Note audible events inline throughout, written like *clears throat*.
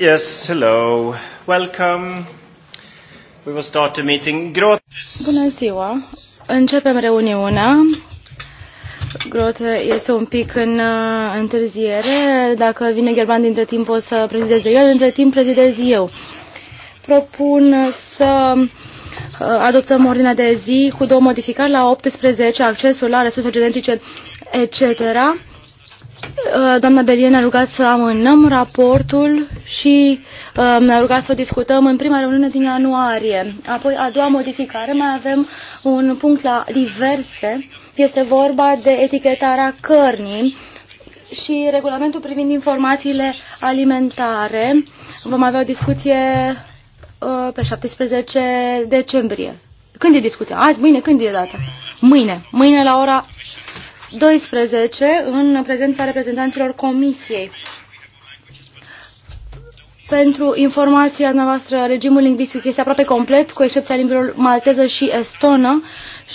Yes, hello. Welcome. We will start the meeting. Grotes. Bună ziua. Începem reuniunea. Grote este un pic în uh, întârziere. Dacă vine Gerban dintre timp o să prezideze el, între timp prezidez eu. Propun să uh, adoptăm ordinea de zi cu două modificări la 18, accesul la resurse genetice, etc. Uh, doamna Berie ne-a rugat să amânăm raportul și uh, ne-a rugat să o discutăm în prima reuniune din ianuarie. Apoi, a doua modificare, mai avem un punct la diverse. Este vorba de etichetarea cărnii și regulamentul privind informațiile alimentare. Vom avea o discuție uh, pe 17 decembrie. Când e discuția? Azi, mâine, când e data? Mâine. Mâine la ora 12 în prezența reprezentanților Comisiei. Pentru informația noastră, regimul lingvistic este aproape complet, cu excepția limbilor malteză și estonă.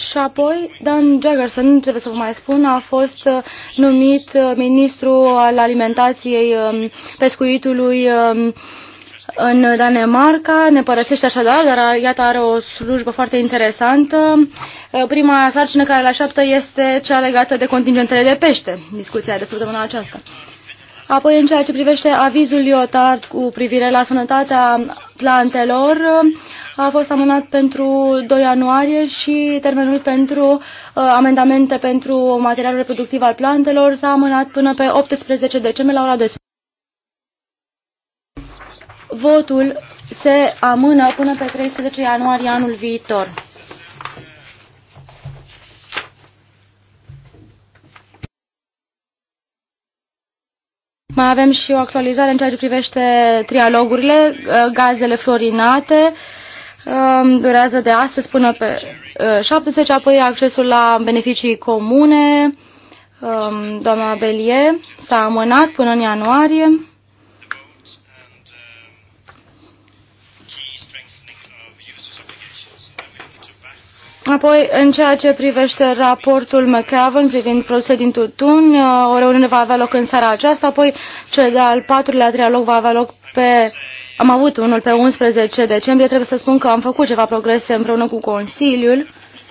Și apoi, Dan Jaggerson, trebuie să vă mai spun, a fost uh, numit uh, ministru al alimentației, um, pescuitului, um, în Danemarca, ne părăsește așadar, dar iată are o slujbă foarte interesantă. Prima sarcină care le așteaptă este cea legată de contingentele de pește, discuția de săptămâna aceasta. Apoi, în ceea ce privește avizul Liotard cu privire la sănătatea plantelor, a fost amânat pentru 2 ianuarie și termenul pentru uh, amendamente pentru materialul reproductiv al plantelor s-a amânat până pe 18 decembrie la ora 12. Votul se amână până pe 13 ianuarie anul viitor. Mai avem și o actualizare în ceea ce privește trialogurile, uh, gazele florinate, um, durează de astăzi până pe 17, uh, apoi accesul la beneficii comune, um, doamna Belie s-a amânat până în ianuarie. Apoi, în ceea ce privește raportul McAvan privind produse tun, uh, o reuniune va avea loc în seara aceasta, apoi cel de-al patrulea trialog va avea loc pe... Am avut unul pe 11 decembrie, trebuie să spun că am făcut ceva progrese împreună cu Consiliul.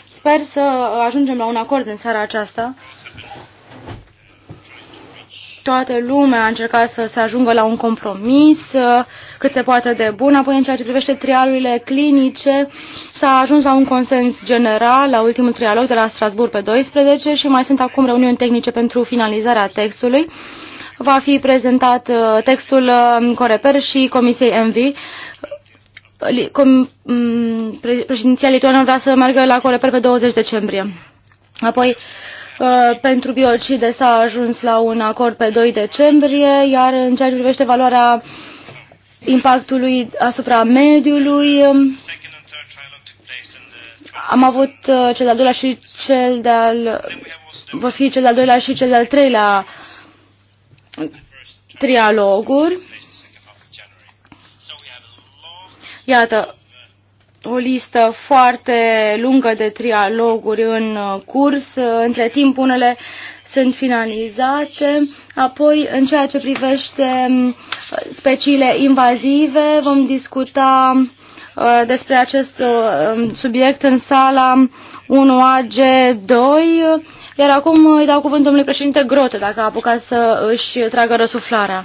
Sper să ajungem la un acord în seara aceasta toată lumea a încercat să se ajungă la un compromis uh, cât se poate de bun. Apoi, în ceea ce privește trialurile clinice, s-a ajuns la un consens general la ultimul trialog de la Strasburg pe 12 și mai sunt acum reuniuni tehnice pentru finalizarea textului. Va fi prezentat uh, textul um, Coreper și Comisiei MV. Mm, președinția lituană vrea să meargă la Coreper pe 20 decembrie. Apoi, Uh, pentru biocide s-a ajuns la un acord pe 2 decembrie, iar în ceea ce privește valoarea impactului asupra mediului, um, am avut uh, cel de-al doilea și cel de-al... vor fi cel de-al doilea și cel de-al treilea trialoguri. Iată, o listă foarte lungă de trialoguri în uh, curs. Între timp, unele sunt finalizate. Apoi, în ceea ce privește um, speciile invazive, vom discuta uh, despre acest uh, um, subiect în sala 1AG2. Iar acum îi dau cuvântul domnului președinte Grote, dacă a apucat să își tragă răsuflarea.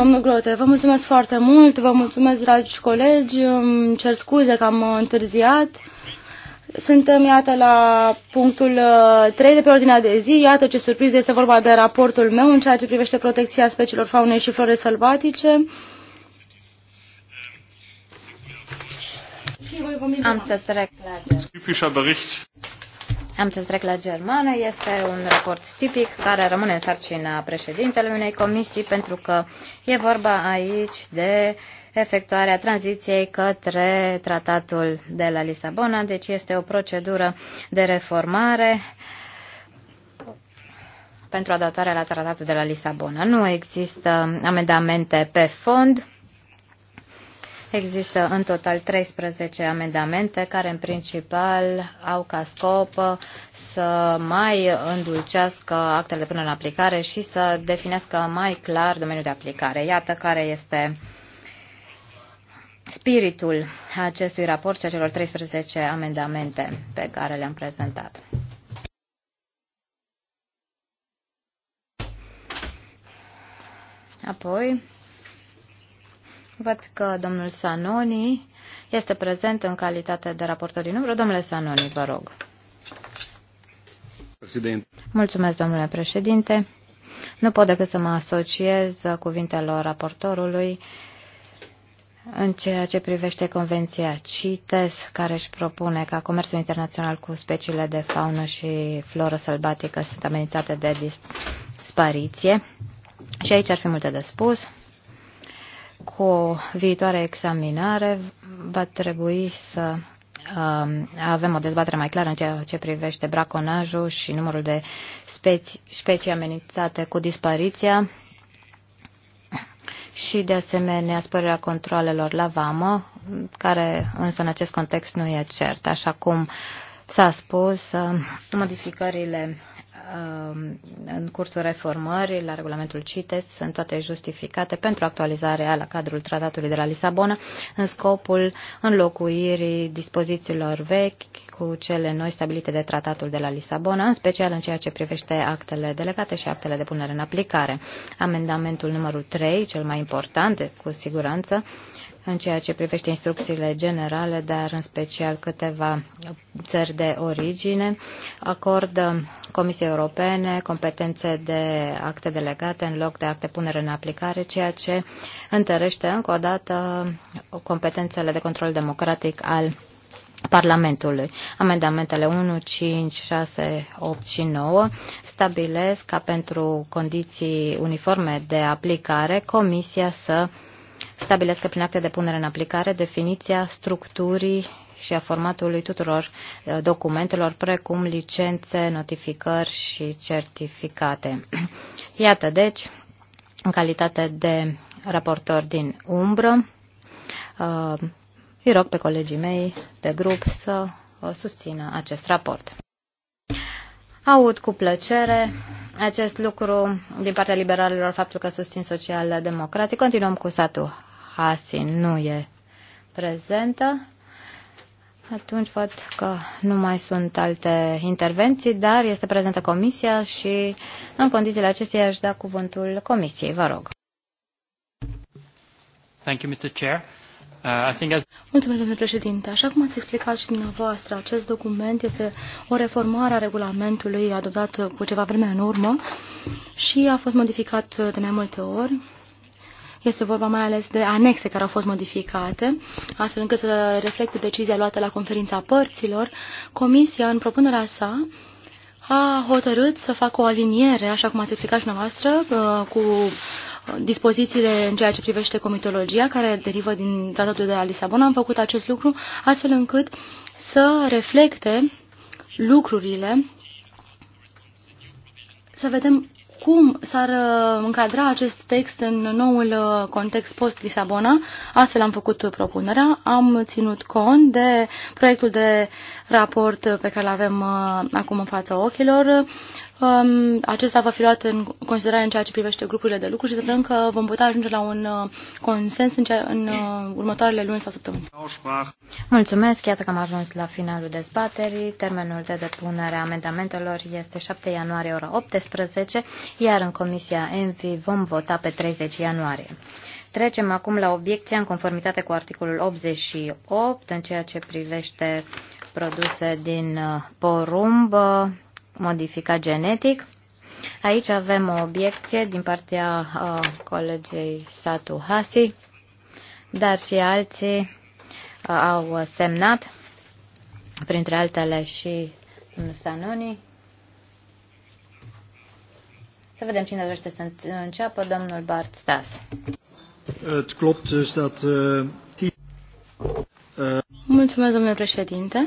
Domnul Grote, vă mulțumesc foarte mult, vă mulțumesc, dragi colegi, îmi cer scuze că am întârziat. Suntem, iată, la punctul 3 uh, de pe ordinea de zi. Iată ce surpriză este vorba de raportul meu în ceea ce privește protecția speciilor faunei și flore sălbatice. Am să trec la am să trec la germană. Este un raport tipic care rămâne în sarcina președintelui unei comisii pentru că e vorba aici de efectuarea tranziției către tratatul de la Lisabona, deci este o procedură de reformare pentru adaptarea la tratatul de la Lisabona. Nu există amendamente pe fond. Există în total 13 amendamente care în principal au ca scop să mai îndulcească actele de până în aplicare și să definească mai clar domeniul de aplicare. Iată care este spiritul acestui raport și a celor 13 amendamente pe care le-am prezentat. Apoi, Văd că domnul Sanoni este prezent în calitate de raportor din umbră. Domnule Sanoni, vă rog. Președinte. Mulțumesc, domnule președinte. Nu pot decât să mă asociez cuvintelor raportorului în ceea ce privește Convenția CITES, care își propune ca comerțul internațional cu speciile de faună și floră sălbatică sunt amenințate de dispariție. Și aici ar fi multe de spus cu o viitoare examinare va trebui să um, avem o dezbatere mai clară în ceea ce privește braconajul și numărul de specii, specii amenințate cu dispariția și, de asemenea, spărirea controlelor la vamă, care însă în acest context nu e cert. Așa cum s-a spus, um, modificările Um, în cursul reformării la regulamentul CITES sunt toate justificate pentru actualizarea la cadrul tratatului de la Lisabona în scopul înlocuirii dispozițiilor vechi cu cele noi stabilite de tratatul de la Lisabona, în special în ceea ce privește actele delegate și actele de punere în aplicare. Amendamentul numărul 3, cel mai important, cu siguranță, uh, în ceea ce privește instrucțiile generale, dar în special câteva țări de origine, acordă Comisiei Europene competențe de acte delegate în loc de acte punere în aplicare, ceea ce întărește încă o dată competențele de control democratic al Parlamentului. Amendamentele 1, 5, 6, 8 și 9 stabilesc ca pentru condiții uniforme de aplicare Comisia să uh, stabilesc prin acte de punere în aplicare definiția structurii și a formatului tuturor uh, documentelor, precum licențe, notificări și certificate. *clears throat* Iată, deci, în calitate de raportor din umbră, uh, îi rog pe colegii mei de grup să uh, susțină acest raport. Aud cu plăcere acest lucru din partea liberalilor, faptul că susțin social-democrații. Continuăm cu satul. Hasin nu e prezentă. Atunci văd că nu mai sunt alte intervenții, dar este prezentă comisia și în condițiile acestei aș da cuvântul comisiei. Vă rog. Thank you, Mr. Chair. Uh, I think as... Mulțumesc, domnule președinte. Așa cum ați explicat și dumneavoastră, acest document este o reformare a regulamentului adoptat cu ceva vreme în urmă și a fost modificat de mai multe ori este vorba mai ales de anexe care au fost modificate, astfel încât să reflecte decizia luată la conferința părților. Comisia, în propunerea sa, a hotărât să facă o aliniere, așa cum ați explicat și noastră, uh, cu dispozițiile în ceea ce privește comitologia, care derivă din tratatul de la Lisabona. Am făcut acest lucru astfel încât să reflecte lucrurile, să vedem cum s-ar uh, încadra acest text în noul uh, context post-Lisabona. Astfel am făcut propunerea, am ținut cont de proiectul de raport pe care îl avem uh, acum în fața ochilor, Um, acesta va fi luat în considerare în ceea ce privește grupurile de lucru și sperăm că vom putea ajunge la un uh, consens în, cea, în uh, următoarele luni sau săptămâni. Mulțumesc, iată că am ajuns la finalul dezbaterii. Termenul de depunere a amendamentelor este 7 ianuarie ora 18, iar în Comisia ENVI vom vota pe 30 ianuarie. Trecem acum la obiecția în conformitate cu articolul 88 în ceea ce privește produse din uh, porumb modificat genetic. Aici avem o obiecție din partea uh, colegei Satu Hasi, dar și alții uh, au semnat, printre altele și Sanoni. Să vedem cine dorește să înceapă, domnul Bart Stas. Eh, Mulțumesc, domnule președinte.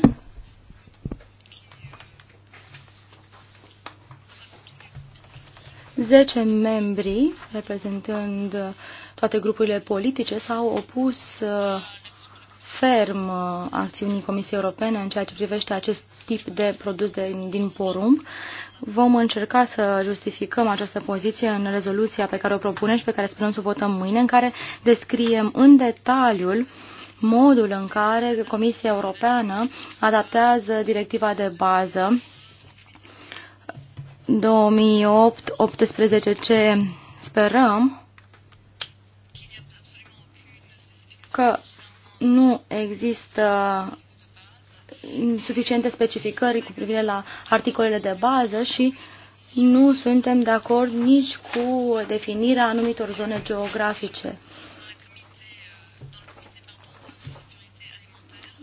10 membri, reprezentând toate grupurile politice, s-au opus uh, ferm uh, acțiunii Comisiei Europene în ceea ce privește acest tip de produs de, din porumb. Vom încerca să justificăm această poziție în rezoluția pe care o propunem și pe care sperăm să o votăm mâine, în care descriem în detaliul modul în care Comisia Europeană adaptează directiva de bază 2008-18 ce sperăm că nu există suficiente specificări cu privire la articolele de bază și nu suntem de acord nici cu definirea anumitor zone geografice.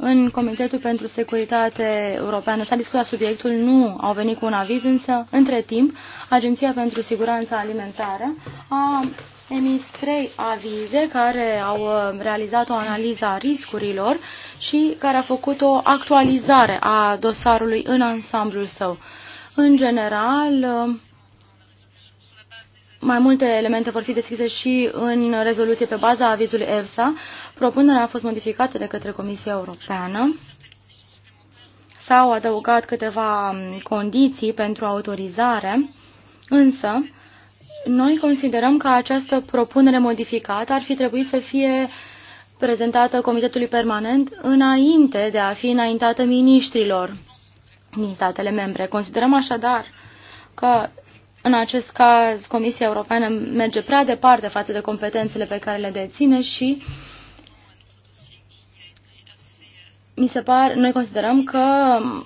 În Comitetul pentru Securitate Europeană s-a discutat subiectul, nu au venit cu un aviz, însă, între timp, Agenția pentru Siguranța Alimentară a emis trei avize care au uh, realizat o analiză a riscurilor și care a făcut o actualizare a dosarului în ansamblul său. În general, uh, mai multe elemente vor fi deschise și în rezoluție pe baza avizului EFSA. Propunerea a fost modificată de către Comisia Europeană. S-au adăugat câteva um, condiții pentru autorizare, însă noi considerăm că această propunere modificată ar fi trebuit să fie prezentată Comitetului Permanent înainte de a fi înaintată miniștrilor din statele membre. Considerăm așadar că în acest caz, Comisia Europeană merge prea departe față de competențele pe care le deține și mi se par, noi considerăm că,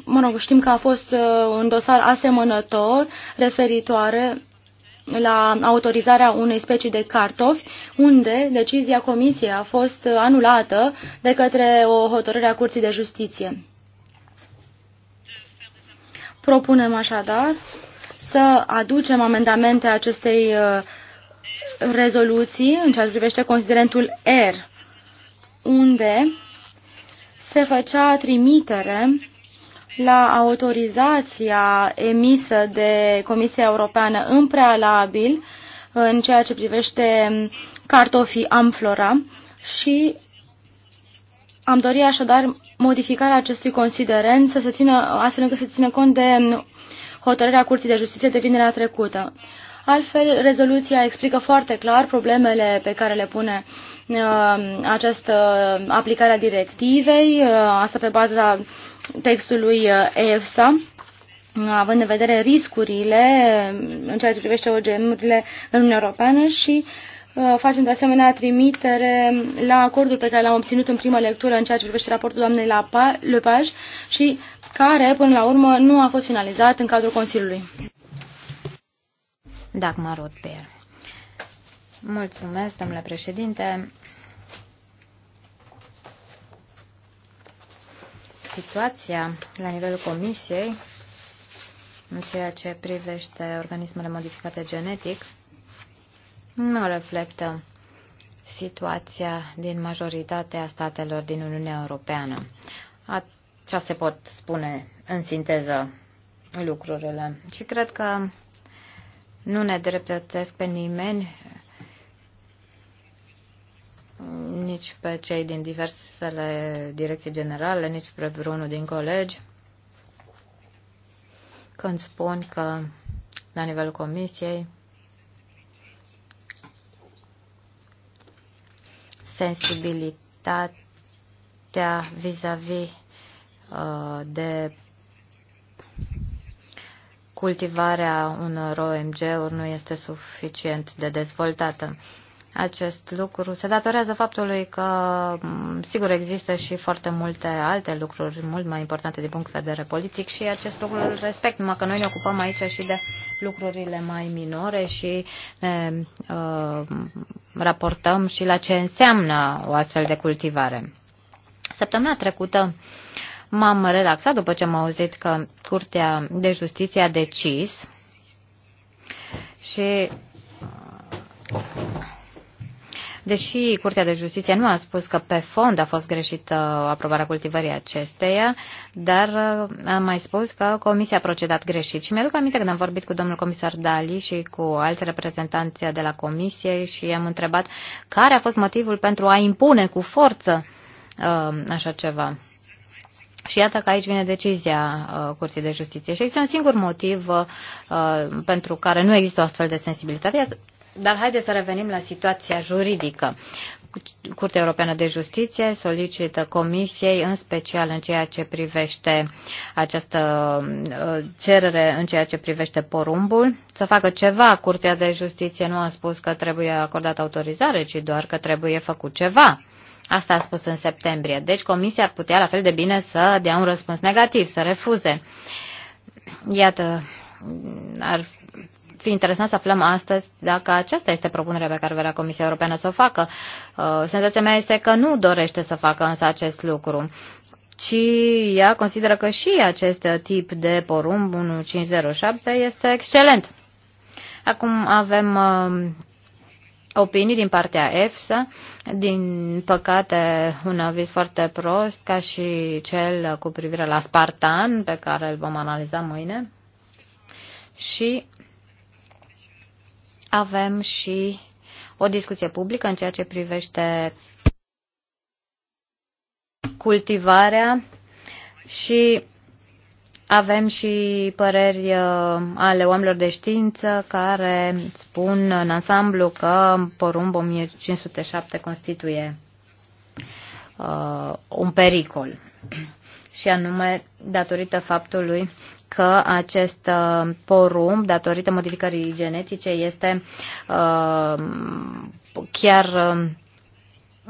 mă rog, știm că a fost uh, un dosar asemănător referitoare la autorizarea unei specii de cartofi, unde decizia comisiei a fost anulată de către o hotărâre a Curții de Justiție. Propunem așadar să aducem amendamente acestei uh, rezoluții în ceea ce privește considerentul R, unde se făcea trimitere la autorizația emisă de Comisia Europeană în prealabil în ceea ce privește cartofii amflora și am dorit așadar modificarea acestui considerent să se țină, astfel încât să se țină cont de hotărârea Curții de Justiție de vinerea trecută. Altfel, rezoluția explică foarte clar problemele pe care le pune uh, această aplicare a directivei, uh, asta pe baza textului uh, EFSA, având în vedere riscurile în ceea ce privește OGM-urile în Uniunea Europeană și facem de asemenea trimitere la acordul pe care l-am obținut în prima lectură în ceea ce privește raportul doamnei Lepaj și care, până la urmă, nu a fost finalizat în cadrul Consiliului. Dagmar Rothbeer. Mulțumesc, domnule președinte. Situația la nivelul Comisiei în ceea ce privește organismele modificate genetic nu reflectă situația din majoritatea statelor din Uniunea Europeană ce se pot spune în sinteză lucrurile. Și cred că nu ne dreptățesc pe nimeni, nici pe cei din diversele direcții generale, nici pe vreunul din colegi, când spun că la nivelul comisiei sensibilitatea vis-a-vis -vis Uh, de cultivarea unor OMG-uri nu este suficient de dezvoltată. Acest lucru se datorează faptului că, mm, sigur, există și foarte multe alte lucruri mult mai importante din punct de vedere politic și acest lucru îl respect, numai că noi ne ocupăm aici și de lucrurile mai minore și ne uh, raportăm și la ce înseamnă o astfel de cultivare. Săptămâna trecută m-am relaxat după ce am auzit că Curtea de Justiție a decis și Deși Curtea de Justiție nu a spus că pe fond a fost greșită aprobarea cultivării acesteia, dar a mai spus că Comisia a procedat greșit. Și mi-aduc aminte când am vorbit cu domnul comisar Dali și cu alți reprezentanți de la Comisie și am întrebat care a fost motivul pentru a impune cu forță uh, așa ceva. Și iată că aici vine decizia uh, Curții de Justiție. Și există un singur motiv uh, uh pentru care nu există o astfel de sensibilitate, dar haideți să revenim la situația juridică. Curtea Europeană de Justiție solicită Comisiei, în special în ceea ce privește această uh, cerere, în ceea ce privește porumbul, să facă ceva. Curtea de Justiție nu a spus că trebuie acordată autorizare, ci doar că trebuie făcut ceva. Asta a spus în septembrie. Deci comisia ar putea la fel de bine să dea un răspuns negativ, să refuze. Iată, ar fi interesant să aflăm astăzi dacă aceasta este propunerea pe care vrea Comisia Europeană să o facă. Uh, senzația mea este că nu dorește să facă însă acest lucru ci ea consideră că și acest tip de porumb 1507 este excelent. Acum avem uh, opinii din partea EFSA, din păcate un aviz foarte prost, ca și cel cu privire la Spartan, pe care îl vom analiza mâine. Și avem și o discuție publică în ceea ce privește cultivarea și avem și păreri uh, ale oamenilor de știință care spun în ansamblu că porumb 1507 constituie uh, un pericol și anume datorită faptului că acest uh, porumb, datorită modificării genetice, este uh, chiar uh,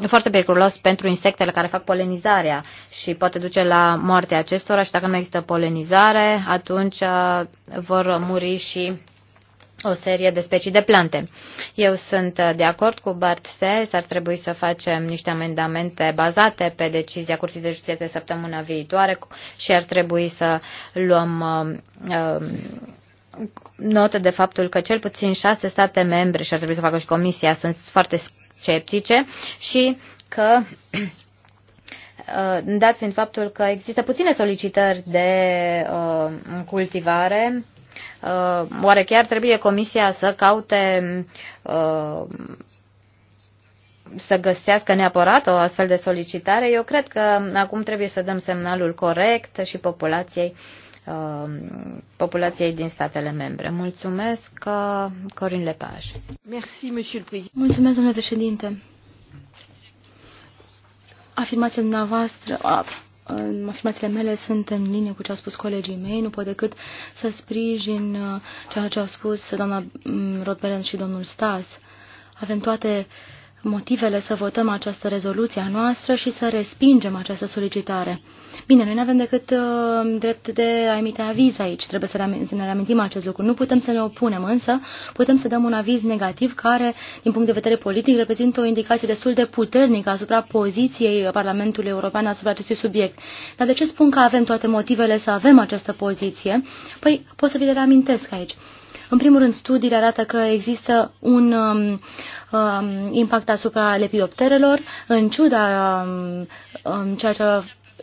foarte periculos pentru insectele care fac polenizarea și poate duce la moartea acestora și dacă nu există polenizare, atunci uh, vor muri și o serie de specii de plante. Eu sunt de acord cu Bart Sess, ar trebui să facem niște amendamente bazate pe decizia Curții de Justiție de săptămâna viitoare și ar trebui să luăm uh, uh notă de faptul că cel puțin șase state membre, și ar trebui să facă și comisia, sunt foarte sceptice și că *clears throat* uh, dat fiind faptul că există puține solicitări de uh, cultivare, uh, oare chiar trebuie Comisia să caute uh, să găsească neapărat o astfel de solicitare? Eu cred că acum trebuie să dăm semnalul corect și populației uh, Um, populației din statele membre. Mulțumesc, uh, Corin Lepaj. Mulțumesc, domnule președinte. Afirmația dumneavoastră, afirmațiile mele sunt în linie cu ce au spus colegii mei, nu pot decât să sprijin uh, ceea ce au spus doamna mm, Rodberen și domnul Stas. Avem toate uh, motivele să votăm această rezoluție a noastră și să respingem această solicitare. Bine, noi nu avem decât uh, drept de a emite aviz aici. Trebuie să, să ne reamintim acest lucru. Nu putem să ne opunem, însă putem să dăm un aviz negativ care, din punct de vedere politic, reprezintă o indicație destul de puternică asupra poziției Parlamentului European asupra acestui subiect. Dar de ce spun că avem toate motivele să avem această poziție? Păi pot să vi le reamintesc aici. În primul rând, studiile arată că există un um, um impact asupra lepiopterelor, în ciuda um, um, ceea ce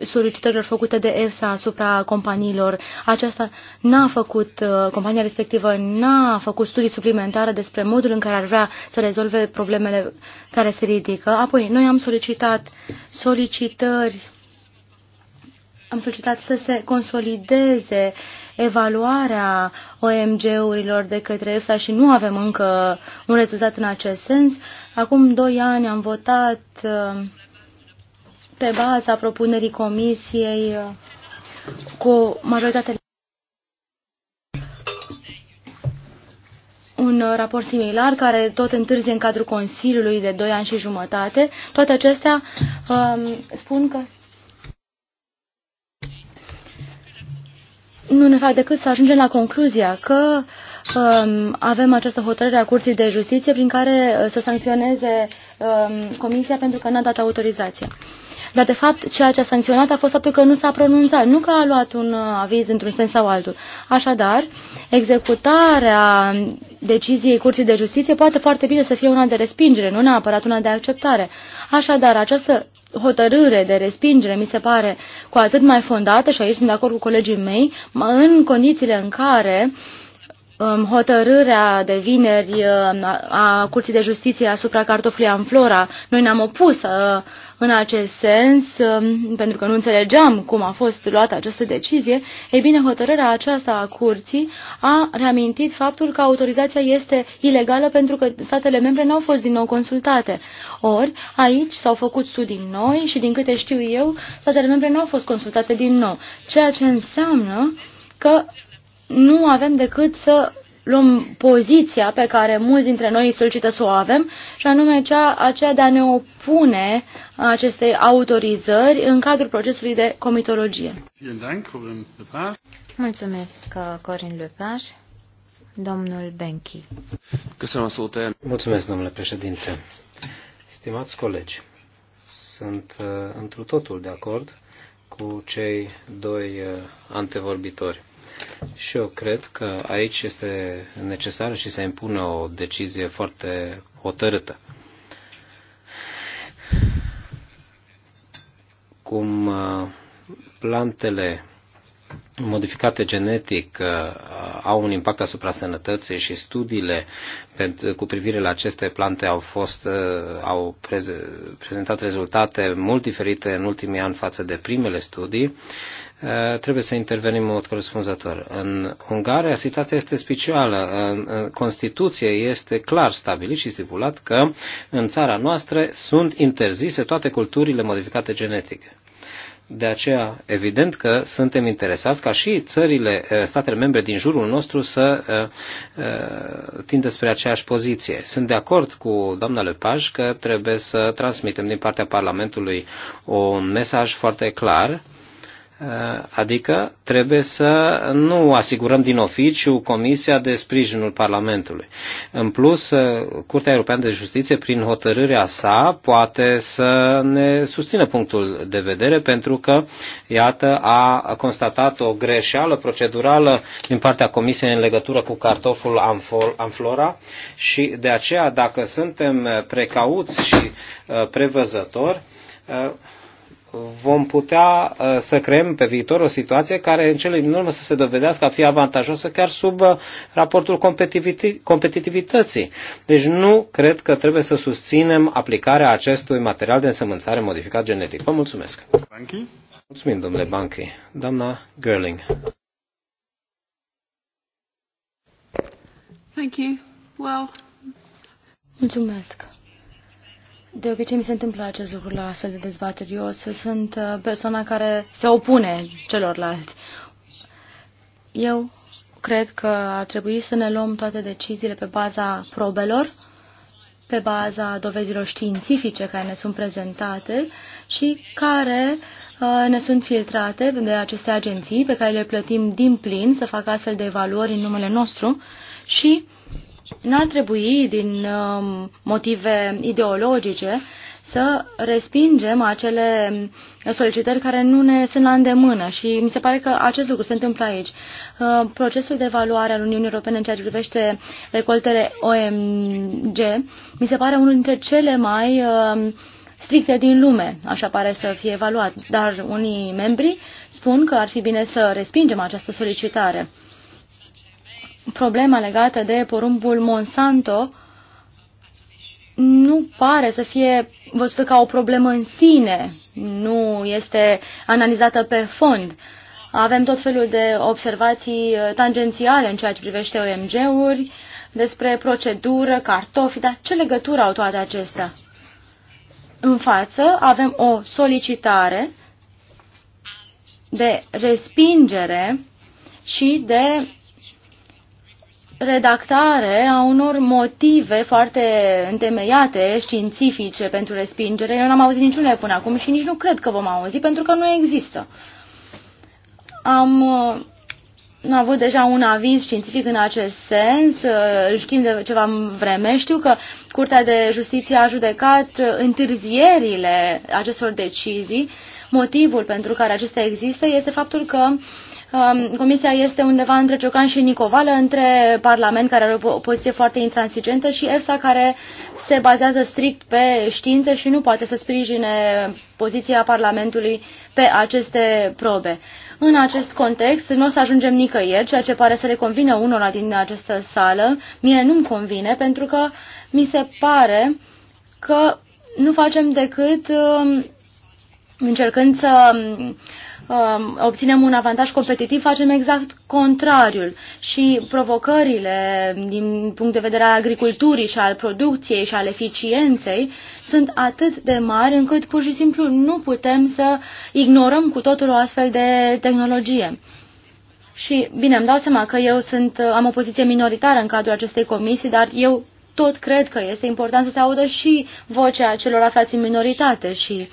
solicitărilor făcute de EFSA asupra companiilor. Aceasta n-a făcut, uh, compania respectivă n-a făcut studii suplimentare despre modul în care ar vrea să rezolve problemele care se ridică. Apoi, noi am solicitat solicitări am solicitat să se consolideze evaluarea OMG-urilor de către EFSA și nu avem încă un rezultat în acest sens. Acum doi ani am votat uh, pe baza propunerii comisiei uh, cu majoritate un uh, raport similar care tot întârzie în cadrul Consiliului de 2 ani și jumătate. Toate acestea um, spun că nu ne fac decât să ajungem la concluzia că um, avem această hotărâre a Curții de Justiție prin care uh, să sancționeze um, Comisia pentru că n-a dat autorizația. Dar, de fapt, ceea ce a sancționat a fost faptul că nu s-a pronunțat, nu că a luat un uh, aviz într-un sens sau altul. Așadar, executarea deciziei Curții de Justiție poate foarte bine să fie una de respingere, nu neapărat una de acceptare. Așadar, această hotărâre de respingere mi se pare cu atât mai fondată, și aici sunt de acord cu colegii mei, în condițiile în care um, hotărârea de vineri um, a Curții de Justiție asupra cartofului Amflora, noi ne-am opus uh, în acest sens, um, pentru că nu înțelegeam cum a fost luată această decizie, ei bine, hotărârea aceasta a curții a reamintit faptul că autorizația este ilegală pentru că statele membre nu au fost din nou consultate. Ori, aici s-au făcut studii noi și, din câte știu eu, statele membre nu au fost consultate din nou, ceea ce înseamnă că nu avem decât să luăm poziția pe care mulți dintre noi solicită să o avem, și anume cea, aceea de a ne opune acestei autorizări în cadrul procesului de comitologie. Mulțumesc, uh, Corin Lepar. Domnul Benchi. Mulțumesc, domnule președinte. Stimați colegi, sunt uh, întru totul de acord cu cei doi uh, antevorbitori. Și eu cred că aici este necesară și se impune o decizie foarte hotărâtă. Cum uh, plantele modificate genetic uh, au un impact asupra sănătății și studiile cu privire la aceste plante au fost uh, au prezentat rezultate mult diferite în ultimii ani față de primele studii. Eh, trebuie să intervenim în mod corespunzător. În Ungaria situația este specială. În Constituție este clar stabilit și stipulat că în țara noastră sunt interzise toate culturile modificate genetice. De aceea, evident că suntem interesați ca și țările, eh, statele membre din jurul nostru să eh, tindă spre aceeași poziție. Sunt de acord cu doamna Lepaj că trebuie să transmitem din partea Parlamentului un mesaj foarte clar Uh, adică trebuie să nu asigurăm din oficiu Comisia de Sprijinul Parlamentului. În plus, uh, Curtea Europeană de Justiție, prin hotărârea sa, poate să ne susțină punctul de vedere pentru că, iată, a constatat o greșeală procedurală din partea Comisiei în legătură cu cartoful Amflora și de aceea, dacă suntem precauți și uh, prevăzători, vom putea uh, să creăm pe viitor o situație care în cele din urmă să se dovedească a fi avantajoasă chiar sub uh, raportul competitivității. Deci nu cred că trebuie să susținem aplicarea acestui material de însămânțare modificat genetic. Vă mulțumesc! Banchi? Mulțumim, domnule Banchi. Doamna Gerling. Thank you. Well... Mulțumesc. De obicei mi se întâmplă acest lucru la astfel de dezbateri. Eu sunt uh, persoana care se opune celorlalți. Eu cred că ar trebui să ne luăm toate deciziile pe baza probelor, pe baza dovezilor științifice care ne sunt prezentate și care uh, ne sunt filtrate de aceste agenții pe care le plătim din plin să facă astfel de evaluări în numele nostru și nu ar trebui, din um, motive ideologice, să respingem acele solicitări care nu ne sunt la îndemână și mi se pare că acest lucru se întâmplă aici. Uh, procesul de evaluare al Uniunii Europene în ceea ce privește recoltele OMG mi se pare unul dintre cele mai um, stricte din lume, așa pare să fie evaluat, dar unii membri spun că ar fi bine să respingem această solicitare problema legată de porumbul Monsanto nu pare să fie văzută ca o problemă în sine, nu este analizată pe fond. Avem tot felul de observații uh, tangențiale în ceea ce privește OMG-uri, despre procedură, cartofi, dar ce legătură au toate acestea? În față avem o solicitare de respingere și de redactare a unor motive foarte întemeiate, științifice pentru respingere. Eu n-am auzit niciunele până acum și nici nu cred că vom auzi, pentru că nu există. Am uh, am avut deja un aviz științific în acest sens, uh, îl știm de ceva vreme. Știu că Curtea de Justiție a judecat întârzierile acestor decizii. Motivul pentru care acestea există este faptul că Um, comisia este undeva între Ciocan și Nicovală, între Parlament, care are o poziție foarte intransigentă, și EFSA, care se bazează strict pe știință și nu poate să sprijine poziția Parlamentului pe aceste probe. În acest context, nu o să ajungem nicăieri, ceea ce pare să le convine unora din această sală. Mie nu-mi convine, pentru că mi se pare că nu facem decât um, încercând să Um, obținem un avantaj competitiv, facem exact contrariul. Și provocările din punct de vedere al agriculturii și al producției și al eficienței sunt atât de mari încât pur și simplu nu putem să ignorăm cu totul o astfel de tehnologie. Și, bine, îmi dau seama că eu sunt, am o poziție minoritară în cadrul acestei comisii, dar eu tot cred că este important să se audă și vocea celor aflați în minoritate și uh,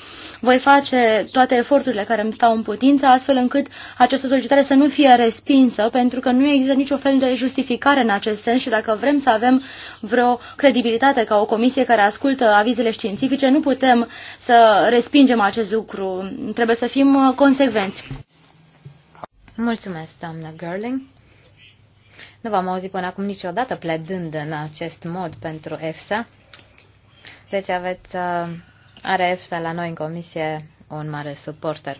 voi face toate eforturile care îmi stau în putință, astfel încât această solicitare să nu fie respinsă, pentru că nu există niciun fel de justificare în acest sens și dacă vrem să avem vreo credibilitate ca o comisie care ascultă avizele științifice, nu putem să respingem acest lucru. Trebuie să fim uh, consecvenți. Mulțumesc, doamnă Gerling. Nu v-am auzit până acum niciodată pledând în acest mod pentru EFSA. Deci aveți uh, are EFSA la noi în comisie un mare suporter.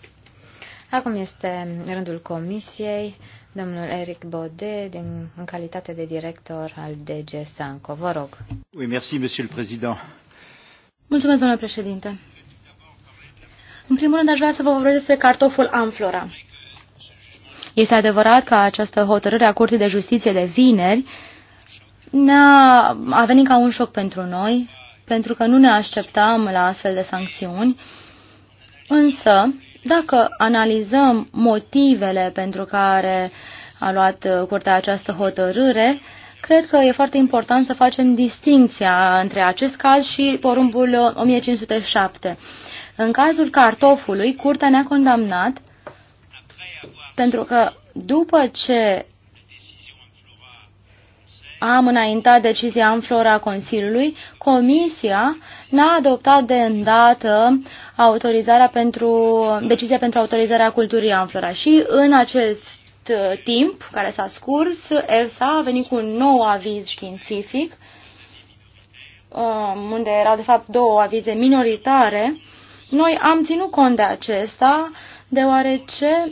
Acum este rândul comisiei domnul Eric Baudet, din, în calitate de director al DG Sanco. Vă rog. Oui, merci, monsieur le président. Mulțumesc, domnule președinte. În primul rând, aș vrea să vă vorbesc despre cartoful Amflora. Este adevărat că această hotărâre a Curții de Justiție de vineri ne-a a venit ca un șoc pentru noi, pentru că nu ne așteptam la astfel de sancțiuni, însă dacă analizăm motivele pentru care a luat uh, curtea această hotărâre, cred că e foarte important să facem distinția între acest caz și porumbul 1507. Uh, În cazul cartofului, curtea ne-a condamnat pentru că după ce am înaintat decizia în a Consiliului, Comisia n-a adoptat de îndată autorizarea pentru, decizia pentru autorizarea culturii Amflora și în acest uh, timp care s-a scurs, EFSA a venit cu un nou aviz științific, um, unde erau de fapt două avize minoritare. Noi am ținut cont de acesta, deoarece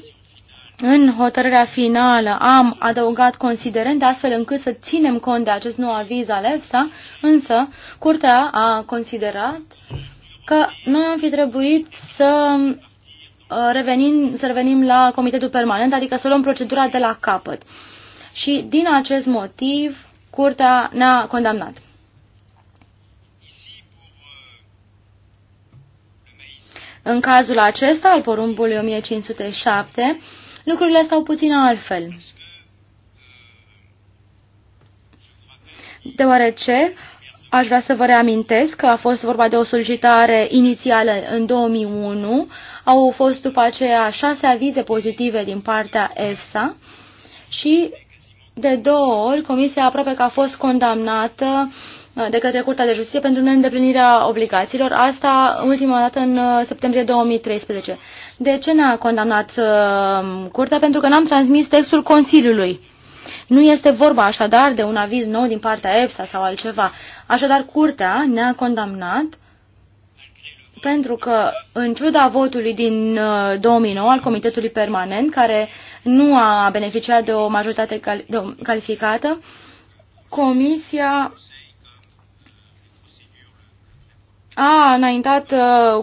în hotărârea finală am adăugat considerente astfel încât să ținem cont de acest nou aviz al EFSA, însă Curtea a considerat că noi am fi trebuit să uh, revenim, să revenim la Comitetul Permanent, adică să luăm procedura de la capăt. Și din acest motiv, Curtea ne-a condamnat. În cazul acesta al porumbului 1507, Lucrurile stau puțin altfel. Deoarece aș vrea să vă reamintesc că a fost vorba de o solicitare inițială în 2001, au fost după aceea șase avize pozitive din partea EFSA și de două ori Comisia aproape că a fost condamnată uh, de către Curtea de Justiție pentru neîndeplinirea obligațiilor, asta ultima dată în uh, septembrie 2013 de ce ne-a condamnat uh, curtea? Pentru că n-am transmis textul Consiliului. Nu este vorba așadar de un aviz nou din partea EFSA sau altceva. Așadar, curtea ne-a condamnat pentru că, în ciuda votului din 2009 uh, al Comitetului Permanent, care nu a beneficiat de o majoritate calificată, Comisia a înaintat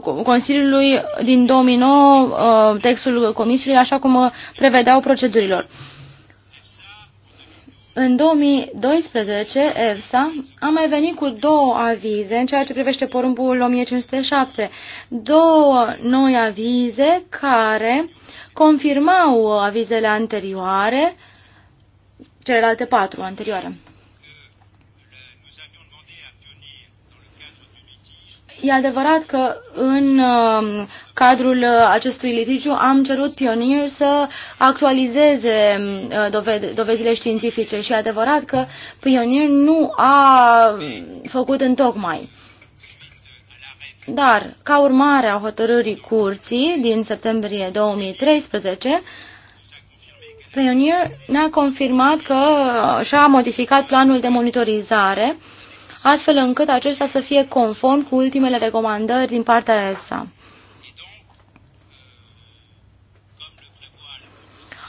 uh, Consiliului din 2009 uh, textul Comisiei așa cum uh, prevedeau procedurilor. În 2012, EFSA a mai venit cu două avize în ceea ce privește porumbul 1507. Două noi avize care confirmau avizele anterioare, celelalte patru anterioare. E adevărat că în um, cadrul uh, acestui litigiu am cerut pionier să actualizeze um, uh, dovezile științifice și e adevărat că pionier nu a făcut întocmai. Dar, ca urmare a hotărârii curții din septembrie 2013, Pioneer ne-a confirmat că uh, și-a modificat planul de monitorizare astfel încât acesta să fie conform cu ultimele recomandări din partea ESA.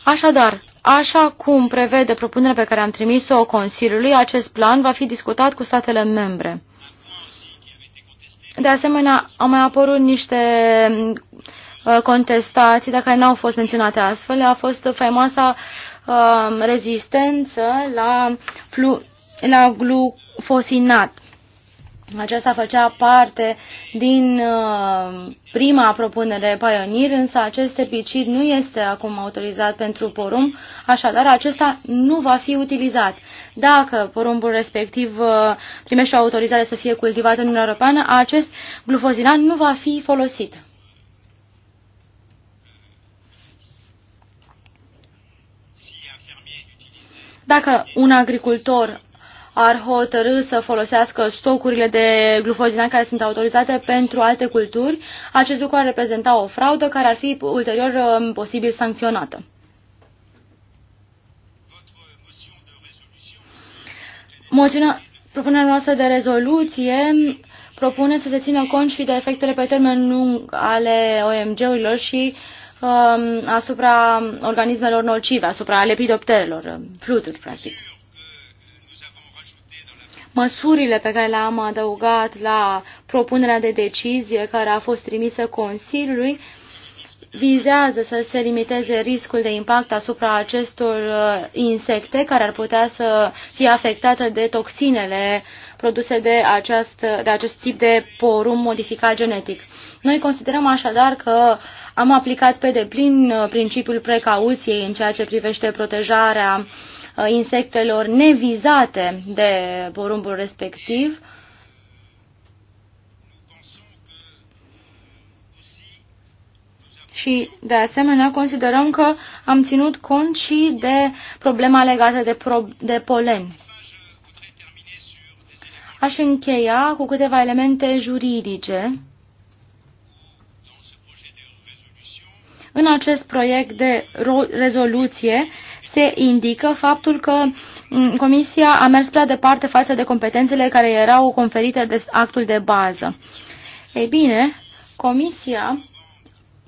Așadar, așa cum prevede propunerea pe care am trimis-o Consiliului, acest plan va fi discutat cu statele membre. De asemenea, au mai apărut niște uh, contestații, dacă nu au fost menționate astfel, a fost faimoasa uh, rezistență la flu la glufosinat. Aceasta făcea parte din uh, prima propunere Pioneer, însă acest epicid nu este acum autorizat pentru porum, așadar acesta nu va fi utilizat. Dacă porumbul respectiv uh, primește o autorizare să fie cultivat în Uniunea Europeană, acest glufosinat nu va fi folosit. Dacă un agricultor ar hotărâ să folosească stocurile de glufozinat care sunt autorizate pentru alte culturi, acest lucru ar reprezenta o fraudă care ar fi ulterior um, posibil sancționată. Moțiunea, propunerea noastră de rezoluție propune să se țină cont și de efectele pe termen lung ale OMG-urilor și um, asupra organismelor nocive, asupra lepidopterelor, um, fluturi, practic măsurile pe care le-am adăugat la propunerea de decizie care a fost trimisă Consiliului vizează să se limiteze riscul de impact asupra acestor uh, insecte care ar putea să fie afectate de toxinele produse de, acest de acest tip de porum modificat genetic. Noi considerăm așadar că am aplicat pe deplin uh, principiul precauției în ceea ce privește protejarea uh, Uh, insectelor nevizate de porumbul respectiv. Și, de asemenea, considerăm că am ținut cont și de problema legată de, pro de polen. Aș încheia cu câteva elemente juridice. În acest proiect de rezoluție se indică faptul că mm, Comisia a mers prea departe față de competențele care erau conferite de actul de bază. Ei bine, Comisia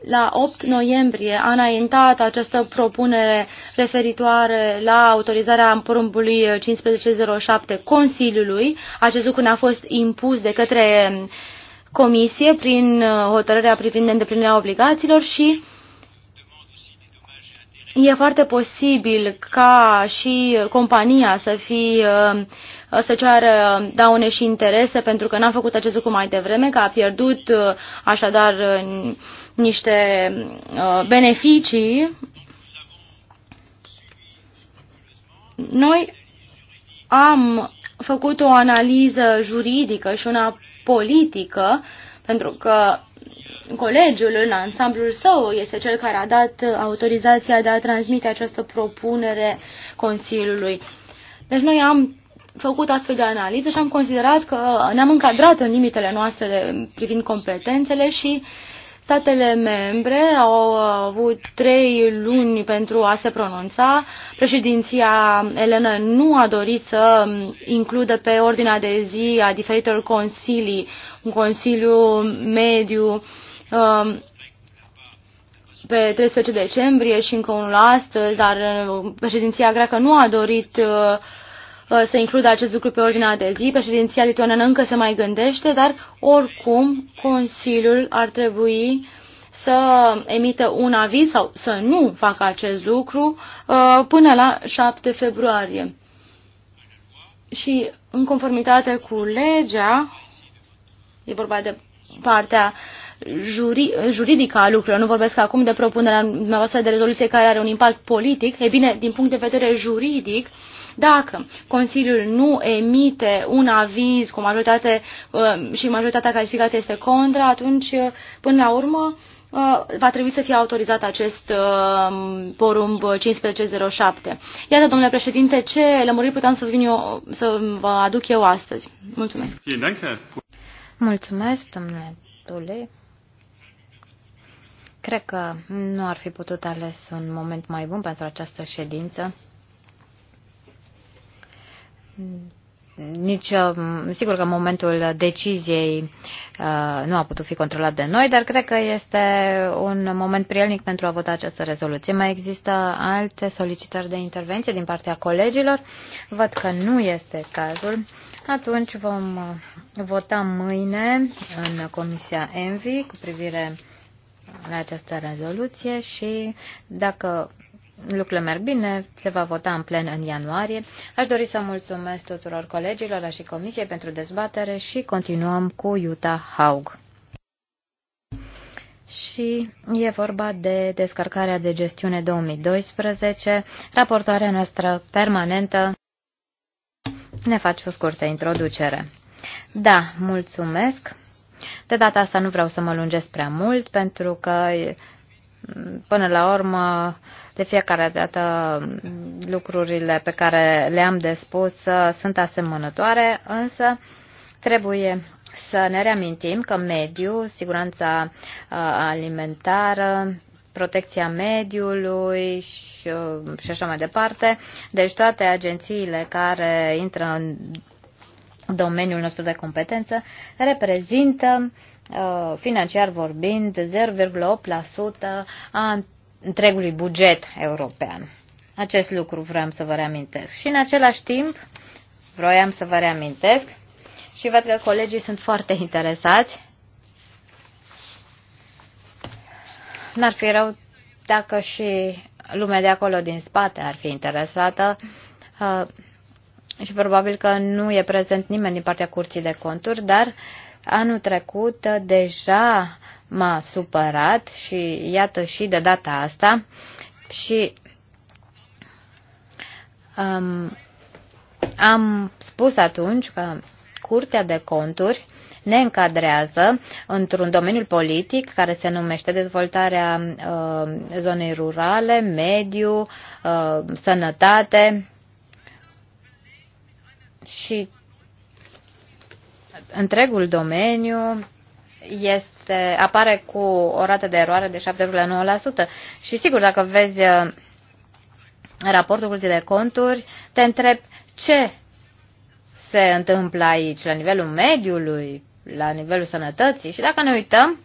la 8 noiembrie a înaintat această propunere referitoare la autorizarea porumbului 1507 Consiliului. Acest lucru ne-a fost impus de către mm, Comisie prin uh, hotărârea privind îndeplinirea obligațiilor și uh, e foarte posibil ca și compania să fie uh, să ceară daune și interese pentru că n-a făcut acest lucru mai devreme, că a pierdut uh, așadar uh, niște beneficii. Noi am făcut o analiză juridică și una politică, pentru că Colegiul în ansamblul său este cel care a dat autorizația de a transmite această propunere Consiliului. Deci noi am făcut astfel de analiză și am considerat că ne-am încadrat în limitele noastre de, privind competențele și statele membre au avut trei luni pentru a se pronunța. Președinția Elena nu a dorit să includă pe ordinea de zi a diferitelor consilii, un consiliu mediu, Um, pe 13 decembrie și încă unul astăzi, dar uh, președinția greacă nu a dorit uh, uh, să includă acest lucru pe ordinea de zi. Președinția lituaniană încă se mai gândește, dar oricum Consiliul ar trebui să emită un aviz sau să nu facă acest lucru până la 7 februarie. Și în conformitate cu legea, e vorba de partea uh, juri, juridică a lucrurilor, nu vorbesc acum de propunerea dumneavoastră de rezoluție care are un impact politic, e bine, din punct de vedere juridic, dacă Consiliul nu emite un aviz cu majoritate uh, și majoritatea calificată este contra, atunci, uh, până la urmă, uh, va trebui să fie autorizat acest porumb 1507. Iată, domnule președinte, ce lămuriri puteam să, vin eu, să vă aduc eu astăzi. Mulțumesc. Mulțumesc, domnule Dule. Cred că nu ar fi putut ales un moment mai bun pentru această ședință. Nici, um, sigur că momentul deciziei uh, nu a putut fi controlat de noi, dar cred că este un moment prielnic pentru a vota această rezoluție. Mai există alte solicitări de intervenție din partea colegilor? Văd că nu este cazul. Atunci vom uh, vota mâine în Comisia ENVI cu privire la această rezoluție și dacă lucrurile merg bine, se va vota în plen în ianuarie. Aș dori să mulțumesc tuturor colegilor și comisiei pentru dezbatere și continuăm cu Iuta Haug. Și e vorba de descărcarea de gestiune 2012. Raportoarea noastră permanentă ne face o scurtă introducere. Da, mulțumesc. De data asta nu vreau să mă lungesc prea mult, pentru că până la urmă, de fiecare dată, lucrurile pe care le-am de spus uh, sunt asemănătoare, însă trebuie să ne reamintim că mediul, siguranța uh, alimentară, protecția mediului și, uh, și așa mai departe. Deci toate agențiile care intră în domeniul nostru de competență, reprezintă, uh, financiar vorbind, 0,8% a întregului buget european. Acest lucru vreau să vă reamintesc. Și în același timp, vroiam să vă reamintesc și văd că colegii sunt foarte interesați. N-ar fi rău dacă și lumea de acolo din spate ar fi interesată uh, și probabil că nu e prezent nimeni din partea Curții de Conturi, dar anul trecut deja m-a supărat și iată și de data asta și um, am spus atunci că Curtea de Conturi ne încadrează într-un domeniu politic care se numește dezvoltarea uh, zonei rurale, mediu, uh, sănătate și întregul domeniu este, apare cu o rată de eroare de 7,9%. Și sigur, dacă vezi uh, raportul de Conturi, te întreb ce se întâmplă aici, la nivelul mediului, la nivelul sănătății. Și dacă ne uităm,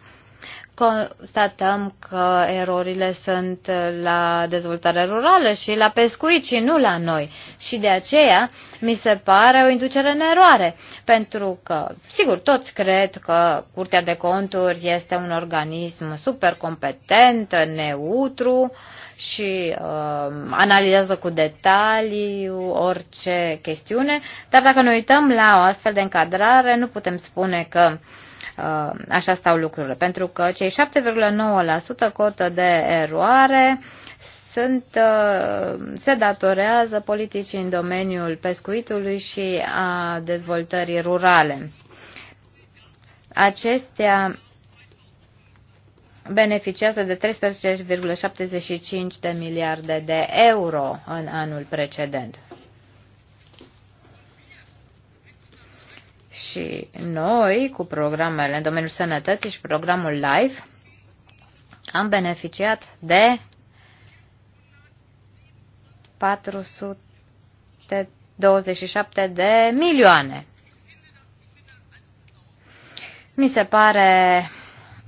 constatăm că erorile sunt la dezvoltarea rurală și la pescuit și nu la noi. Și de aceea mi se pare o inducere în eroare, pentru că, sigur, toți cred că Curtea de Conturi este un organism super competent, neutru și uh, analizează cu detalii orice chestiune, dar dacă ne uităm la o astfel de încadrare, nu putem spune că uh, Uh, așa stau lucrurile. Pentru că cei 7,9% cotă de eroare sunt, uh, se datorează politicii în domeniul pescuitului și a dezvoltării rurale. Acestea beneficiază de 13,75 de miliarde de euro în anul precedent. și noi, cu programele în domeniul sănătății și programul LIFE, am beneficiat de 427 de milioane. Mi se pare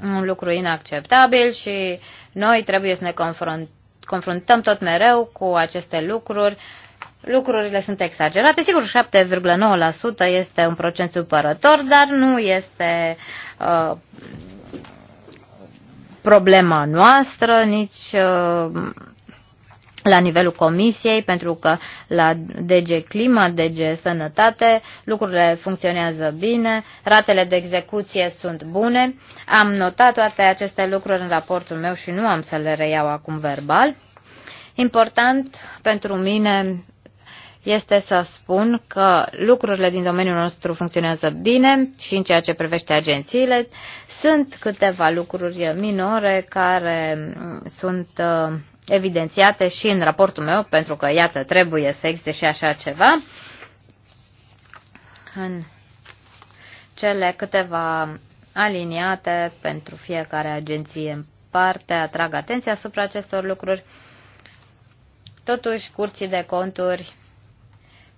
un lucru inacceptabil și noi trebuie să ne confruntăm tot mereu cu aceste lucruri lucrurile sunt exagerate. Sigur, 7,9% este un procent supărător, dar nu este uh, problema noastră, nici uh, la nivelul comisiei, pentru că la DG Clima, DG Sănătate, lucrurile funcționează bine, ratele de execuție sunt bune. Am notat toate aceste lucruri în raportul meu și nu am să le reiau acum verbal. Important pentru mine este să spun că lucrurile din domeniul nostru funcționează bine și în ceea ce privește agențiile. Sunt câteva lucruri minore care mm, sunt uh, evidențiate și în raportul meu, pentru că, iată, trebuie să existe și așa ceva. În cele câteva aliniate pentru fiecare agenție în parte atrag atenția asupra acestor lucruri. Totuși, curții de conturi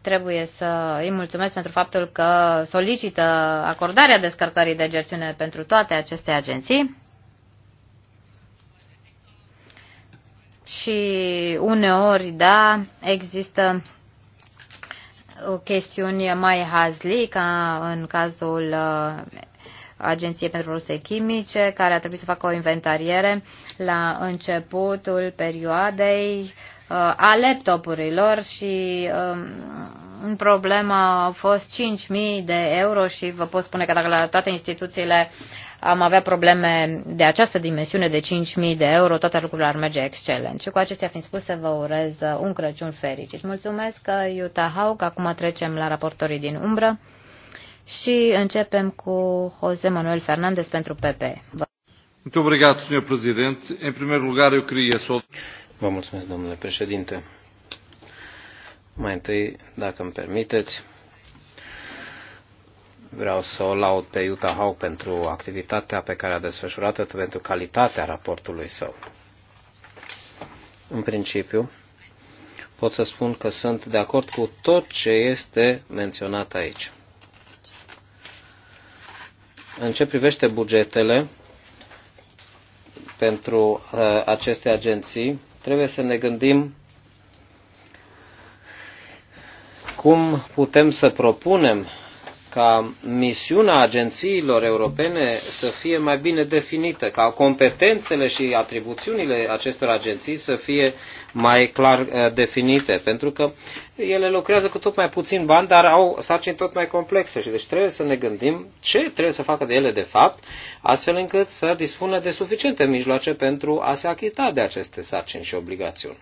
trebuie să îi mulțumesc pentru faptul că solicită acordarea descărcării de gestiune pentru toate aceste agenții. Și uneori, da, există o chestiuni mai hazli, ca în cazul uh, Agenției pentru Produse Chimice, care a trebuit să facă o inventariere la începutul perioadei Uh, a laptopurilor și um, în problema au fost 5.000 de euro și vă pot spune că dacă la toate instituțiile am avea probleme de această dimensiune de 5.000 de euro, toate lucrurile ar merge excelent. Și cu acestea fiind spuse, vă urez uh, un Crăciun fericit. Mulțumesc, uh, Iuta Haug. Acum trecem la raportorii din umbră și începem cu José Manuel Fernandez pentru PP. Muito obrigado, Sr. Presidente. Em primeiro lugar, eu queria só... Vă mulțumesc, domnule președinte. Mai întâi, dacă îmi permiteți, vreau să o laud pe Iuta Hau pentru activitatea pe care a desfășurat-o, pentru calitatea raportului său. În principiu, pot să spun că sunt de acord cu tot ce este menționat aici. În ce privește bugetele pentru uh, aceste agenții, trebuie să ne gândim cum putem să propunem ca misiunea agențiilor europene să fie mai bine definită, ca competențele și atribuțiunile acestor agenții să fie mai clar eh, definite, pentru că ele lucrează cu tot mai puțin bani, dar au sarcini tot mai complexe și deci trebuie să ne gândim ce trebuie să facă de ele de fapt, astfel încât să dispună de suficiente mijloace pentru a se achita de aceste sarcini și obligațiuni.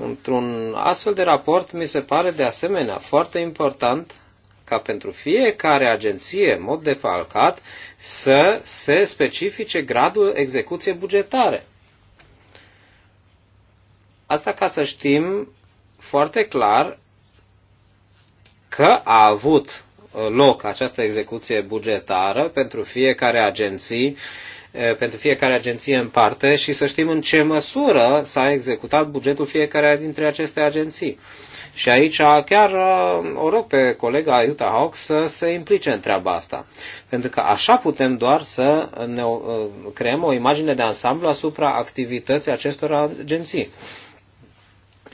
Într-un astfel de raport mi se pare de asemenea foarte important ca pentru fiecare agenție, în mod defalcat, să se specifice gradul execuție bugetare. Asta ca să știm foarte clar că a avut loc această execuție bugetară pentru fiecare agenție pentru fiecare agenție în parte și să știm în ce măsură s-a executat bugetul fiecare dintre aceste agenții. Și aici chiar o rog pe colega Iuta Hawk să se implice în treaba asta. Pentru că așa putem doar să ne creăm o imagine de ansamblu asupra activității acestor agenții.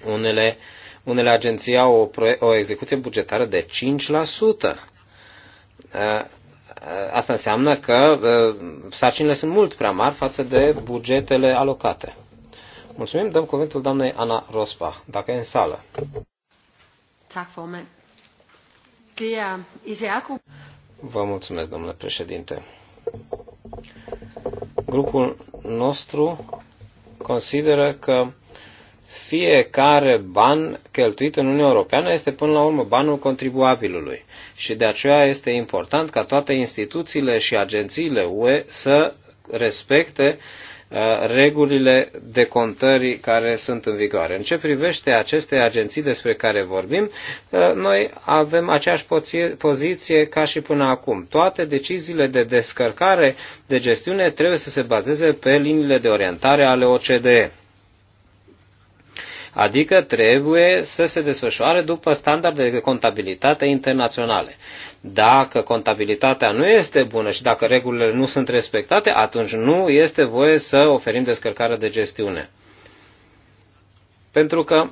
Unele, unele agenții au o, o execuție bugetară de 5%. Eh, asta înseamnă că eh, sarcinile sunt mult prea mari față de bugetele alocate. Mulțumim, dăm cuvântul doamnei Ana Rospa. dacă e în sală. Er Vă mulțumesc, domnule președinte. Grupul nostru consideră că fiecare ban cheltuit în Uniunea Europeană este până la urmă banul contribuabilului și de aceea este important ca toate instituțiile și agențiile UE să respecte uh, regulile de contări care sunt în vigoare. În ce privește aceste agenții despre care vorbim, uh, noi avem aceeași poziție ca și până acum. Toate deciziile de descărcare de gestiune trebuie să se bazeze pe liniile de orientare ale OCDE adică trebuie să se desfășoare după standarde de contabilitate internaționale. Dacă contabilitatea nu este bună și dacă regulile nu sunt respectate, atunci nu este voie să oferim descărcare de gestiune. Pentru că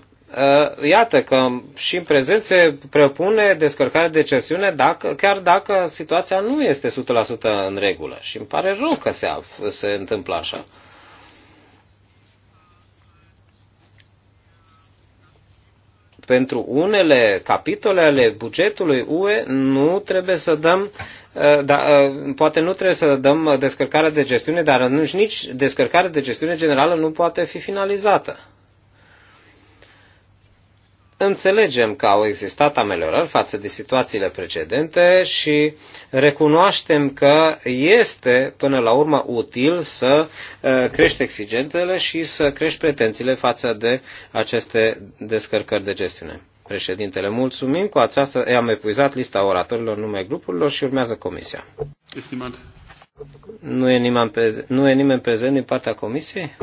uh, iată că și în prezent se propune descărcarea de gestiune, dacă, chiar dacă situația nu este 100% în regulă. Și îmi pare rău că se, se întâmplă așa. pentru unele capitole ale bugetului UE nu trebuie să dăm uh, da, uh, poate nu trebuie să dăm descărcarea de gestiune, dar nici descărcarea de gestiune generală nu poate fi finalizată înțelegem că au existat ameliorări față de situațiile precedente și recunoaștem că este până la urmă util să uh, crești exigentele și să crești pretențiile față de aceste descărcări de gestiune. Președintele, mulțumim. Cu aceasta am epuizat lista oratorilor nume grupurilor și urmează comisia. Estimat. Nu e nimeni, nu e nimeni prezent din partea comisiei?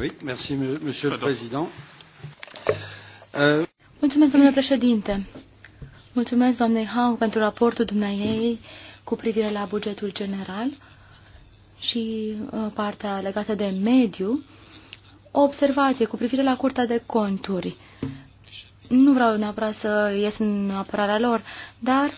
Oui, merci, monsieur le président. Mulțumesc, domnule președinte. Mulțumesc, doamnei Hang, pentru raportul dumneiei cu privire la bugetul general și uh, partea legată de mediu. O observație cu privire la Curtea de Conturi. Nu vreau neapărat să ies în apărarea lor, dar uh,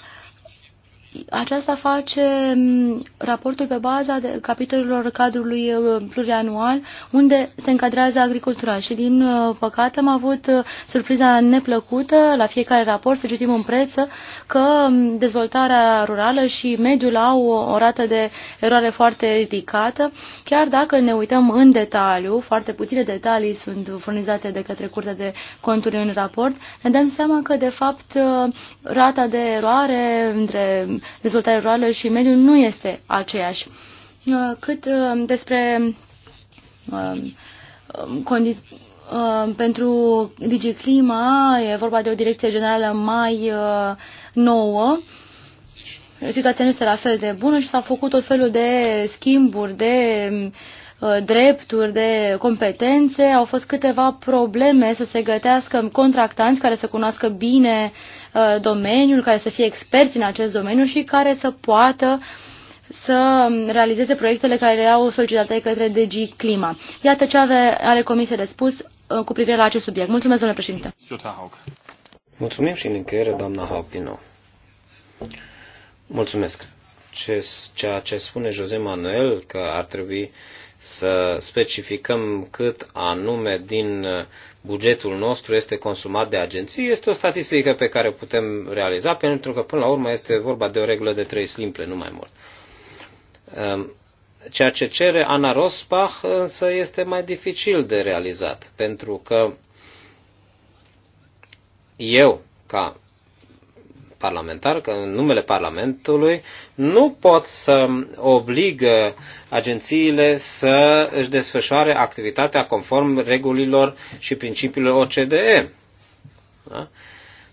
aceasta face mm, raportul pe baza de capitolelor cadrului uh, plurianual unde se încadrează agricultura și din uh, păcate am avut uh, surpriza neplăcută la fiecare raport să citim în preță că mm, dezvoltarea rurală și mediul au o rată de eroare foarte ridicată chiar dacă ne uităm în detaliu foarte puține detalii sunt furnizate de către Curtea de Conturi în raport ne dăm seama că de fapt rata de eroare între dezvoltare rurală și mediul nu este aceeași. Uh, cât uh, despre um, um, uh, pentru DigiClima e vorba de o direcție generală mai nouă. Situația nu este la fel de bună și s-au făcut tot felul de schimburi, de drepturi, de competențe. Au fost câteva probleme să se gătească contractanți care să cunoască bine Uh, domeniul, care să fie experți în acest domeniu și care să poată să realizeze proiectele care au solicitate către DG Clima. Iată ce ave, are comisia de spus uh, cu privire la acest subiect. Mulțumesc, domnule președinte. Mulțumim și în încheiere, doamna Haug, din nou. Mulțumesc. Ce, ceea ce spune Jose Manuel, că ar trebui să specificăm cât anume din uh, bugetul nostru este consumat de agenții, este o statistică pe care o putem realiza, pentru că până la urmă este vorba de o regulă de trei simple, nu mai mult. Ehm, ceea ce cere Ana Rosbach însă este mai dificil de realizat, pentru că eu, ca parlamentar, că în numele Parlamentului, nu pot să obligă agențiile să își desfășoare activitatea conform regulilor și principiilor OCDE. Da?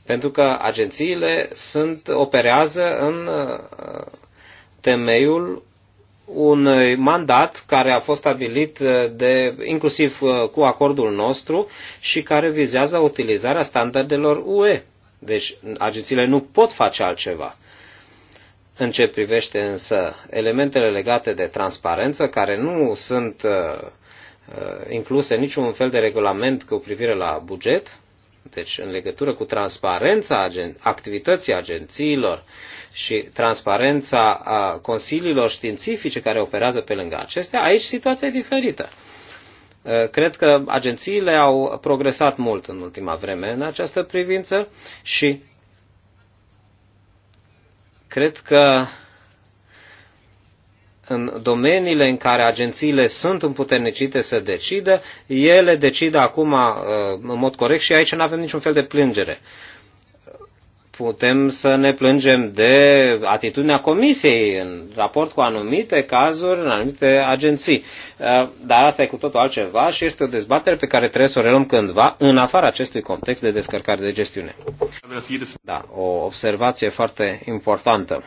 Pentru că agențiile sunt, operează în uh, temeiul un mandat care a fost stabilit uh, de, inclusiv uh, cu acordul nostru și care vizează utilizarea standardelor UE. Deci agențiile nu pot face altceva. În ce privește însă elementele legate de transparență, care nu sunt uh, uh incluse niciun fel de regulament cu privire la buget, deci în legătură cu transparența activității agențiilor și transparența a consiliilor științifice care operează pe lângă acestea, aici situația e diferită. Eh, cred că agențiile au progresat mult în ultima vreme în această privință și cred că în domeniile în care agențiile sunt împuternicite să decidă, ele decid acum eh, în mod corect și aici nu avem niciun fel de plângere putem să ne plângem de atitudinea comisiei în raport cu anumite cazuri, în anumite agenții. Uh, dar asta e cu totul altceva și este o dezbatere pe care trebuie să o reluăm cândva în afara acestui context de descărcare de gestiune. Da, o observație foarte importantă.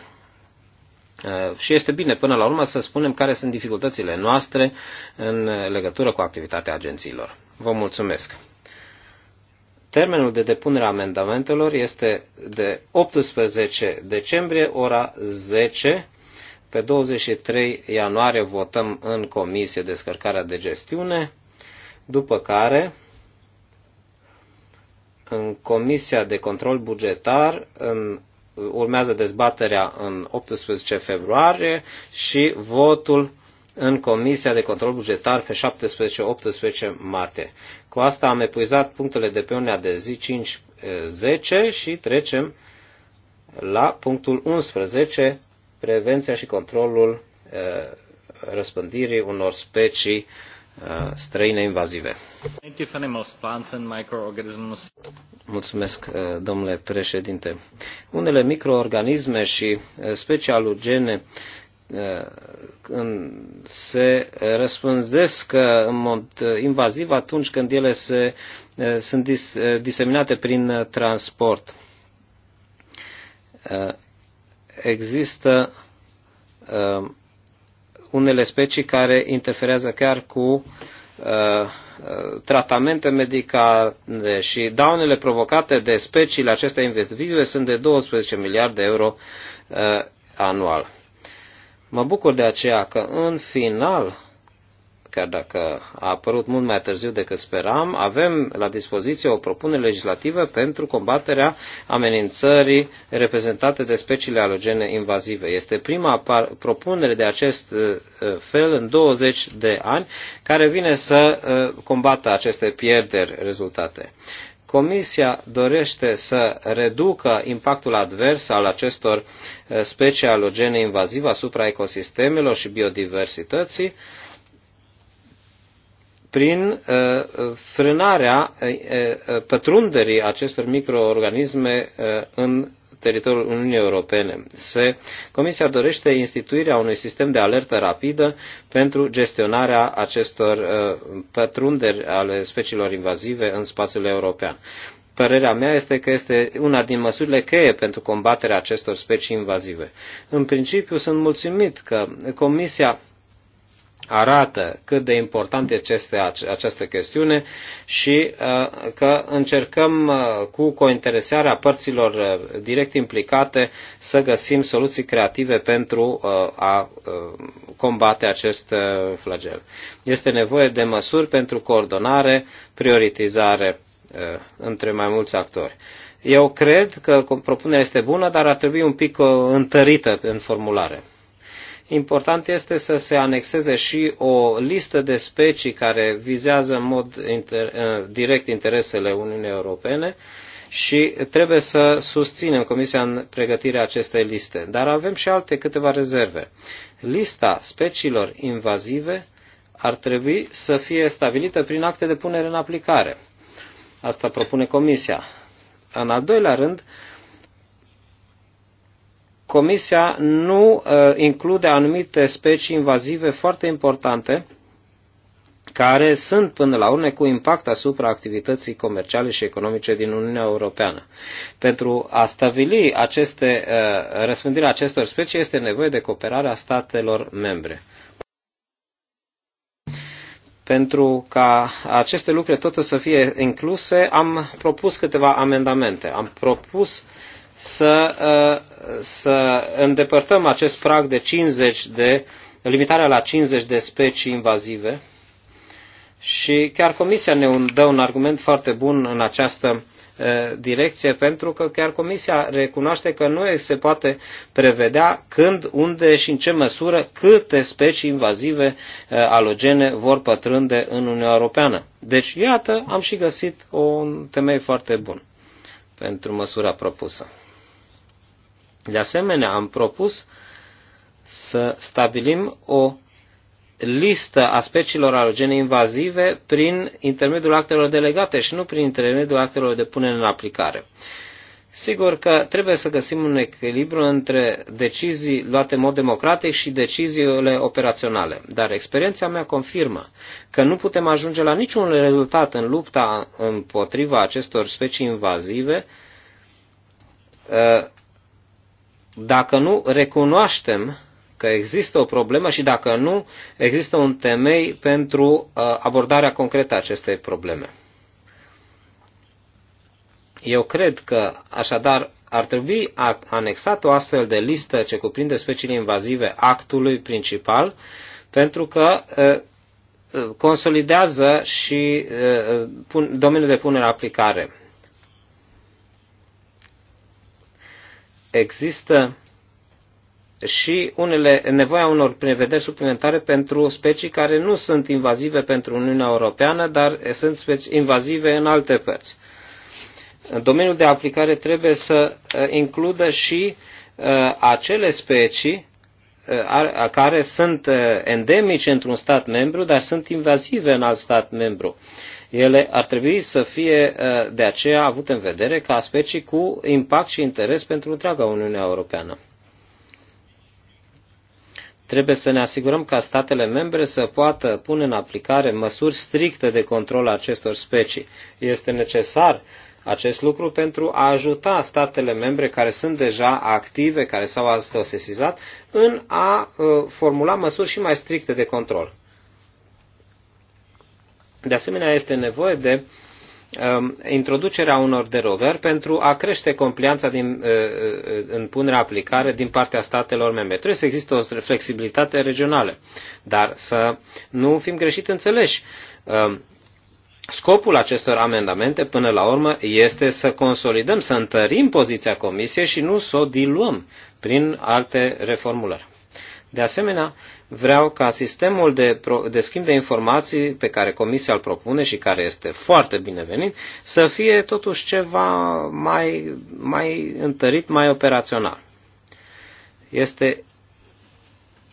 Uh, și este bine până la urmă să spunem care sunt dificultățile noastre în legătură cu activitatea agențiilor. Vă mulțumesc! Termenul de depunere a amendamentelor este de 18 decembrie, ora 10. Pe 23 ianuarie votăm în comisie descărcarea de gestiune, după care în Comisia de Control Bugetar în, urmează dezbaterea în 18 februarie și votul în Comisia de Control Bugetar pe 17-18 martie. Cu asta am epuizat punctele de pe unea de zi 5-10 eh, și trecem la punctul 11, prevenția și controlul eh, răspândirii unor specii eh, străine invazive. Mulțumesc, domnule președinte. Unele microorganisme și specii alugene Uh, se răspânzesc uh, în mod uh, invaziv atunci când ele se, sunt dis, diseminate prin transport. Există unele specii care interferează chiar cu tratamente medicale și daunele provocate de speciile acestea invazive sunt de 12 miliarde de euro anual Mă bucur de aceea că în final, chiar dacă a apărut mult mai târziu decât speram, avem la dispoziție o propunere legislativă pentru combaterea amenințării reprezentate de speciile alogene invazive. Este prima propunere de acest uh, fel în 20 de ani care vine să uh, combată aceste pierderi rezultate. Comisia dorește să reducă impactul advers al acestor eh, specii alogene invazive asupra ecosistemelor și biodiversității prin eh, frânarea eh, pătrunderii acestor microorganisme în teritoriul Uniunii Europene. Se, Comisia dorește instituirea unui sistem de alertă rapidă pentru gestionarea acestor uh, pătrunderi ale speciilor invazive în spațiul european. Părerea mea este că este una din măsurile cheie pentru combaterea acestor specii invazive. În principiu, sunt mulțumit că Comisia arată cât de important este această chestiune și uh, că încercăm uh, cu cointeresarea părților uh, direct implicate să găsim soluții creative pentru a combate acest flagel. Este nevoie de măsuri pentru coordonare, prioritizare între mai mulți actori. Eu cred că propunerea este bună, dar ar trebui un pic întărită în formulare. Important este să se anexeze și o listă de specii care vizează în mod inter, eh, direct interesele Uniunii Europene și trebuie să susținem Comisia în pregătirea acestei liste. Dar avem și alte câteva rezerve. Lista speciilor invazive ar trebui să fie stabilită prin acte de punere în aplicare. Asta propune Comisia. În al doilea rând, Comisia nu uh, include anumite specii invazive foarte importante care sunt până la urmă cu impact asupra activității comerciale și economice din Uniunea Europeană. Pentru a stabili aceste, uh, răspândirea acestor specii este nevoie de cooperarea statelor membre. Pentru ca aceste lucruri totul să fie incluse, am propus câteva amendamente. Am propus uh, să, uh, să îndepărtăm acest prag de 50 de, limitarea la 50 de specii invazive. Și chiar Comisia ne dă un argument foarte bun în această uh, direcție, pentru că chiar Comisia recunoaște că nu se poate prevedea când, unde și în ce măsură câte specii invazive uh, alogene vor pătrunde în Uniunea Europeană. Deci, iată, am și găsit un temei foarte bun pentru măsura propusă. De asemenea, am propus să stabilim o listă a speciilor alogene invazive prin intermediul actelor delegate și nu prin intermediul actelor de punere în aplicare. Sigur că trebuie să găsim un echilibru între decizii luate în mod democratic și deciziile operaționale, dar experiența mea confirmă că nu putem ajunge la niciun rezultat în lupta împotriva acestor specii invazive dacă nu recunoaștem că există o problemă și dacă nu există un temei pentru uh, abordarea concretă a acestei probleme. Eu cred că, așadar, ar trebui anexat o astfel de listă ce cuprinde speciile invazive actului principal, pentru că uh, uh, consolidează și domeniul de punere aplicare există și unele, nevoia unor prevederi suplimentare pentru specii care nu sunt invazive pentru Uniunea Europeană, dar sunt specii invazive în alte părți. În domeniul de aplicare trebuie să uh, includă și uh, acele specii uh, care sunt endemice într-un stat membru, dar sunt invazive în alt stat membru. Ele ar trebui să fie ă, de aceea avute în vedere ca specii cu impact și interes pentru întreaga Uniunea Europeană. Trebuie să ne asigurăm ca statele membre să poată pune în aplicare măsuri stricte de control a acestor specii. Este necesar acest lucru pentru a ajuta statele membre care sunt deja active, care s-au autosesizat, în a ă, formula măsuri și mai stricte de control. De asemenea, este nevoie de um, introducerea unor derogări pentru a crește complianța din, uh, uh, în punerea aplicare din partea statelor membre. Trebuie să existe o flexibilitate regională, dar să nu fim greșit înțeleși. Um, scopul acestor amendamente, până la urmă, este să consolidăm, să întărim poziția Comisiei și nu să o diluăm prin alte reformulări. De asemenea, vreau ca sistemul de, de schimb de informații pe care Comisia îl propune și care este foarte binevenit să fie totuși ceva mai, mai întărit, mai operațional. Este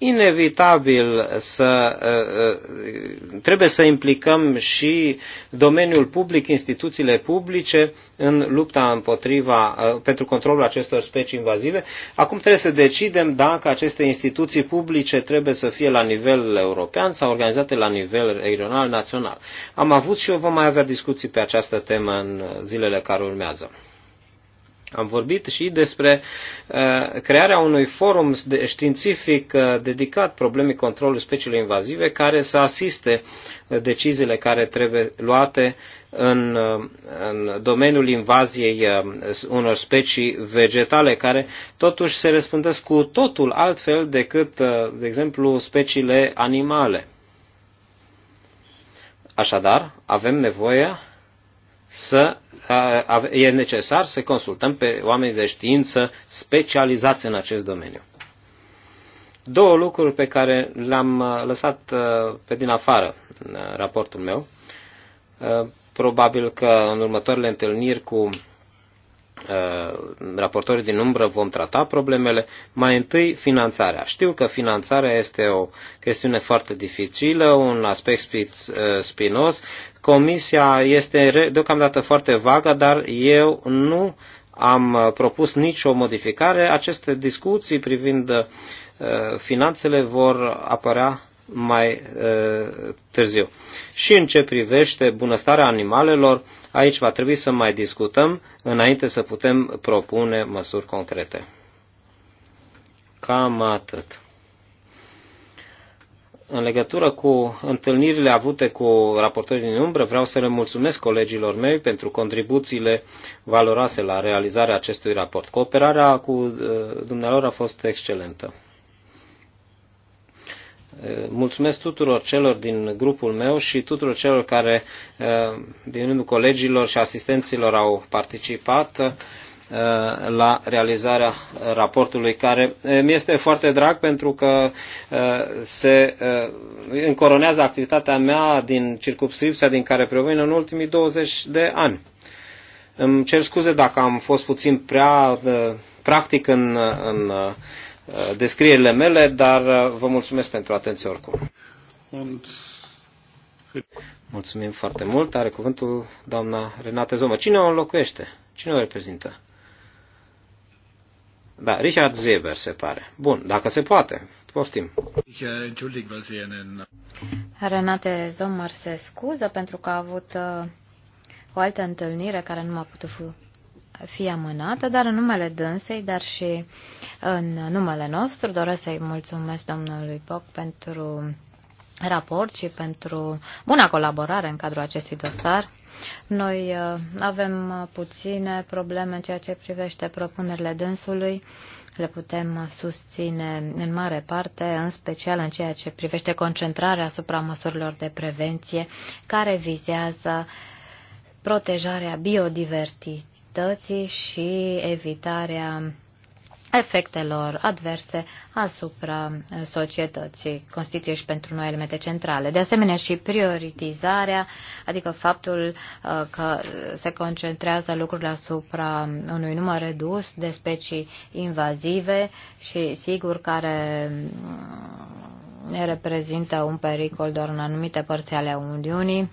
inevitabil să uh, uh, trebuie să implicăm și domeniul public, instituțiile publice în lupta împotriva uh, pentru controlul acestor specii invazive. Acum trebuie să decidem dacă aceste instituții publice trebuie să fie la nivel european sau organizate la nivel regional, național. Am avut și eu vom mai avea discuții pe această temă în zilele care urmează. Am vorbit și despre uh, crearea unui forum de, științific uh, dedicat problemei controlului speciilor invazive care să asiste uh, deciziile care trebuie luate în, uh, în domeniul invaziei uh, unor specii vegetale care totuși se răspândesc cu totul altfel decât, uh, de exemplu, speciile animale. Așadar, avem nevoie să e necesar să consultăm pe oameni de știință specializați în acest domeniu. Două lucruri pe care le-am lăsat pe din afară în raportul meu. Probabil că în următoarele întâlniri cu raportorii din umbră vom trata problemele. Mai întâi, finanțarea. Știu că finanțarea este o chestiune foarte dificilă, un aspect spinos Comisia este deocamdată foarte vagă, dar eu nu am uh, propus nicio modificare. Aceste discuții privind uh, finanțele vor apărea mai uh, târziu. Și în ce privește bunăstarea animalelor, aici va trebui să mai discutăm înainte să putem propune măsuri concrete. Cam atât în legătură cu întâlnirile avute cu raportorii din umbră, vreau să le mulțumesc colegilor mei pentru contribuțiile valoroase la realizarea acestui raport. Cooperarea cu uh, dumnealor a fost excelentă. Uh, mulțumesc tuturor celor din grupul meu și tuturor celor care, uh, din rândul colegilor și asistenților, au participat Uh, la realizarea raportului, care uh, mi este foarte drag pentru că uh, se încoronează activitatea mea din circumscripția din care provin în ultimii 20 de ani. Îmi cer scuze dacă am fost puțin prea practic în, în descrierile mele, dar vă mulțumesc pentru atenție oricum. Mulțumim foarte mult. Are cuvântul doamna Renate Zomă. Cine o înlocuiește? Cine o reprezintă? Da, Richard Zeber, se pare. Bun, dacă se poate. Poftim. Renate Zomăr se scuză pentru că a avut uh, o altă întâlnire care nu m-a putut fi amânată, dar în numele dânsei, dar și în numele nostru doresc să-i mulțumesc domnului Boc pentru raport și pentru buna colaborare în cadrul acestui dosar. Noi uh, avem puține probleme în ceea ce privește propunerile dânsului. Le putem susține în mare parte, în special în ceea ce privește concentrarea asupra măsurilor de prevenție care vizează protejarea biodiversității și evitarea efectelor adverse asupra uh, societății. Constituie și pentru noi elemente centrale. De asemenea și prioritizarea, adică faptul uh, că se concentrează lucrurile asupra unui număr redus de specii invazive și sigur care uh, reprezintă un pericol doar în anumite părți ale Uniunii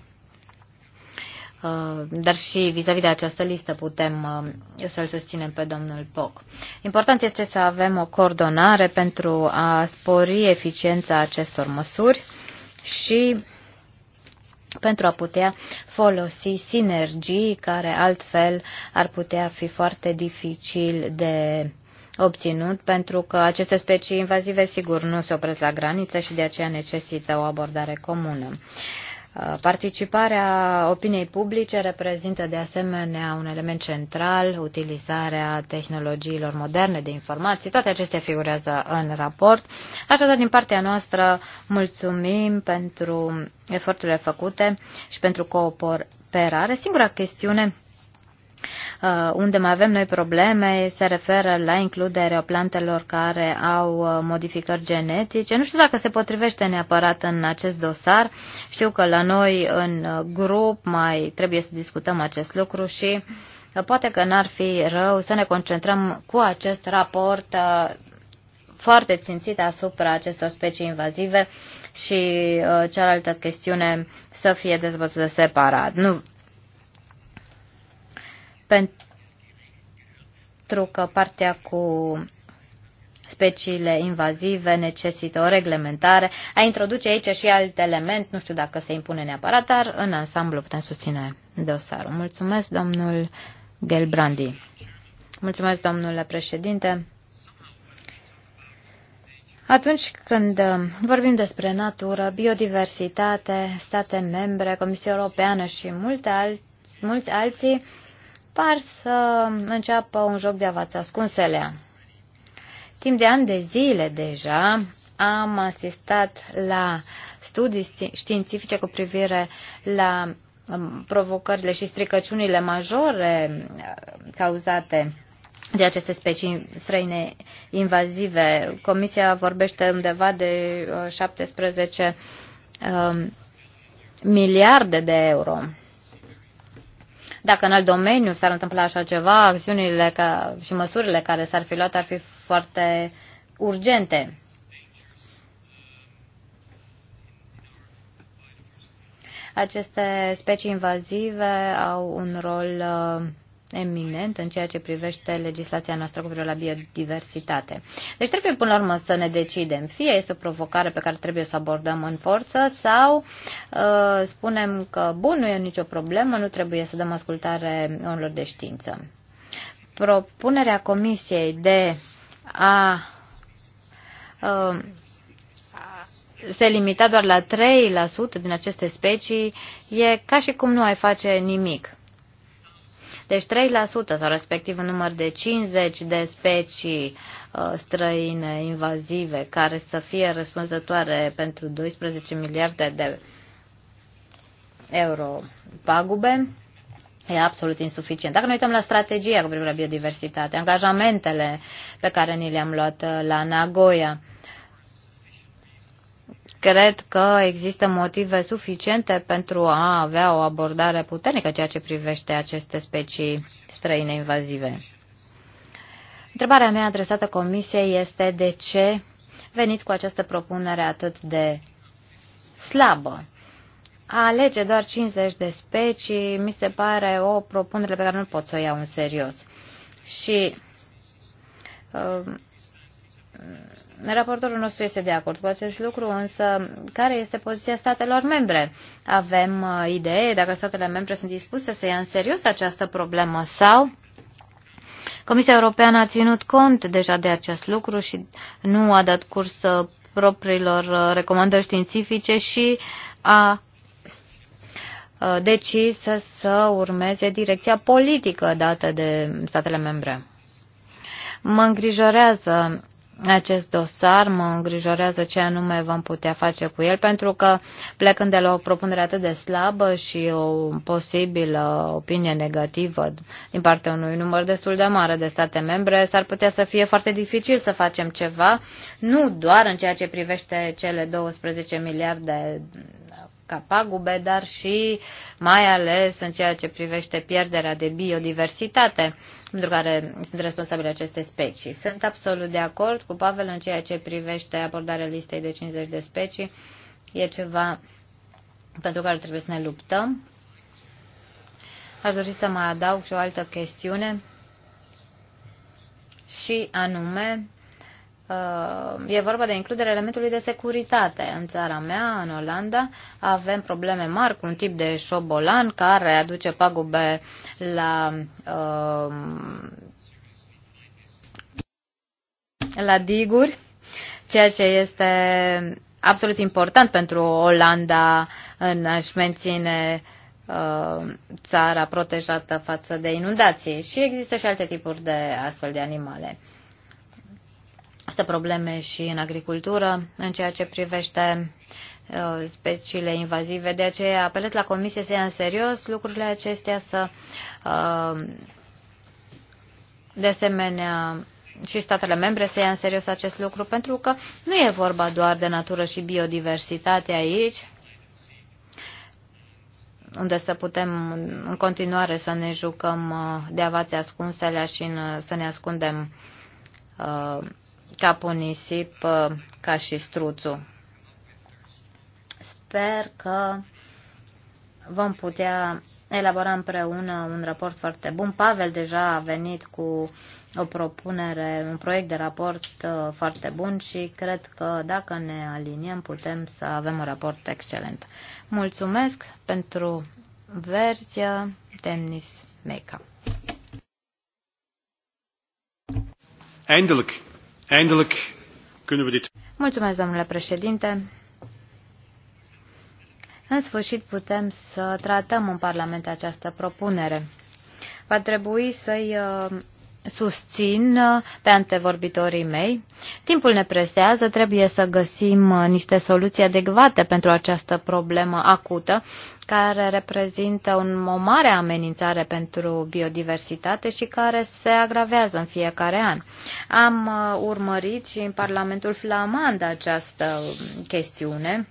Uh, dar și vis-a-vis -vis de această listă putem uh, să-l susținem pe domnul Poc. Important este să avem o coordonare pentru a spori eficiența acestor măsuri și pentru a putea folosi sinergii care altfel ar putea fi foarte dificil de obținut, pentru că aceste specii invazive sigur nu se opresc la graniță și de aceea necesită o abordare comună. Uh, Uh, participarea opiniei publice reprezintă de asemenea un element central, utilizarea tehnologiilor moderne de informații, toate acestea figurează în raport. Așadar, din partea noastră, mulțumim pentru eforturile făcute și pentru cooperare. Singura chestiune Uh, unde mai avem noi probleme se referă la includerea plantelor care au uh, modificări genetice. Nu știu dacă se potrivește neapărat în acest dosar. Știu că la noi în uh, grup mai trebuie să discutăm acest lucru și poate că n-ar fi rău să ne concentrăm cu acest raport foarte țințit asupra acestor specii invazive și uh, cealaltă chestiune să fie dezbătută separat. Nu pentru că partea cu speciile invazive necesită o reglementare. A introduce aici și alt element, nu știu dacă se impune neapărat, dar în ansamblu putem susține dosarul. Mulțumesc, domnul Gelbrandi. Mulțumesc, domnule președinte. Atunci când vorbim despre natură, biodiversitate, state membre, Comisia Europeană și multe alți, mulți alții, par să înceapă un joc de avați ascunselea. Timp de ani de zile deja am asistat la studii științifice cu privire la um, provocările și stricăciunile majore uh, cauzate de aceste specii străine invazive. Comisia vorbește undeva de 17 uh, um, miliarde de euro. Dacă în alt domeniu s-ar întâmpla așa ceva, acțiunile ca, și măsurile care s-ar fi luat ar fi foarte urgente. Aceste specii invazive au un rol uh, eminent în ceea ce privește legislația noastră cu privire la biodiversitate. Deci trebuie până la urmă să ne decidem. Fie este o provocare pe care trebuie să abordăm în forță sau uh, spunem că bun, nu e nicio problemă, nu trebuie să dăm ascultare unor de știință. Propunerea Comisiei de a uh, se limita doar la 3% din aceste specii e ca și cum nu ai face nimic. Deci 3% sau respectiv un număr de 50 de specii uh, străine invazive care să fie răspunzătoare pentru 12 miliarde de euro pagube e absolut insuficient. Dacă ne uităm la strategia cu privire la biodiversitate, angajamentele pe care ni le-am luat uh, la Nagoya, cred că există motive suficiente pentru a avea o abordare puternică ceea ce privește aceste specii străine invazive. Întrebarea mea adresată Comisiei este de ce veniți cu această propunere atât de slabă. A alege doar 50 de specii mi se pare o propunere pe care nu pot să o iau în serios. Și uh, Raportorul nostru este de acord cu acest lucru, însă care este poziția statelor membre? Avem uh, idee dacă statele membre sunt dispuse să ia în serios această problemă sau Comisia Europeană a ținut cont deja de acest lucru și nu a dat curs uh, propriilor uh, recomandări științifice și a decis să urmeze direcția politică dată de statele membre. Mă îngrijorează acest dosar, mă îngrijorează ce anume vom putea face cu el, pentru că plecând de la o propunere atât de slabă și o posibilă opinie negativă din partea unui număr destul de mare de state membre, s-ar putea să fie foarte dificil să facem ceva, nu doar în ceea ce privește cele 12 miliarde ca pagube, dar și mai ales în ceea ce privește pierderea de biodiversitate pentru care sunt responsabile aceste specii. Sunt absolut de acord cu Pavel în ceea ce privește abordarea listei de 50 de specii. E ceva pentru care trebuie să ne luptăm. Aș dori să mai adaug și o altă chestiune și anume Uh, e vorba de includerea elementului de securitate. În țara mea, în Olanda, avem probleme mari cu un tip de șobolan care aduce pagube la uh, la diguri, ceea ce este absolut important pentru Olanda în a-și menține uh, țara protejată față de inundații și există și alte tipuri de astfel de animale. Asta probleme și în agricultură, în ceea ce privește uh, speciile invazive. De aceea apelez la Comisie să ia în serios lucrurile acestea, să uh, de asemenea și statele membre să ia în serios acest lucru, pentru că nu e vorba doar de natură și biodiversitate aici, unde să putem în continuare să ne jucăm uh, de avați ascunsele și în, să ne ascundem cap un nisip uh, ca și struțul. Sper că vom putea elabora împreună un raport foarte bun. Pavel deja a venit cu o propunere, un proiect de raport uh, foarte bun și cred că dacă ne aliniem putem să avem un raport excelent. Mulțumesc pentru versia Demnis Meca. Eindelijk Eindelijk kunnen we dit... Mulțumesc, domnule președinte. În sfârșit putem să tratăm în Parlament această propunere. Va trebui să-i uh, susțin uh, pe antevorbitorii mei. Timpul ne presează, trebuie să găsim uh, niște soluții adecvate pentru această problemă acută, care reprezintă un, o mare amenințare pentru biodiversitate și care se agravează în fiecare an. Am uh, urmărit și în Parlamentul Flamand această um, chestiune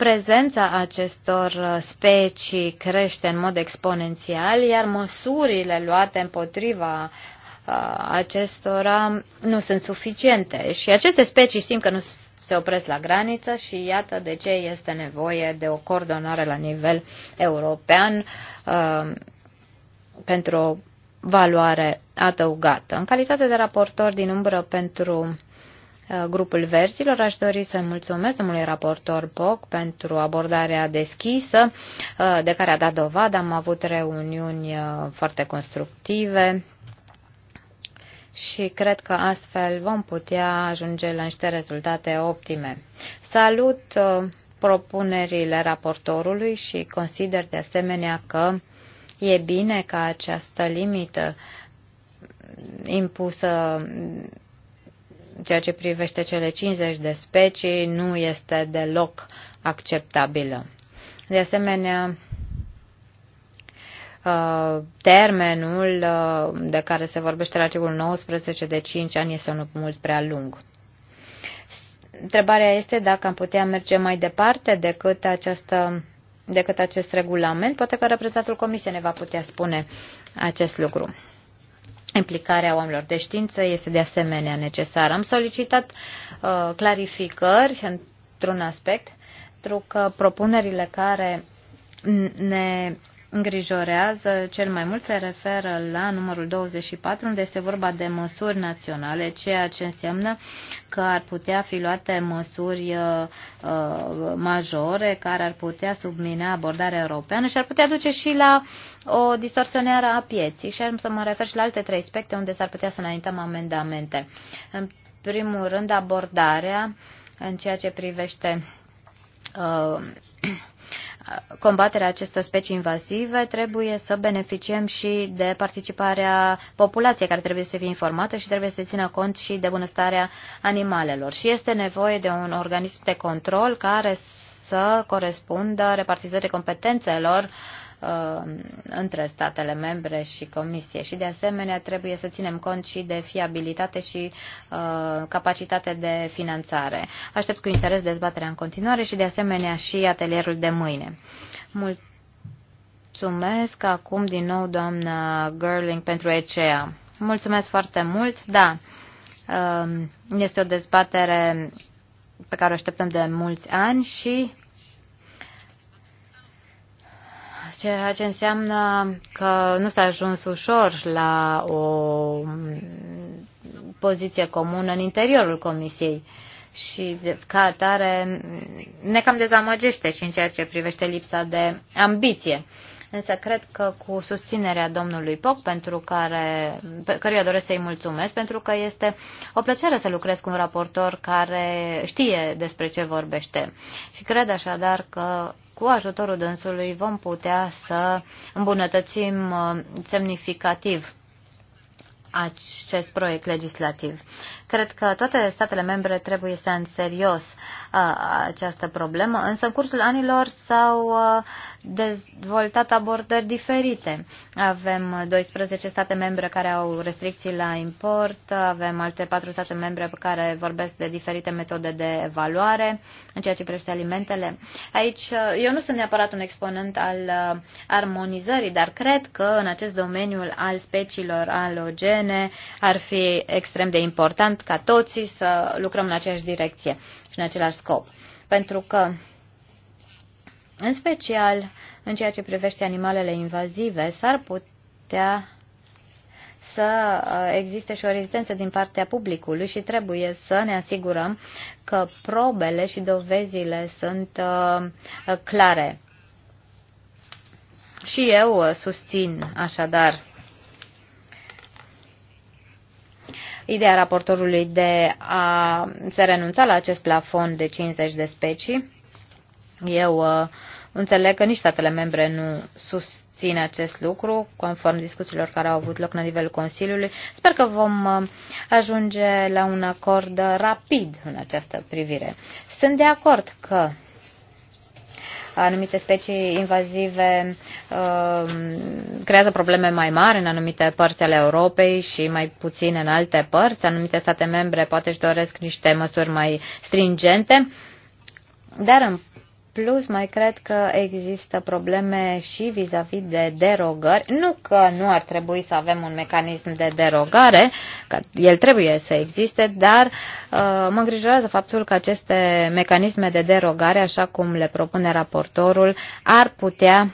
Prezența acestor specii crește în mod exponențial, iar măsurile luate împotriva uh, acestora nu sunt suficiente. Și aceste specii știm că nu se opresc la graniță și iată de ce este nevoie de o coordonare la nivel european uh, pentru o valoare adăugată. În calitate de raportor din umbră pentru Uh, grupul verzilor, aș dori să mulțumesc domnului raportor Boc pentru abordarea deschisă uh, de care a dat dovadă. Am avut reuniuni uh, foarte constructive și cred că astfel vom putea ajunge la niște rezultate optime. Salut propunerile raportorului și consider de asemenea că e bine ca această limită impusă ceea ce privește cele 50 de specii nu este deloc acceptabilă. De asemenea, uh, termenul uh, de care se vorbește la articolul 19 de 5 ani este unul mult prea lung. Întrebarea este dacă am putea merge mai departe decât, această, decât acest regulament. Poate că reprezentantul Comisiei ne va putea spune acest lucru. Implicarea oamenilor de știință este de asemenea necesară. Am solicitat uh, clarificări într-un aspect, pentru că propunerile care ne îngrijorează cel mai mult se referă la numărul 24, unde este vorba de măsuri naționale, ceea ce înseamnă că ar putea fi luate măsuri uh, uh, majore care ar putea submina abordarea europeană și ar putea duce și la o distorsionare a pieții. Și am să mă refer și la alte trei aspecte unde s-ar putea să înaintăm amendamente. În primul rând, abordarea în ceea ce privește uh, combaterea acestor specii invazive, trebuie să beneficiem și de participarea populației care trebuie să fie informată și trebuie să țină cont și de bunăstarea animalelor. Și este nevoie de un organism de control care să corespundă repartizării competențelor Uh, între statele membre și Comisie. Și de asemenea trebuie să ținem cont și de fiabilitate și uh, capacitate de finanțare. Aștept cu interes dezbaterea în continuare și de asemenea și atelierul de mâine. Mulțumesc acum din nou doamna Gerling pentru ECEA. Mulțumesc foarte mult. Da, uh, este o dezbatere pe care o așteptăm de mulți ani și ceea ce înseamnă că nu s-a ajuns ușor la o poziție comună în interiorul Comisiei și ca atare ne cam dezamăgește și în ceea ce privește lipsa de ambiție. Însă cred că cu susținerea domnului Poc, pentru care, pe eu doresc să-i mulțumesc, pentru că este o plăcere să lucrez cu un raportor care știe despre ce vorbește. Și cred așadar că cu ajutorul dânsului vom putea să îmbunătățim uh, semnificativ acest proiect legislativ. Cred că toate statele membre trebuie să în serios această problemă, însă în cursul anilor s-au dezvoltat abordări diferite. Avem 12 state membre care au restricții la import, avem alte 4 state membre care vorbesc de diferite metode de evaluare în ceea ce privește alimentele. Aici eu nu sunt neapărat un exponent al armonizării, dar cred că în acest domeniu al speciilor alogene ar fi extrem de important ca toții să lucrăm în aceeași direcție și în același scop. Pentru că, în special, în ceea ce privește animalele invazive, s-ar putea să uh, existe și o rezistență din partea publicului și trebuie să ne asigurăm că probele și dovezile sunt uh, clare. Și eu uh, susțin așadar ideea raportorului de a se renunța la acest plafon de 50 de specii. Eu uh, înțeleg că nici statele membre nu susțin acest lucru, conform discuțiilor care au avut loc la nivelul Consiliului. Sper că vom uh, ajunge la un acord rapid în această privire. Sunt de acord că anumite specii invazive um, creează probleme mai mari în anumite părți ale Europei și mai puțin în alte părți. Anumite state membre poate își doresc niște măsuri mai stringente. Dar în plus, mai cred că există probleme și vis-a-vis -vis de derogări. Nu că nu ar trebui să avem un mecanism de derogare, că el trebuie să existe, dar uh, mă îngrijorează faptul că aceste mecanisme de derogare, așa cum le propune raportorul, ar putea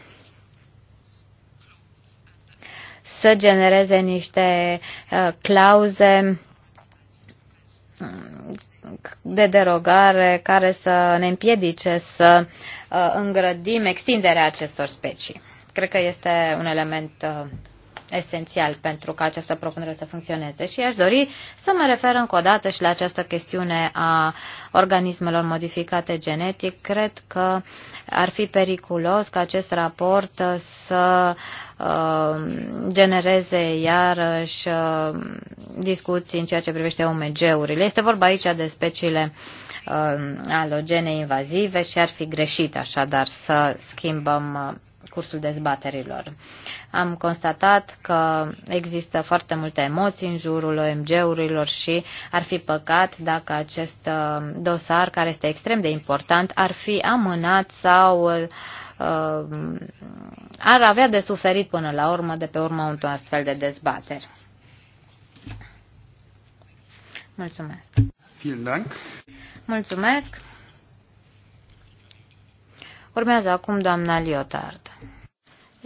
să genereze niște uh, clauze de derogare care să ne împiedice să uh, îngrădim extinderea acestor specii. Cred că este un element uh, esențial pentru ca această propunere să funcționeze. Și aș dori să mă refer încă o dată și la această chestiune a organismelor modificate genetic. Cred că ar fi periculos ca acest raport să uh, genereze iarăși uh, discuții în ceea ce privește OMG-urile. Este vorba aici de speciile uh, alogene invazive și ar fi greșit așadar să schimbăm cursul dezbaterilor. Am constatat că există foarte multe emoții în jurul OMG-urilor și ar fi păcat dacă acest uh, dosar, care este extrem de important, ar fi amânat sau uh, uh ar avea de suferit până la urmă de pe urma unui astfel de dezbateri. Mulțumesc. Vielen Dank. Mulțumesc. Urmează acum doamna Liotard.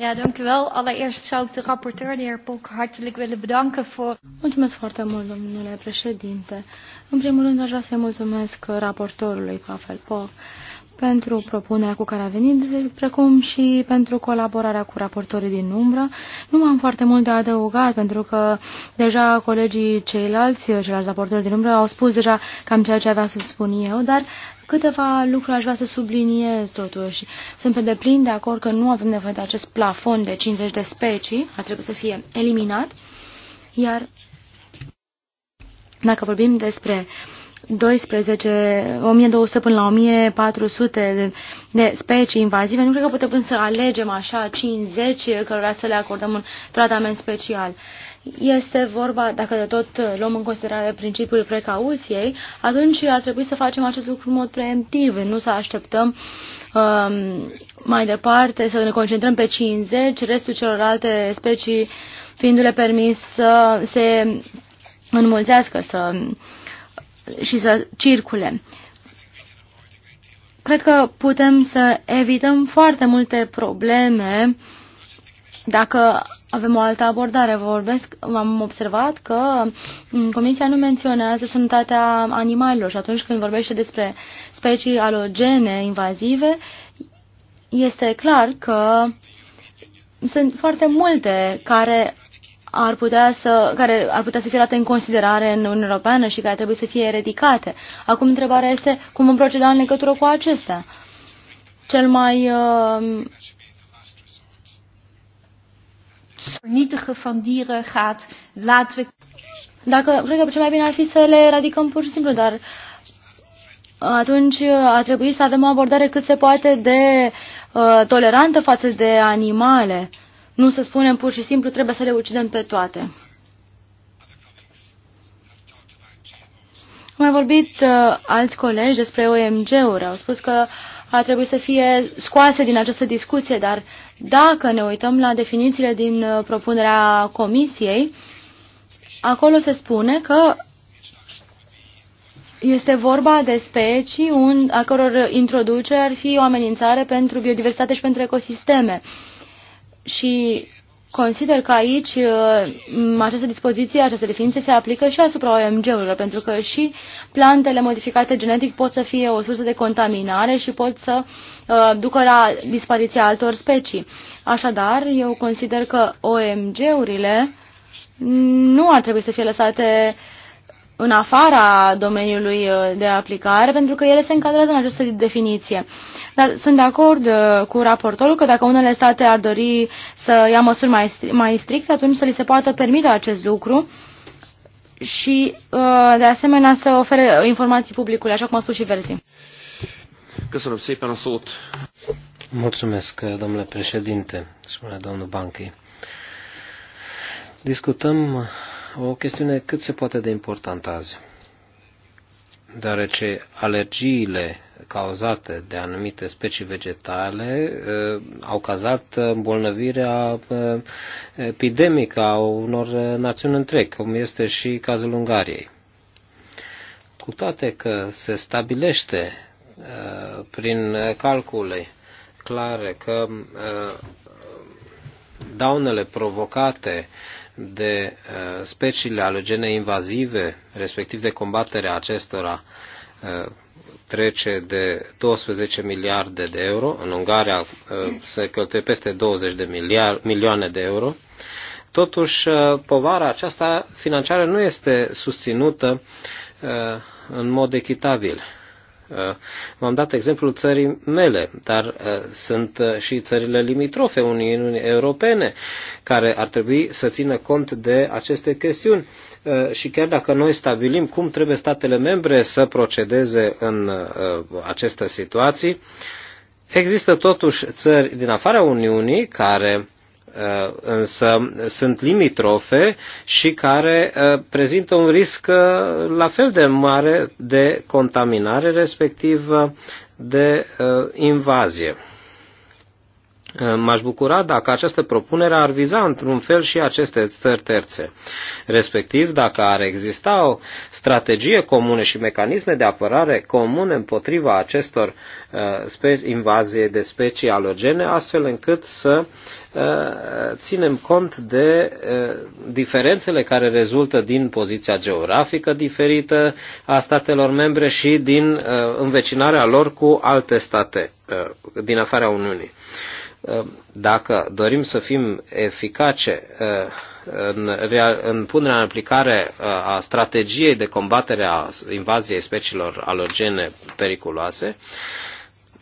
Ja, dank u wel. Allereerst zou ik de rapporteur, de heer Polk, hartelijk willen bedanken voor... Mulțumesc foarte mult, domnule președinte. În primul rând, aș vrea să-i mulțumesc raportorului Pavel Polk pentru propunerea cu care a venit, precum și pentru colaborarea cu raportorii din umbră. Nu am foarte mult de adăugat, pentru că deja colegii ceilalți, ceilalți raportori din umbră, au spus deja cam ceea ce avea să spun eu, dar Câteva lucruri aș vrea să subliniez totuși. Sunt pe deplin de acord că nu avem nevoie de acest plafon de 50 de specii, ar trebui să fie eliminat, iar dacă vorbim despre uh, 12, 1200 până la 1400 de, de specii invazive, nu cred că putem să alegem așa 50 cărora să le acordăm un tratament special. Este vorba, dacă de tot luăm în considerare principiul precauției, atunci ar trebui să facem acest lucru în mod preemptiv, nu să așteptăm um, mai departe, să ne concentrăm pe 50, restul celorlalte specii fiindu-le permis să se înmulțească, să și să circule. Cred că putem să evităm foarte multe probleme dacă avem o altă abordare. Vorbesc, am observat că mm, Comisia nu menționează sănătatea animalelor și atunci când vorbește despre specii alogene invazive, este clar că sunt foarte multe care ar putea să, care ar putea să fie luate în considerare în Uniunea Europeană și care trebuie să fie eradicate. Acum întrebarea este cum vom proceda în legătură cu acestea. Cel mai uh, Dacă, cred că cel mai bine ar fi să le eradicăm pur și simplu, dar uh, atunci uh, ar trebui să avem o abordare cât se poate de uh, tolerantă față de animale. Uh, nu să spunem pur și simplu, trebuie să le ucidem pe toate. Am mai vorbit uh, alți colegi despre OMG-uri. Au spus că ar trebui să fie scoase din această discuție, dar dacă ne uităm la definițiile din uh, propunerea comisiei, acolo se spune că este vorba de specii un, a căror introducere ar fi o amenințare pentru biodiversitate și pentru ecosisteme. Uh, și consider că aici uh, această dispoziție, această definiție se aplică și asupra OMG-urilor, pentru că și plantele modificate genetic pot să fie o sursă de contaminare și pot să uh, ducă la dispariția altor specii. Așadar, eu consider că OMG-urile nu ar trebui să fie lăsate uh, în afara domeniului uh, de aplicare, pentru că ele se încadrează în această definiție. Dar sunt de acord uh, cu raportorul că dacă unele state ar dori să ia măsuri mai, mai stricte, atunci să li se poată permite acest lucru și, uh, de asemenea, să ofere informații publicului, așa cum a spus și Verzi. Mulțumesc, domnule președinte, spune domnul Banchi. Discutăm o chestiune cât se poate de importantă azi, deoarece alergiile cauzate de anumite specii vegetale eh, au cazat îmbolnăvirea eh, epidemică a unor națiuni întregi, cum este și cazul Ungariei. Cu toate că se stabilește eh, prin calcule clare că daunele provocate uh, de uh, speciile alogene invazive, respectiv de combaterea acestora, uh, trece de 12 miliarde de euro, în Ungaria uh, se cheltuie peste 20 de miliard, milioane de euro. Totuși, povara aceasta financiară nu este susținută în mod echitabil. Uh, v-am dat exemplul țării mele, dar uh, sunt uh, și țările limitrofe Uniunii Europene care ar trebui să țină cont de aceste chestiuni. Și chiar dacă noi stabilim cum trebuie statele membre să procedeze în aceste situații, există totuși țări din afara Uniunii care Uh, însă sunt limitrofe și care uh, prezintă un risc uh, la fel de mare de contaminare, respectiv de invazie. Ehm, m-aș bucura dacă această propunere ar viza într-un fel și aceste țări terțe, respectiv dacă ar exista o strategie comună și mecanisme de apărare comune împotriva acestor uh, invazie de specii alogene, astfel încât să uh, ținem cont de uh, diferențele care rezultă din poziția geografică diferită a statelor membre și din uh, învecinarea lor cu alte state uh, din afara Uniunii. Ehm, dacă dorim să fim eficace ehm, în, în punerea în aplicare eh, a strategiei de combatere a invaziei speciilor alogene periculoase,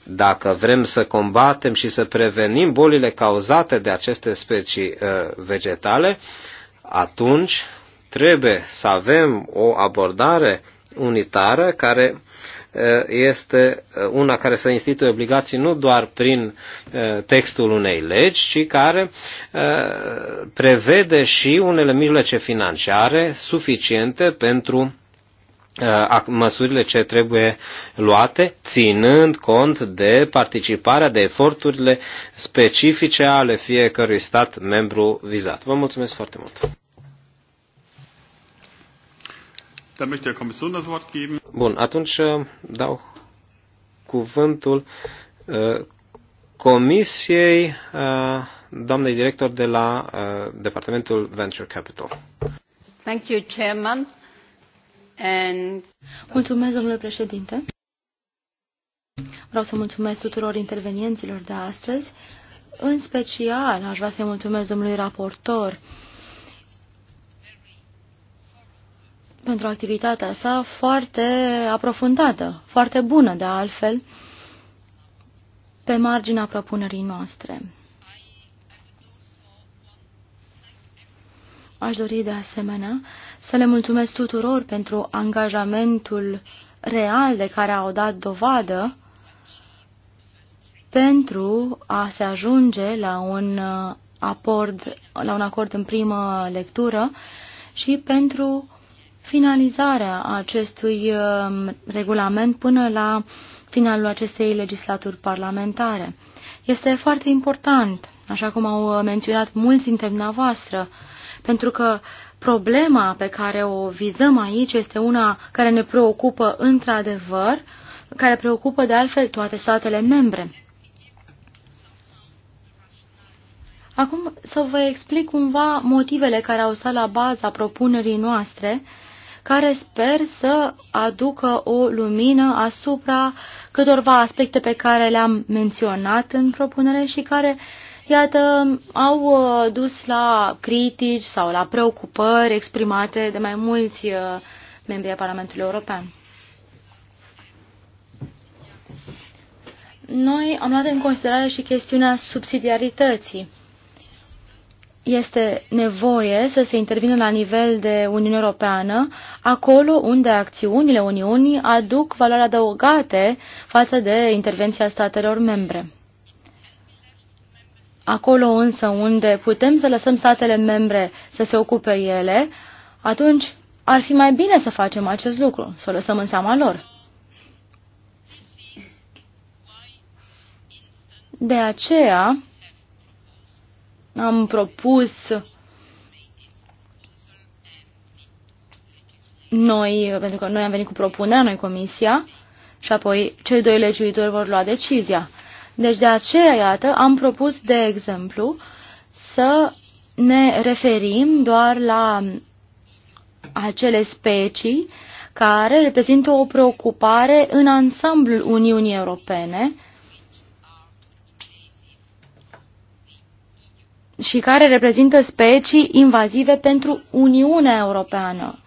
dacă vrem să combatem și să prevenim bolile cauzate de aceste specii eh, vegetale, atunci trebuie să avem o abordare unitară care Eh, este eh, una care să instituie obligații nu doar prin eh, textul unei legi, ci care prevede și unele mijloace financiare suficiente pentru măsurile ce trebuie luate, ținând cont de participarea, de eforturile specifice ale fiecărui stat membru vizat. Vă mulțumesc foarte mult! möchte der Kommission das Wort geben. Bun, atunci uh, dau cuvântul uh, Comisiei, uh, doamnei director de la uh, Departamentul Venture Capital. Thank you, Chairman. And... Mulțumesc, domnule președinte. Vreau să mulțumesc tuturor intervenienților de astăzi. În special, aș vrea să-i mulțumesc domnului raportor uh, pentru activitatea sa foarte aprofundată, foarte bună de altfel, pe marginea propunerii noastre. Aș dori de asemenea să le mulțumesc tuturor pentru angajamentul real de care au dat dovadă pentru a se ajunge la un, uh, acord, la un acord în primă lectură și pentru finalizarea acestui um, regulament până la finalul acestei legislaturi parlamentare. Este foarte important, așa cum au menționat mulți dintre dumneavoastră, pentru că problema pe care o vizăm aici este una care ne preocupă într-adevăr, care preocupă de altfel toate statele membre. Acum să vă explic cumva motivele care au stat la baza propunerii noastre uh, care sper să aducă o lumină asupra câtorva aspecte pe care le-am menționat în propunere și care, iată, au uh, dus la critici sau la preocupări exprimate de mai mulți uh, membri ai Parlamentului European. Noi am luat în considerare și chestiunea subsidiarității este nevoie să se intervină la nivel de Uniune Europeană, acolo unde acțiunile Uniunii aduc valoare adăugate față de intervenția statelor membre. Acolo însă unde putem să lăsăm statele membre să se ocupe ele, atunci ar fi mai bine să facem acest lucru, să o lăsăm în seama lor. De aceea, am propus noi, pentru că noi am venit cu propunerea, noi comisia, și apoi cei doi legiuitori vor lua decizia. Deci de aceea, iată, am propus, de exemplu, să ne referim doar la acele specii care reprezintă o preocupare în ansamblul Uniunii Europene, și care reprezintă specii invazive pentru Uniunea Europeană.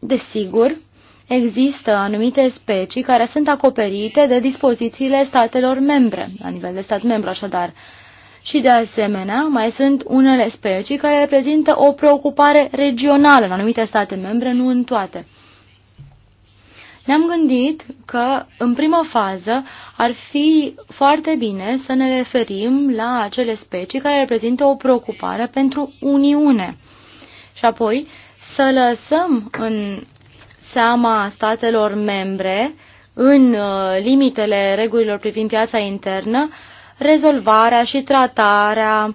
Desigur, există anumite specii care sunt acoperite de dispozițiile statelor membre, la nivel de stat membru așadar. Și de asemenea, mai sunt unele specii care reprezintă o preocupare regională în anumite state membre, nu în toate. Ne-am gândit că, în prima fază, ar fi foarte bine să ne referim la acele specii care reprezintă o preocupare pentru Uniune. Și apoi să lăsăm în seama statelor membre, în uh, limitele regulilor privind piața internă, rezolvarea și tratarea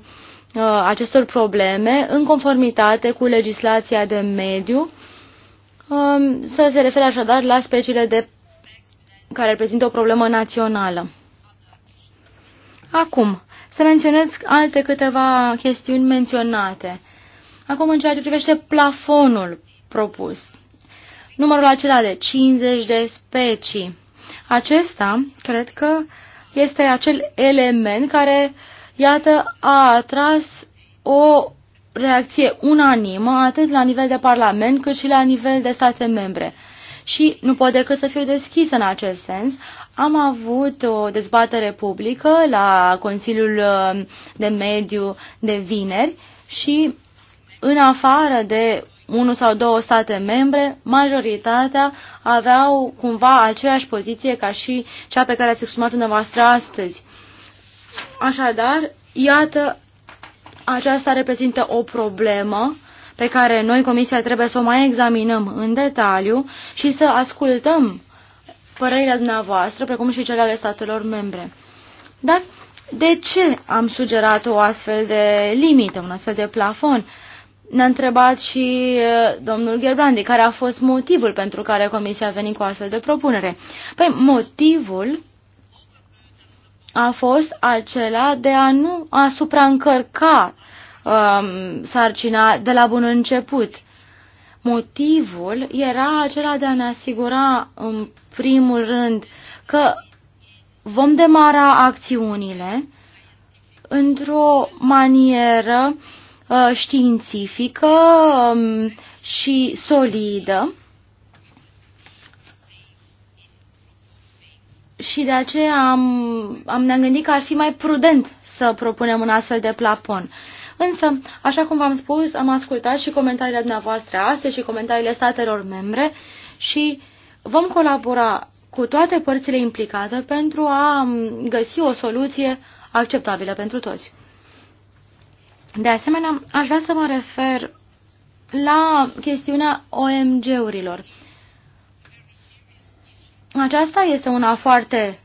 uh, acestor probleme în conformitate cu legislația de mediu Um, să se refere așadar la speciile de, care reprezintă o problemă națională. Acum, să menționez alte câteva chestiuni menționate. Acum, în ceea ce privește plafonul propus, numărul acela de 50 de specii, acesta, cred că, este acel element care, iată, a atras o reacție unanimă, atât la nivel de Parlament, cât și la nivel de state membre. Și nu pot decât să fiu deschisă în acest sens. Am avut o dezbatere publică la Consiliul uh, de Mediu de vineri și în afară de unul sau două state membre, majoritatea aveau cumva aceeași poziție ca și cea pe care ați exprimat dumneavoastră astăzi. Așadar, iată aceasta reprezintă o problemă pe care noi, Comisia, trebuie să o mai examinăm în detaliu și să ascultăm părerile dumneavoastră, precum și cele ale statelor membre. Dar de ce am sugerat o astfel de limită, un astfel de plafon? Ne-a întrebat și uh, domnul Gerbrandi, care a fost motivul pentru care Comisia a venit cu o astfel de propunere. Păi motivul a fost acela de a nu a supraîncărca um, sarcina de la bun început. Motivul era acela de a ne asigura, în primul rând, că vom demara acțiunile într-o manieră uh, științifică um, și solidă și de aceea am, am, ne-am gândit că ar fi mai prudent să propunem un astfel de plapon. Însă, așa cum v-am spus, am ascultat și comentariile dumneavoastră astăzi și comentariile statelor membre și vom colabora cu toate părțile implicate pentru a găsi o soluție acceptabilă pentru toți. De asemenea, aș vrea să mă refer la chestiunea OMG-urilor. Aceasta este una foarte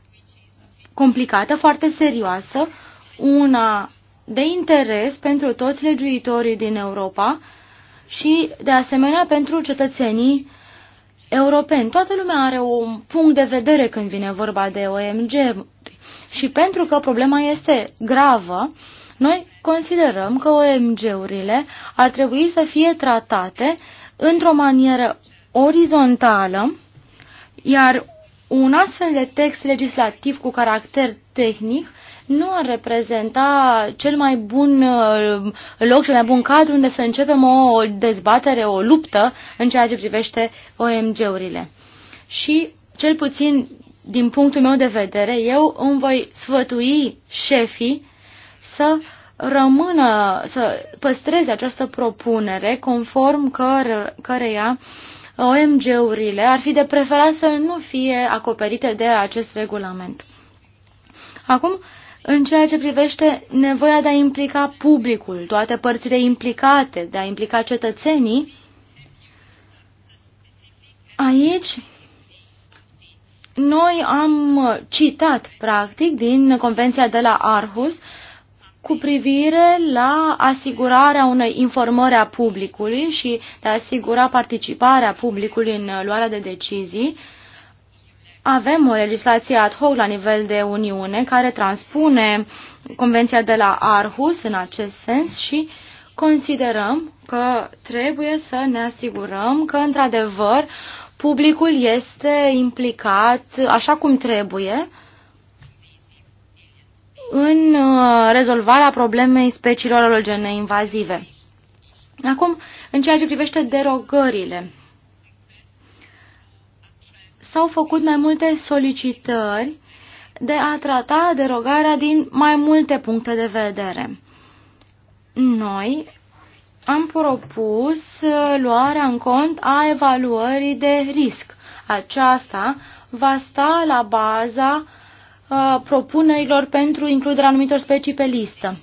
complicată, foarte serioasă, una de interes pentru toți legiuitorii din Europa și, de asemenea, pentru cetățenii europeni. Toată lumea are un punct de vedere când vine vorba de OMG și pentru că problema este gravă, noi considerăm că OMG-urile ar trebui să fie tratate într-o manieră orizontală, iar un astfel de text legislativ cu caracter tehnic nu ar reprezenta cel mai bun uh, loc, cel mai bun cadru unde să începem o dezbatere, o luptă în ceea ce privește OMG-urile. Și, cel puțin din punctul meu de vedere, eu îmi voi sfătui șefii să rămână, să păstreze această propunere conform căreia OMG-urile ar fi de preferat să nu fie acoperite de acest regulament. Acum, în ceea ce privește nevoia de a implica publicul, toate părțile implicate, de a implica cetățenii, aici noi am citat, practic, din Convenția de la Arhus, cu privire la asigurarea unei informări a publicului și de a asigura participarea publicului în luarea de decizii, avem o legislație ad hoc la nivel de Uniune care transpune Convenția de la Arhus în acest sens și considerăm că trebuie să ne asigurăm că, într-adevăr, publicul este implicat așa cum trebuie în Uh, rezolvarea problemei speciilor alogene invazive. Acum, în ceea ce privește derogările, s-au făcut mai multe solicitări de a trata derogarea din mai multe puncte de vedere. Noi am propus uh, luarea în cont a evaluării de risc. Aceasta va sta la baza Uh, propunerilor pentru includerea anumitor specii pe listă.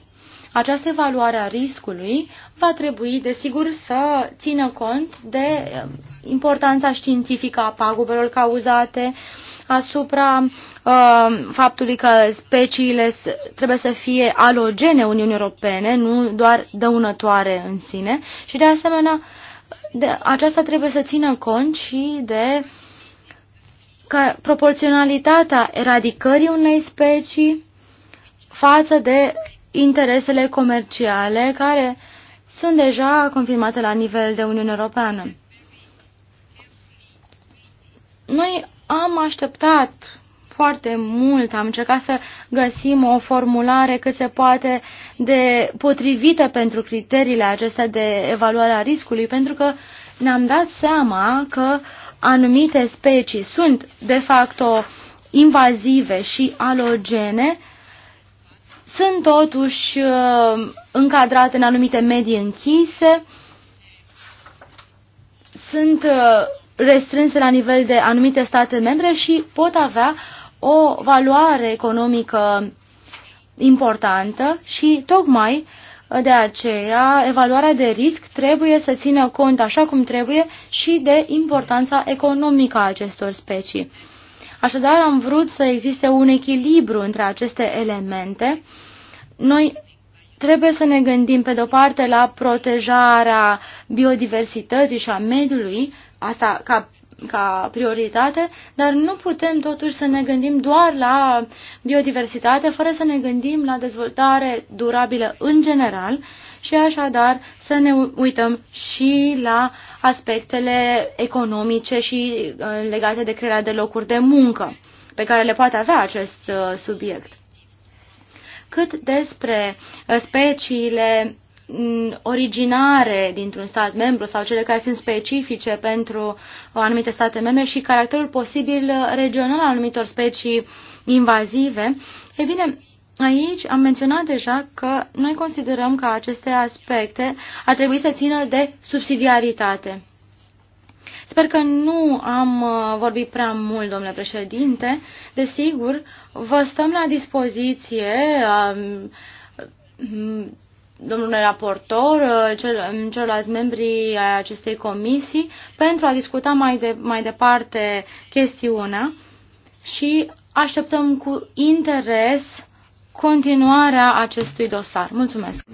Această evaluare a riscului va trebui, desigur, să țină cont de uh, importanța științifică a pagubelor cauzate, asupra uh, faptului că speciile trebuie să fie alogene Uniunii Europene, nu doar dăunătoare în sine și, de asemenea, de, aceasta trebuie să țină cont și de uh, ca proporționalitatea eradicării unei specii față de interesele comerciale care sunt deja confirmate la nivel de Uniune Europeană. Noi am așteptat foarte mult, am încercat să găsim o formulare cât se poate de potrivită pentru criteriile acestea de evaluare a riscului, pentru că ne-am dat seama că uh, anumite specii sunt de facto invazive și alogene, sunt totuși uh, încadrate în anumite medii închise, sunt uh, restrânse la nivel de anumite state membre și pot avea o valoare economică importantă și tocmai de aceea, evaluarea de risc trebuie să țină cont așa cum trebuie și de importanța economică a acestor specii. Așadar, am vrut să existe un echilibru între aceste elemente. Noi trebuie să ne gândim, pe de-o parte, la protejarea biodiversității și a mediului, asta ca ca prioritate, dar nu putem totuși să ne gândim doar la biodiversitate fără să ne gândim la dezvoltare durabilă în general și așadar să ne uităm și la aspectele economice și uh, legate de crearea de locuri de muncă pe care le poate avea acest uh, subiect. Cât despre uh, speciile Mm, originare dintr-un stat membru sau cele care sunt specifice pentru anumite state membre și caracterul posibil regional al anumitor specii invazive, e bine, Aici am menționat deja că noi considerăm că aceste aspecte ar trebui să țină de subsidiaritate. Sper că nu am uh, vorbit prea mult, domnule președinte. Desigur, vă stăm la dispoziție um, domnule raportor, uh, cel, um, celorlalți membri ai acestei comisii, pentru a discuta mai, de, mai departe chestiunea și așteptăm cu interes continuarea acestui dosar. Mulțumesc!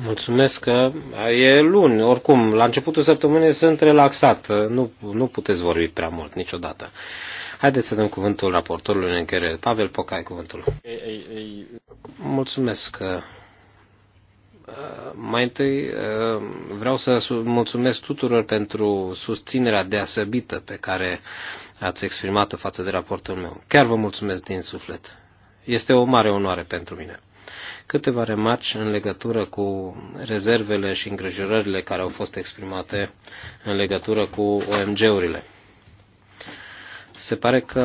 Mulțumesc că e luni, oricum, la începutul săptămânii sunt relaxat, nu, nu puteți vorbi prea mult niciodată. Haideți să dăm cuvântul raportorului în încheiere. Pavel Poca, ai cuvântul. Ei, ei, ei. Mulțumesc. Uh, mai întâi uh, vreau să mulțumesc tuturor pentru susținerea deasăbită pe care ați exprimat-o față de raportul meu. Chiar vă mulțumesc din suflet. Este o mare onoare pentru mine câteva remarci în legătură cu rezervele și îngrijorările care au fost exprimate în legătură cu OMG-urile. Se pare că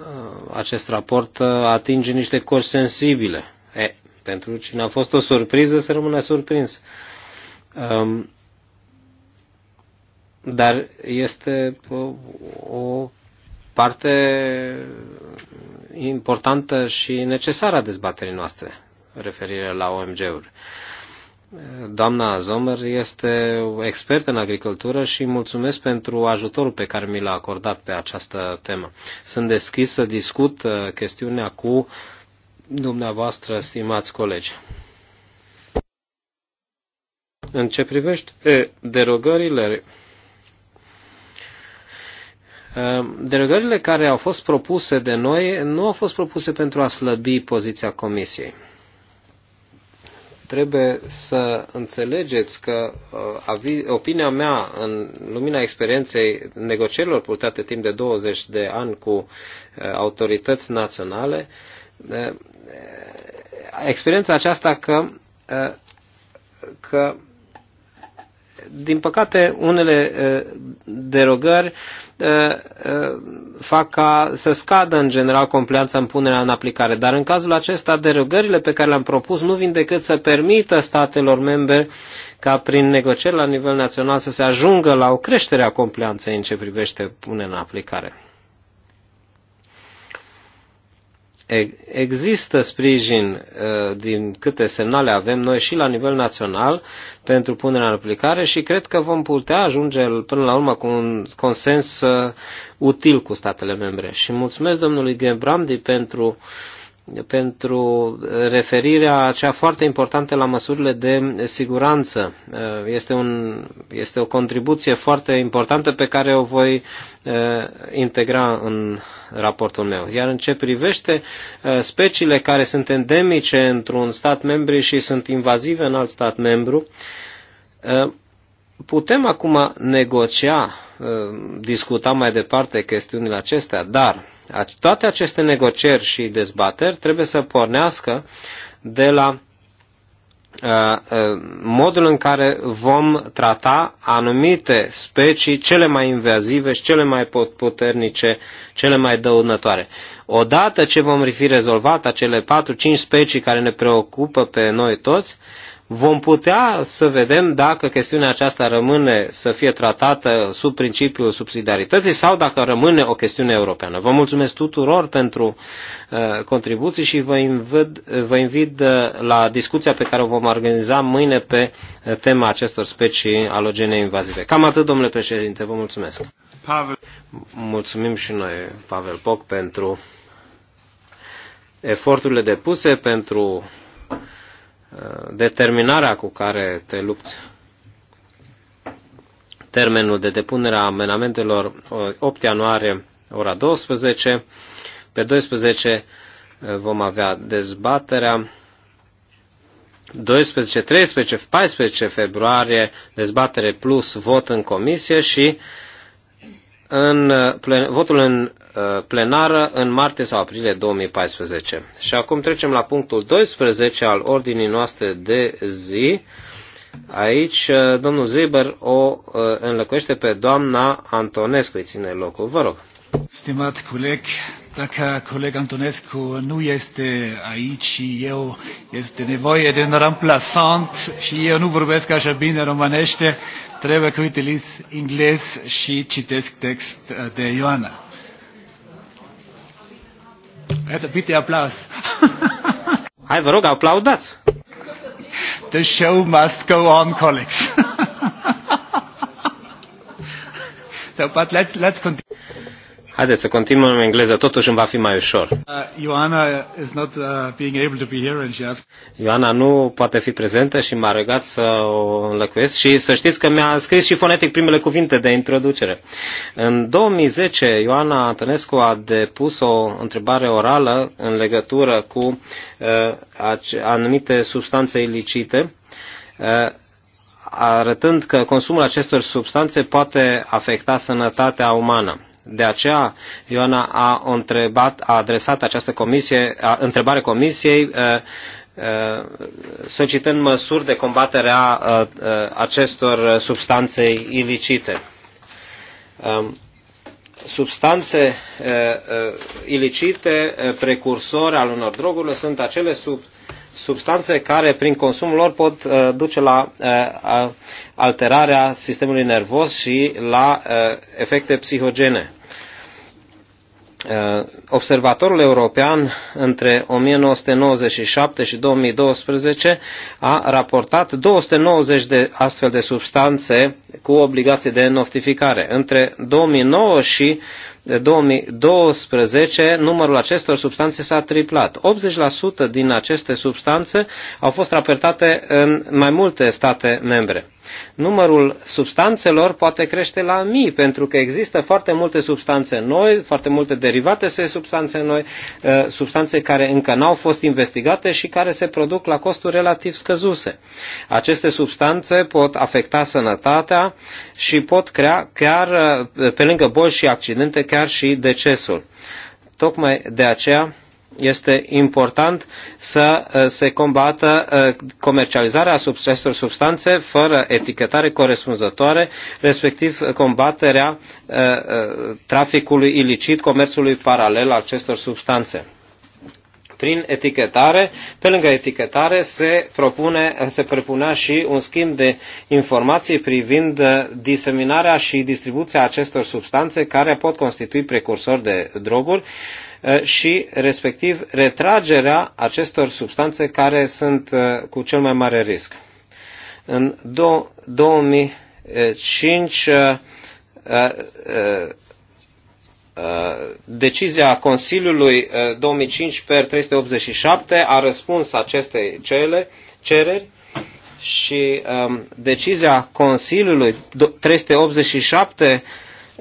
uh, acest raport uh, atinge niște cori sensibile. E, pentru cine a fost o surpriză, să rămâne surprins. Um, dar este o, uh, o parte importantă și necesară a dezbaterii noastre, referire la OMG-uri. Doamna Zomer este expert în agricultură și mulțumesc pentru ajutorul pe care mi l-a acordat pe această temă. Sunt deschis să discut uh, chestiunea cu dumneavoastră, stimați colegi. În ce privește derogările, derogările care au fost propuse de noi nu au fost propuse pentru a slăbi poziția Comisiei trebuie să înțelegeți că uh, opinia mea în lumina experienței negocierilor purtate timp de 20 de ani cu uh, autorități naționale, uh, experiența aceasta că, că din păcate, unele derogări fac ca să scadă în general compleanța în punerea în aplicare. Dar în cazul acesta, derogările pe care le-am propus nu vin decât să permită statelor membre ca prin negocieri la nivel național să se ajungă la o creștere a compleanței în ce privește punerea în aplicare. Există sprijin, uh, din câte semnale avem noi, și la nivel național pentru punerea în aplicare și cred că vom putea ajunge până la urmă cu un consens uh, util cu statele membre. Și mulțumesc domnului Gembrandi pentru uh, pentru referirea aceea foarte importantă la măsurile de siguranță. Este, un, este o contribuție foarte importantă pe care o voi integra în raportul meu. Iar în ce privește speciile care sunt endemice într-un stat membru și sunt invazive în alt stat membru, putem acum negocia Uh, discuta mai departe chestiunile acestea, dar toate aceste negocieri și dezbateri trebuie să pornească de la uh, uh, modul în care vom trata anumite specii cele mai invazive și cele mai puternice, cele mai dăunătoare. Odată ce vom fi rezolvat acele 4-5 specii care ne preocupă pe noi toți, vom putea să vedem dacă chestiunea aceasta rămâne să fie tratată sub principiul subsidiarității sau dacă rămâne o chestiune europeană. Vă mulțumesc tuturor pentru uh, contribuții și vă invit, vă invit uh, la discuția pe care o vom organiza mâine pe uh, tema acestor specii alogene invazive. Cam atât, domnule președinte, vă mulțumesc. Pavel. Mulțumim și noi, Pavel Poc, pentru eforturile depuse, pentru Eh, determinarea cu care te lupți. Termenul de depunere a amenamentelor 8 eh, ianuarie ora 12. Pe 12 eh, vom avea dezbaterea. 12, 13, 14 februarie dezbatere plus vot în comisie și în plen, votul în Uh, plenară în martie sau aprilie 2014. Și acum trecem la punctul 12 al ordinii noastre de zi. Aici uh, domnul Ziber o uh, înlăcuiește pe doamna Antonescu. Îi ține locul. Vă rog. Stimați coleg, dacă coleg Antonescu nu este aici, eu este nevoie de un ramplasant și eu nu vorbesc așa bine românește, trebuie că utiliz englez și citesc text de Ioana. Bitte Applaus. *laughs* Hai, vă rog, aplaudați. The show must go on, colleagues. *laughs* so, but let's, let's continue. Haideți să continuăm în engleză, totuși îmi va fi mai ușor. Uh, uh, Ioana, nu poate fi prezentă și m-a rugat să o înlăcuiesc și să știți că mi-a scris și fonetic primele cuvinte de introducere. În 2010, Ioana Antonescu a depus o întrebare orală în legătură cu uh, anumite substanțe ilicite. Uh, arătând că consumul acestor substanțe poate afecta sănătatea umană. De aceea, Ioana a, întrebat, a adresat această comisie, a, întrebare comisiei a, a, solicitând măsuri de combatere a, a, acestor substanțe ilicite. A, substanțe a, a, ilicite, a, precursori al unor droguri, sunt acele sub, substanțe care prin consumul lor pot uh, duce la uh, alterarea sistemului nervos și la uh, efecte psihogene. Eh, observatorul European între 1997 și 2012 a raportat 290 de astfel de substanțe cu obligații de notificare. Între 2009 și 2012 eh, numărul acestor substanțe s-a triplat. 80% din aceste substanțe au fost raportate în mai multe state membre numărul substanțelor poate crește la mii, pentru că există foarte multe substanțe noi, foarte multe derivate de substanțe noi, uh, substanțe care încă n-au fost investigate și care se produc la costuri relativ scăzuse. Aceste substanțe pot afecta sănătatea și pot crea chiar, uh, pe lângă boli și accidente, chiar și decesul. Tocmai de aceea este important să uh, se combată uh, comercializarea acestor substanțe fără etichetare corespunzătoare, respectiv combaterea uh, traficului ilicit, comerțului paralel al acestor substanțe. Prin etichetare, pe lângă etichetare, se, propune, se prepunea și un schimb de informații privind diseminarea și distribuția acestor substanțe care pot constitui precursori de droguri, și respectiv retragerea acestor substanțe care sunt cu cel mai mare risc. În 2005 decizia Consiliului 2005 per 387 a răspuns acestei cele, cereri și decizia Consiliului 387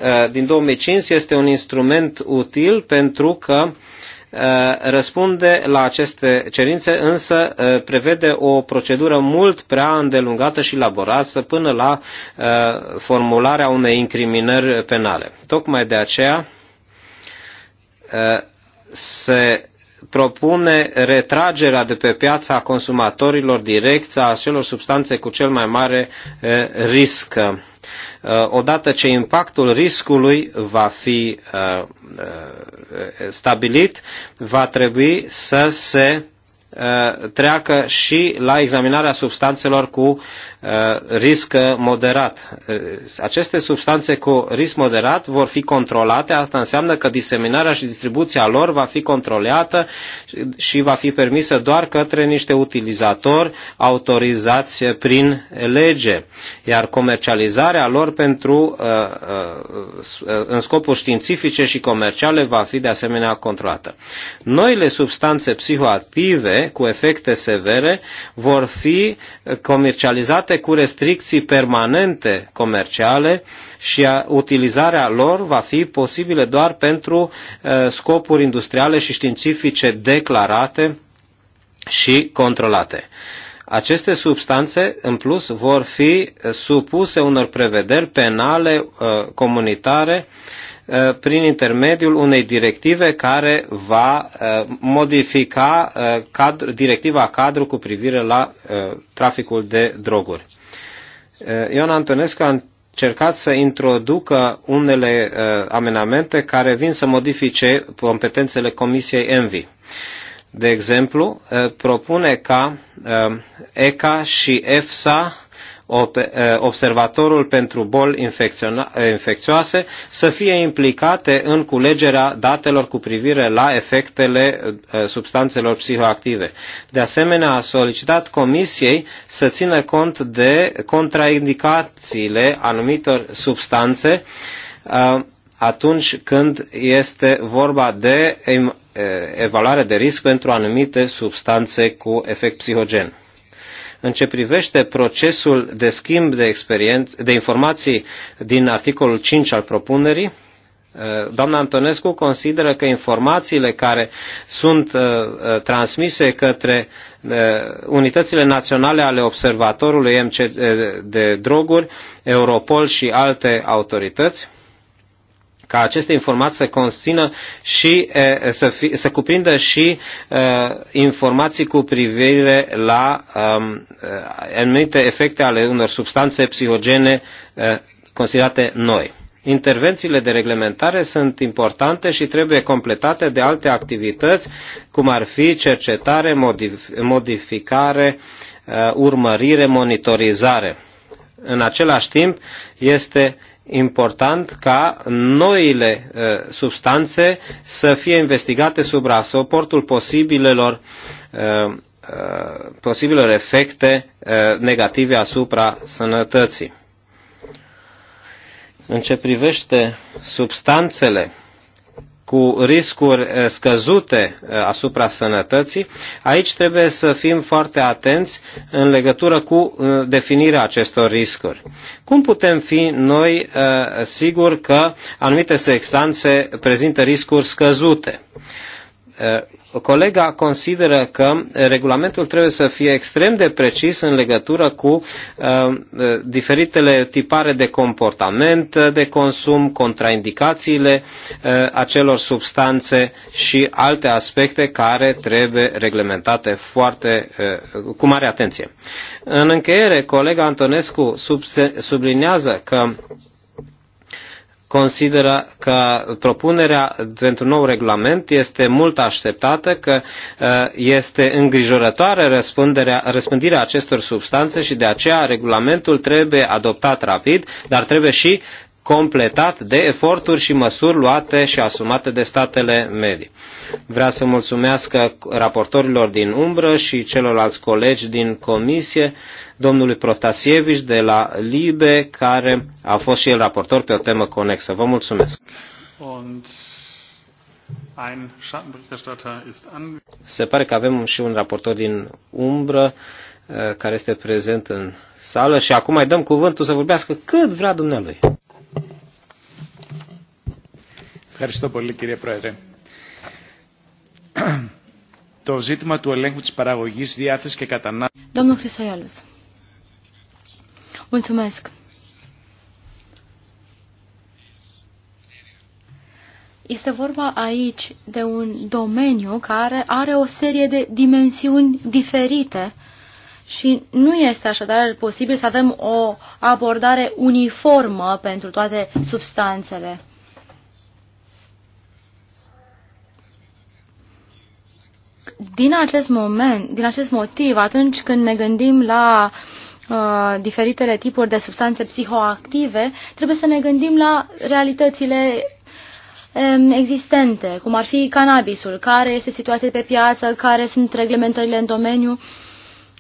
Eh, din 2005 este un instrument util pentru că eh, răspunde la aceste cerințe, însă eh, prevede o procedură mult prea îndelungată și laborată până la formularea unei incriminări penale. Tocmai de aceea se propune retragerea de pe piața consumatorilor direcția a acelor substanțe cu cel mai mare risc Uh, odată ce impactul riscului va fi uh, uh, stabilit, va trebui să se treacă și la examinarea substanțelor cu Uh, risc moderat. Uh, aceste substanțe cu risc moderat vor fi controlate, asta înseamnă că diseminarea și distribuția lor va fi controlată și va fi permisă doar către niște utilizatori autorizați prin lege, iar comercializarea lor pentru uh, în scopuri științifice și comerciale va fi de asemenea controlată. Noile substanțe psihoactive cu efecte severe vor fi comercializate tratate cu restricții permanente comerciale și a, utilizarea lor va fi posibilă doar pentru uh, scopuri industriale și științifice declarate și controlate. Aceste substanțe, în plus, vor fi supuse unor prevederi penale uh, comunitare uh, Uh, prin intermediul unei directive care va uh, modifica uh, cadru, directiva cadru cu privire la traficul de droguri. Ion Antonescu a încercat să introducă unele amenamente care vin să modifice competențele Comisiei Envi. De exemplu, propune ca ECA și EFSA Eh, observatorul pentru boli eh, infecțioase să fie implicate în culegerea datelor cu privire la efectele eh, substanțelor psihoactive. De asemenea, a solicitat Comisiei să țină cont de contraindicațiile anumitor substanțe atunci când este vorba de evaluare de risc pentru anumite substanțe cu efect psihogen în ce privește procesul de schimb de, de informații din articolul 5 al propunerii, uh, Doamna Antonescu consideră că informațiile care sunt uh, uh, transmise către unitățile naționale ale observatorului MC de droguri, Europol și alte autorități, ca aceste informații să conțină și să, fi, să cuprindă și informații cu privire la um, anumite efecte ale unor substanțe psihogene considerate noi. Intervențiile de reglementare sunt importante și trebuie completate de alte activități, cum ar fi cercetare, modificare, urmărire, monitorizare. În același timp, este uh, important ca noile uh, substanțe să fie investigate sub raportul posibilelor, uh, uh, posibilelor efecte uh, negative asupra sănătății. În ce privește substanțele cu riscuri eh, scăzute eh, asupra sănătății, aici trebuie să fim foarte atenți în legătură cu eh, definirea acestor riscuri. Cum putem fi noi siguri că anumite sexanțe prezintă riscuri scăzute? Uh, colega consideră că uh, regulamentul trebuie să fie extrem de precis în legătură cu uh, diferitele tipare de comportament de consum, contraindicațiile acelor substanțe și alte aspecte care trebuie reglementate foarte cu mare atenție. În încheiere, colega Antonescu sublinează că consideră că propunerea pentru nou regulament este mult așteptată, că uh, este îngrijorătoare răspunderea, răspândirea acestor substanțe și de aceea regulamentul trebuie adoptat rapid, dar trebuie și completat de eforturi și măsuri luate și asumate de statele medii. Vreau să mulțumesc raportorilor din umbră și celorlalți colegi din comisie, domnului Protasievic de la LIBE, care a fost și el raportor pe o temă conexă. Vă mulțumesc! Und... Se pare că avem și un raportor din umbră eh, care este prezent în sală și acum îi dăm cuvântul să vorbească cât vrea dumnealui. Ευχαριστώ πολύ κύριε Πρόεδρε. *clears throat* Το ζήτημα του ελέγχου της παραγωγής, διάθεσης και κατανάλωσης. Domnul Mulțumesc. Este vorba aici de un domeniu care are o serie de dimensiuni diferite și nu este așadar posibil să avem o abordare uniformă pentru toate substanțele. din acest moment, din acest motiv, atunci când ne gândim la uh, diferitele tipuri de substanțe psihoactive, trebuie să ne gândim la realitățile um, existente, cum ar fi cannabisul, care este situația pe piață, care sunt reglementările în domeniu.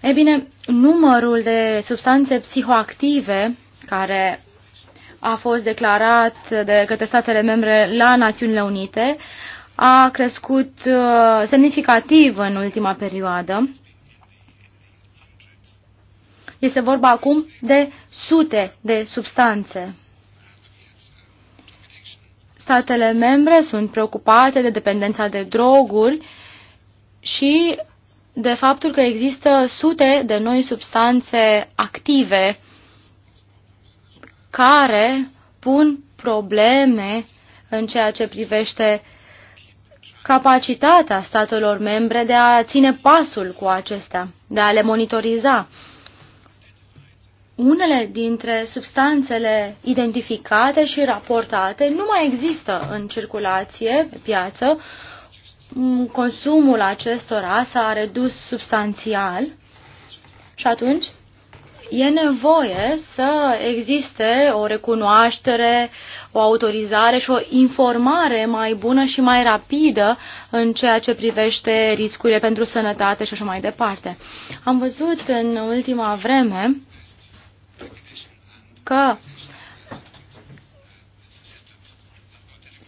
E bine, numărul de substanțe psihoactive care a fost declarat de către statele membre la Națiunile Unite a crescut uh, semnificativ în ultima perioadă. Este vorba acum de sute de substanțe. Statele membre sunt preocupate de dependența de droguri și de faptul că există sute de noi substanțe active care pun probleme în ceea ce privește capacitatea statelor membre de a ține pasul cu acestea, de a le monitoriza. Unele dintre substanțele identificate și raportate nu mai există în circulație, pe piață. Consumul acestora s-a redus substanțial și atunci e nevoie să existe o recunoaștere, o autorizare și o informare mai bună și mai rapidă în ceea ce privește riscurile pentru sănătate și așa mai departe. Am văzut în ultima vreme că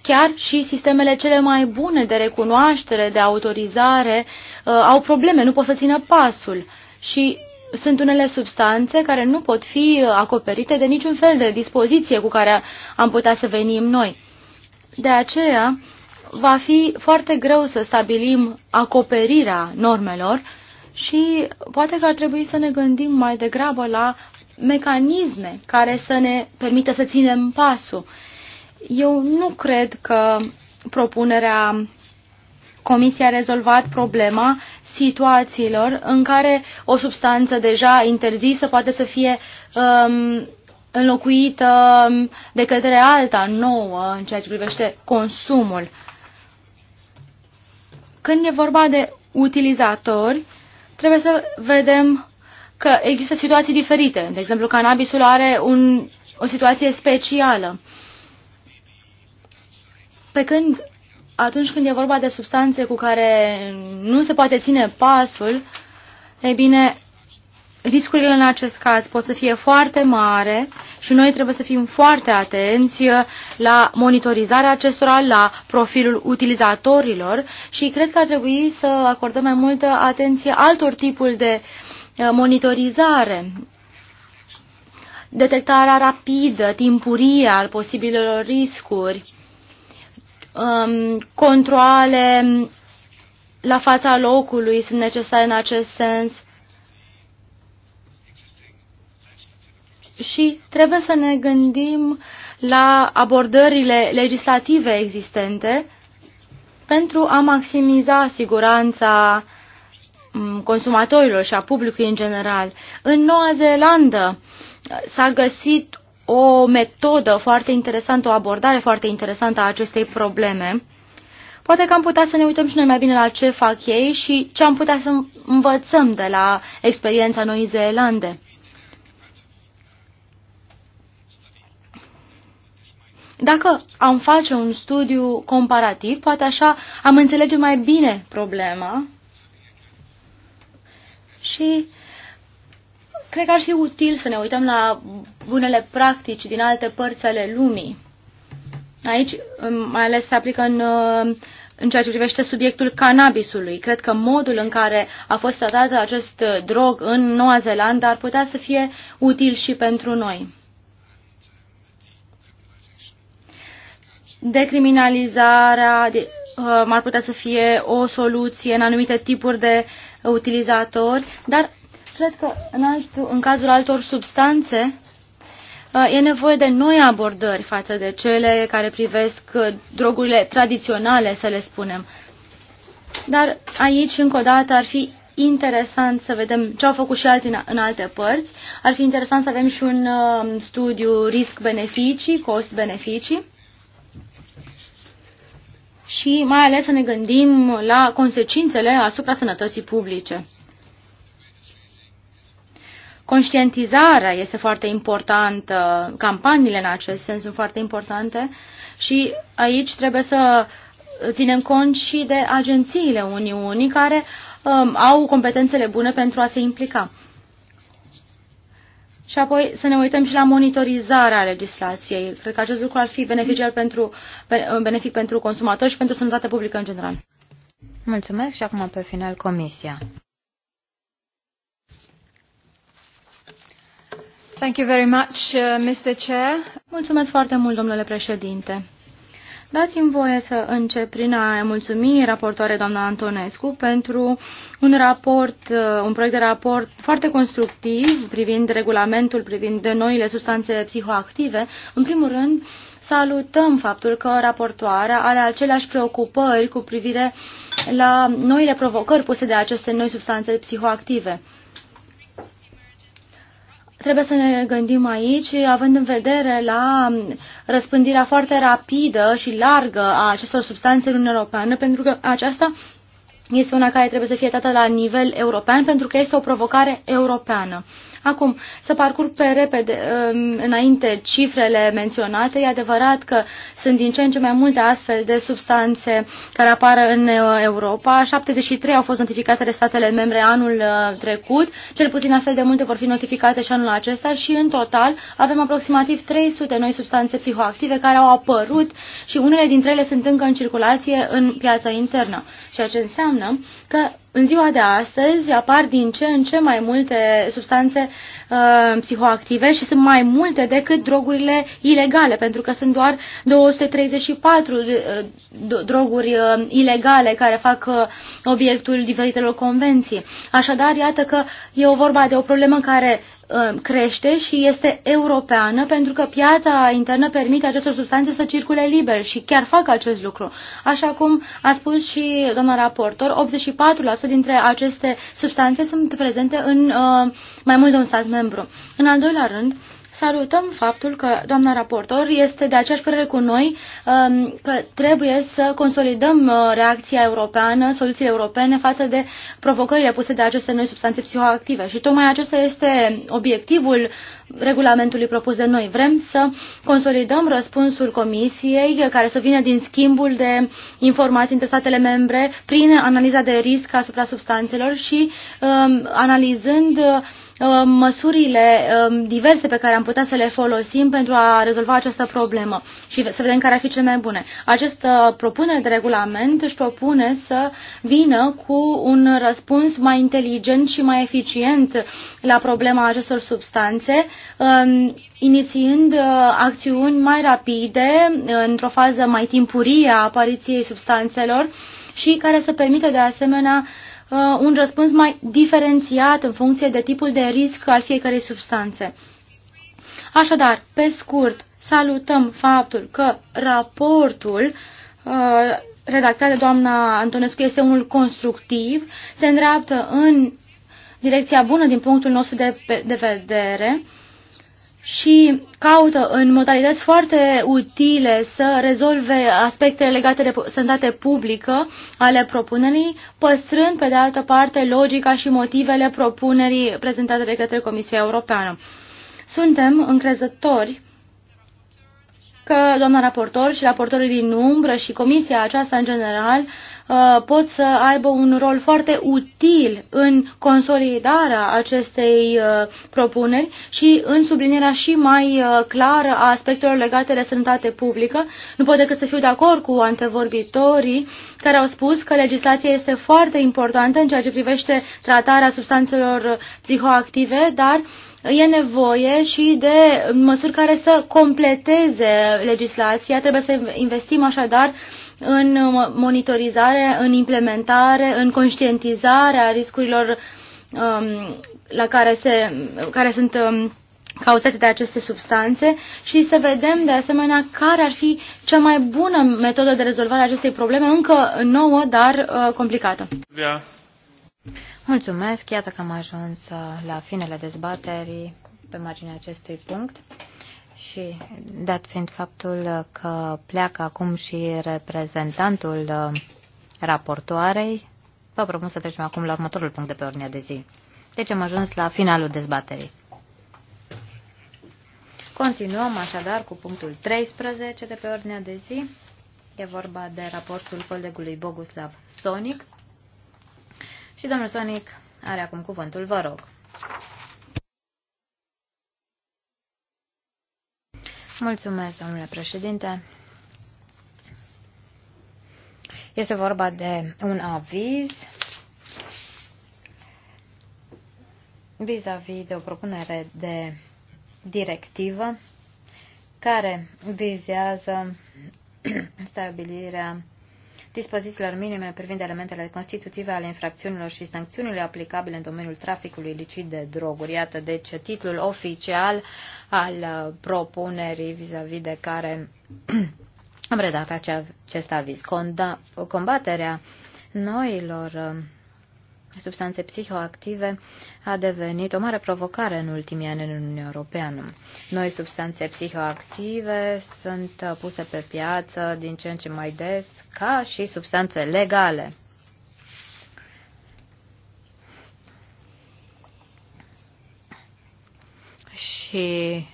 chiar și sistemele cele mai bune de recunoaștere, de autorizare, uh, au probleme, nu pot să țină pasul. Și sunt unele substanțe care nu pot fi uh, acoperite de niciun fel de dispoziție cu care am putea să venim noi. De aceea, va fi foarte greu să stabilim acoperirea normelor și poate că ar trebui să ne gândim mai degrabă la mecanisme care să ne permită să ținem pasul. Eu nu cred că propunerea Comisia a rezolvat problema situațiilor în care o substanță deja interzisă poate să fie um, înlocuită de către alta nouă în ceea ce privește consumul. Când e vorba de utilizatori, trebuie să vedem că există situații diferite. De exemplu, cannabisul are un, o situație specială. Pe când atunci când e vorba de substanțe cu care nu se poate ține pasul, e bine, riscurile în acest caz pot să fie foarte mare și noi trebuie să fim foarte atenți la monitorizarea acestora, la profilul utilizatorilor și cred că ar trebui să acordăm mai multă atenție altor tipuri de uh, monitorizare detectarea rapidă, timpurie al posibilelor riscuri, um, controle la fața locului sunt necesare în acest sens. Și trebuie să ne gândim la abordările legislative existente pentru a maximiza siguranța um, consumatorilor și a publicului în general. În Noua Zeelandă s-a găsit o metodă foarte interesantă, o abordare foarte interesantă a acestei probleme. Poate că am putea să ne uităm și noi mai bine la ce fac ei și ce am putea să învățăm de la experiența Noii Zeelande. Dacă am face un studiu comparativ, poate așa am înțelege mai bine problema și Cred că ar fi util să ne uităm la bunele practici din alte părți ale lumii. Aici mai ales se aplică în, uh, în ceea ce privește subiectul cannabisului. Cred că modul în care a fost tratat acest drog în Noua Zeelandă ar putea să fie util și pentru noi. Decriminalizarea uh, ar putea să fie o soluție în anumite tipuri de utilizatori, dar Cred că în, alt, în cazul altor substanțe uh, e nevoie de noi abordări față de cele care privesc uh, drogurile tradiționale, să le spunem. Dar aici, încă o dată, ar fi interesant să vedem ce au făcut și alții în alte părți. Ar fi interesant să avem și un um, studiu risc-beneficii, cost-beneficii și mai ales să ne gândim la consecințele asupra sănătății publice. Conștientizarea este foarte importantă, campaniile în acest sens sunt foarte importante și aici trebuie să ținem cont și de agențiile Uniunii care um, au competențele bune pentru a se implica. Și apoi să ne uităm și la monitorizarea legislației. Cred că acest lucru ar fi beneficial pentru, um, benefic pentru consumatori și pentru sănătatea publică în general. Mulțumesc și acum pe final Comisia. Uh, Mulțumesc foarte mult, domnule președinte. Dați-mi voie să încep prin a mulțumi raportoare doamna Antonescu pentru un raport, uh, un proiect de raport foarte constructiv privind regulamentul, privind de noile substanțe psihoactive. În primul rând, salutăm faptul că raportoarea are aceleași preocupări cu privire la noile provocări puse de aceste noi substanțe psihoactive. Trebuie să ne gândim aici, având în vedere la răspândirea foarte rapidă și largă a acestor substanțe în Uniunea Europeană, pentru că aceasta este una care trebuie să fie tratată la nivel european, pentru că este o provocare europeană. Acum, să parcurg pe repede um, înainte cifrele menționate. E adevărat că sunt din ce în ce mai multe astfel de substanțe care apar în uh, Europa. 73 au fost notificate de statele membre anul uh, trecut. Cel puțin la fel de multe vor fi notificate și anul acesta și în total avem aproximativ 300 noi substanțe psihoactive care au apărut și unele dintre ele sunt încă în circulație în piața internă. Ceea ce înseamnă că în ziua de astăzi apar din ce în ce mai multe substanțe uh, psihoactive și sunt mai multe decât drogurile ilegale, pentru că sunt doar 234 uh, droguri uh, ilegale care fac uh, obiectul diferitelor convenții. Așadar, iată că e o vorba de o problemă care uh, crește și este europeană pentru că piața internă permite acestor substanțe să circule liber și chiar fac acest lucru. Așa cum a spus și doamna raportor, 84% dintre aceste substanțe sunt prezente în uh, mai mult de un stat membru. În al doilea rând, salutăm faptul că doamna raportor este de aceeași părere cu noi um, că trebuie să consolidăm uh, reacția europeană, soluțiile europene față de provocările puse de aceste noi substanțe psihoactive. Și tocmai acesta este obiectivul regulamentului propus de noi. Vrem să consolidăm răspunsul Comisiei care să vină din schimbul de informații între statele membre prin analiza de risc asupra substanțelor și um, analizând uh, Uh, măsurile um, diverse pe care am putea să le folosim pentru a rezolva această problemă și să vedem care ar fi cele mai bune. Această propunere de regulament își propune să vină cu un răspuns mai inteligent și mai eficient la problema acestor substanțe, um, inițiind uh, acțiuni mai rapide uh, într-o fază mai timpurie a apariției substanțelor și care să permită de asemenea Uh, un răspuns mai diferențiat în funcție de tipul de risc al fiecărei substanțe. Așadar, pe scurt, salutăm faptul că raportul uh, redactat de doamna Antonescu este unul constructiv, se îndreaptă în direcția bună din punctul nostru de, de vedere și caută în modalități foarte utile să rezolve aspectele legate de sănătate publică ale propunerii, păstrând pe de altă parte logica și motivele propunerii prezentate de către Comisia Europeană. Suntem încrezători că doamna raportor și raportorii din umbră și comisia aceasta în general Uh, pot să aibă un rol foarte util în consolidarea acestei uh, propuneri și în sublinierea și mai uh, clară a aspectelor legate de sănătate publică. Nu pot decât să fiu de acord cu antevorbitorii care au spus că legislația este foarte importantă în ceea ce privește tratarea substanțelor psihoactive, dar e nevoie și de măsuri care să completeze legislația. Trebuie să investim așadar uh, în monitorizare, în implementare, în conștientizarea riscurilor um, la care, se, care sunt um, cauzate de aceste substanțe și să vedem de asemenea care ar fi cea mai bună metodă de rezolvare a acestei probleme, încă nouă, dar uh, complicată. Yeah. Da. Mulțumesc, iată că am ajuns uh, la finele dezbaterii pe marginea acestui punct. Și dat fiind faptul că pleacă acum și reprezentantul uh, raportoarei, vă propun să trecem acum la următorul punct de pe ordinea de zi. Deci am ajuns la finalul dezbaterii. Continuăm așadar cu punctul 13 de pe ordinea de zi. E vorba de raportul colegului Boguslav Sonic. Și domnul Sonic are acum cuvântul, vă rog. Mulțumesc, domnule președinte. Este vorba de un aviz vis-a-vis -vis de o propunere de directivă care vizează *clears throat* stabilirea dispozițiilor minime privind elementele constitutive ale infracțiunilor și sancțiunile aplicabile în domeniul traficului ilicit de droguri. Iată, deci, titlul oficial al uh, propunerii vis-a-vis -vis de care *clears throat* am redat acest aviz. Combaterea noilor uh, substanțe psihoactive a devenit o mare provocare în ultimii ani în Uniunea Europeană. Noi substanțe psihoactive sunt puse pe piață din ce în ce mai des ca și substanțe legale. Și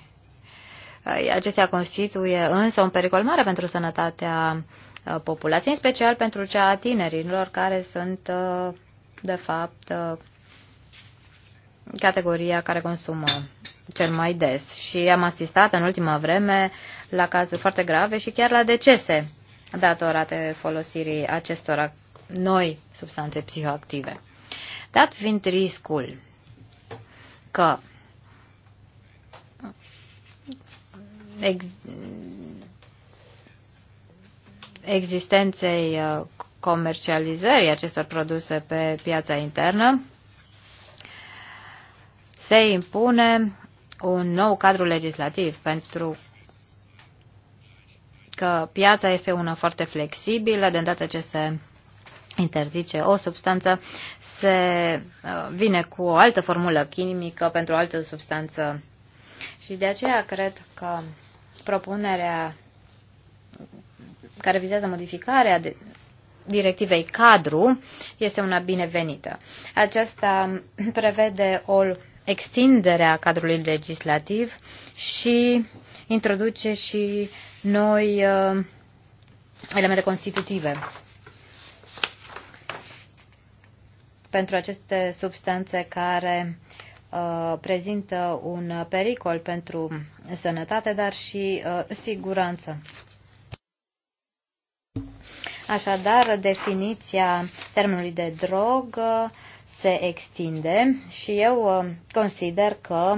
uh, acestea constituie însă un pericol mare pentru sănătatea uh, populației, în special pentru cea a tinerilor care sunt uh, de fapt, uh, categoria care consumă cel mai des. Și am asistat în ultima vreme la cazuri foarte grave și chiar la decese datorate folosirii acestor noi substanțe psihoactive. Dat fiind riscul că ex- existenței uh, comercializării acestor produse pe piața internă, se impune un nou cadru legislativ pentru că piața este una foarte flexibilă, de îndată ce se interzice o substanță, se uh, vine cu o altă formulă chimică pentru o altă substanță. Și de aceea cred că propunerea care vizează modificarea directivei cadru este una binevenită. Aceasta prevede o extindere a cadrului legislativ și introduce și noi uh, elemente constitutive. Pentru aceste substanțe care uh, prezintă un pericol pentru sănătate, dar și uh, siguranță. Așadar, definiția termenului de drog uh, se extinde și eu uh, consider că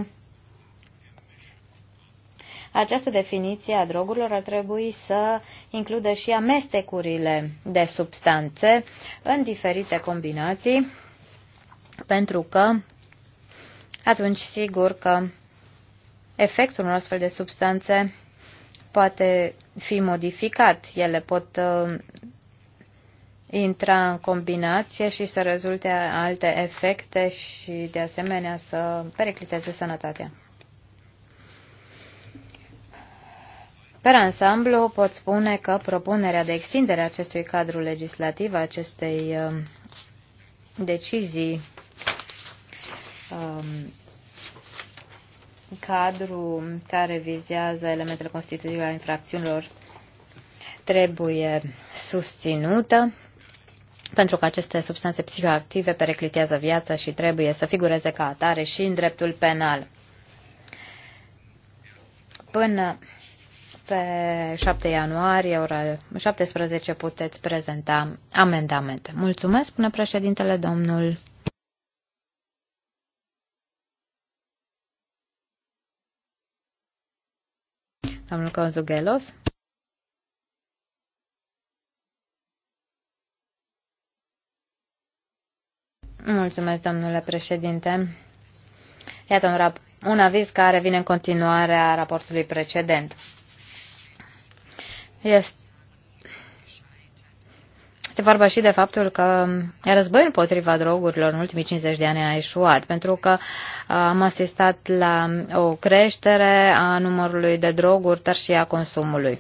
această definiție a drogurilor ar trebui să includă și amestecurile de substanțe în diferite combinații, pentru că atunci sigur că efectul unor astfel de substanțe poate fi modificat. Ele pot uh, intra în combinație și să rezulte alte efecte și de asemenea să pericliteze sănătatea. Per ansamblu, pot spune că propunerea de extindere a acestui cadru legislativ, a acestei um, decizii, um, cadru care vizează elementele constitutive ale infracțiunilor, trebuie susținută pentru că aceste substanțe psihoactive periclitează viața și trebuie să figureze ca atare și în dreptul penal. Până pe 7 ianuarie, ora 17, puteți prezenta amendamente. Mulțumesc, spune președintele domnul. Domnul Conzugelos. Mulțumesc, domnule președinte. Iată un, rap- un aviz care vine în continuare a raportului precedent. Este este vorba și de faptul că războiul împotriva drogurilor în ultimii 50 de ani a eșuat, pentru că uh, am asistat la o creștere a numărului de droguri, dar și a consumului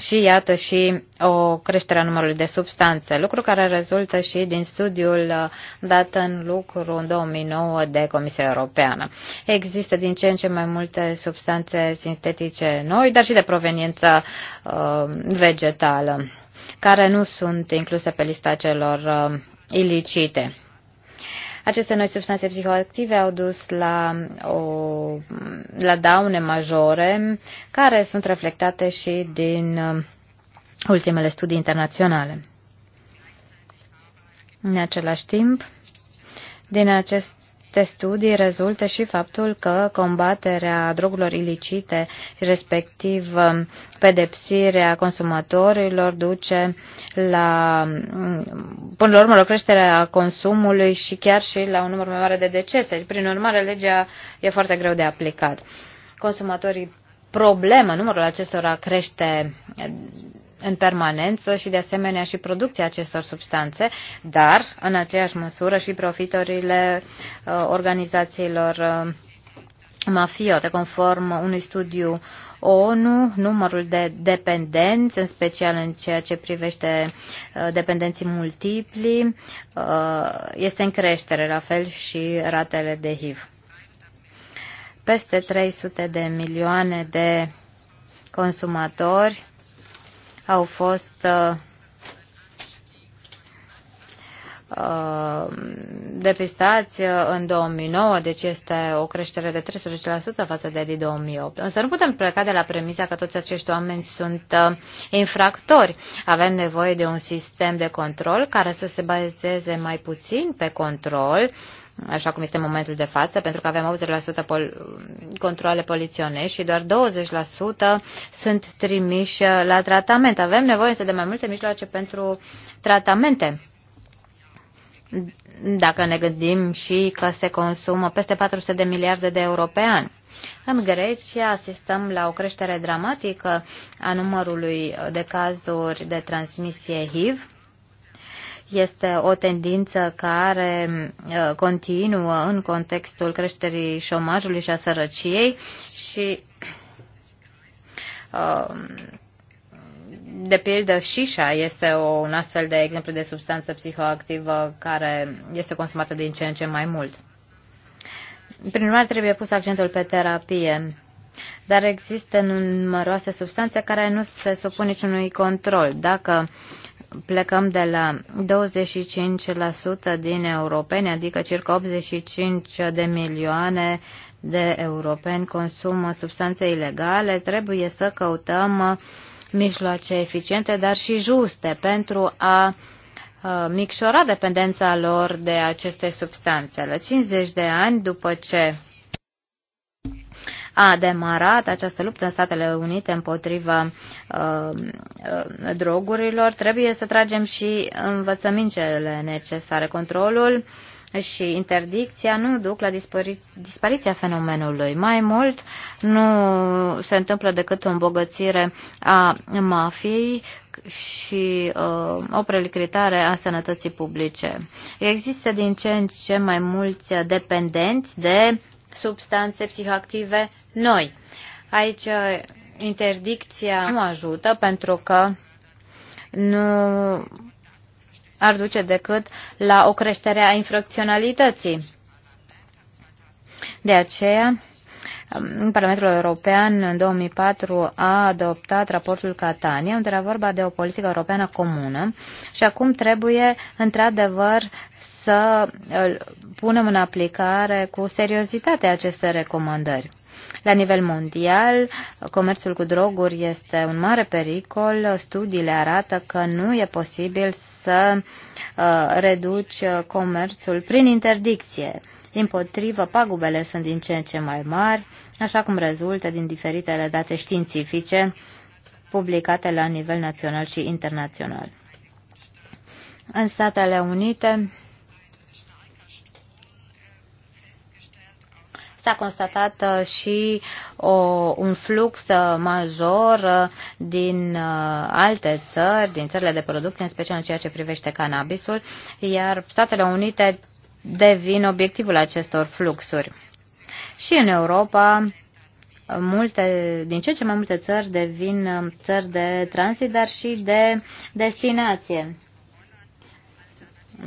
și iată și o creștere a numărului de substanțe, lucru care rezultă și din studiul uh, dat în lucru în 2009 de Comisia Europeană. Există din ce în ce mai multe substanțe sintetice noi, dar și de proveniență uh, vegetală, care nu sunt incluse pe lista celor uh, ilicite. Aceste noi substanțe psihoactive au dus la, o, la daune majore care sunt reflectate și din uh, ultimele studii internaționale. În același timp, din acest aceste studii rezultă și faptul că combaterea drogurilor ilicite, respectiv um, pedepsirea consumatorilor, duce la, um, până la urmă, la creșterea consumului și chiar și la un număr mai mare de decese. Prin urmare, legea e foarte greu de aplicat. Consumatorii problemă, numărul acestora crește în permanență și de asemenea și producția acestor substanțe, dar în aceeași măsură și profitorile uh, organizațiilor uh, mafiote. Conform unui studiu ONU, numărul de dependenți, în special în ceea ce privește uh, dependenții multipli, este în creștere, la fel și ratele de HIV. Peste 300 de milioane de consumatori au fost uh, uh, depistați uh, în 2009, deci este o creștere de 13% față de 2008. Însă nu putem pleca de la premisa că toți acești oameni sunt infractori. Avem nevoie de un sistem de control care să se bazeze mai puțin pe control așa cum este în momentul de față, pentru că avem 80% pol- controle poliționești și doar 20% sunt trimiși la tratament. Avem nevoie însă de mai multe mijloace pentru tratamente. Dacă ne gândim și că se consumă peste 400 de miliarde de euro pe an. În Grecia asistăm la o creștere dramatică a numărului de cazuri de transmisie HIV este o tendință care uh, continuă în contextul creșterii șomajului și a sărăciei și uh, de pildă șișa este un astfel de exemplu de substanță psihoactivă care este consumată din ce în ce mai mult. Prin urmare, trebuie pus accentul pe terapie, dar există numeroase substanțe care nu se supun niciunui control. Dacă uh, plecăm de la 25% din europeni, adică circa 85 de milioane de europeni consumă substanțe ilegale, trebuie să căutăm mijloace eficiente, dar și juste pentru a micșora dependența lor de aceste substanțe. La 50 de ani după ce a demarat această luptă în Statele Unite împotriva uh, uh, drogurilor, trebuie să tragem și învățămintele necesare. Controlul și interdicția nu duc la dispari- dispariția fenomenului. Mai mult, nu se întâmplă decât o îmbogățire a mafiei și uh, o prelicritare a sănătății publice. Există din ce în ce mai mulți dependenți de substanțe psihoactive noi. Aici uh, interdicția nu ajută pentru că nu ar duce decât la o creștere a infracționalității. De aceea, um, Parlamentul European în 2004 a adoptat raportul Catania, unde era vorba de o politică europeană comună și acum trebuie într-adevăr să punem în aplicare cu seriozitate aceste recomandări. La nivel mondial, comerțul cu droguri este un mare pericol. Studiile arată că nu e posibil să uh, reduci comerțul prin interdicție. Din potrivă, pagubele sunt din ce în ce mai mari, așa cum rezultă din diferitele date științifice publicate la nivel național și internațional. În Statele Unite, S-a constatat uh, și o, un flux uh, major uh, din alte țări, din țările de producție, în special în ceea ce privește cannabisul, iar Statele Unite devin obiectivul acestor fluxuri. Și în Europa, multe, din ce ce mai multe țări devin țări de tranzit, dar și de destinație.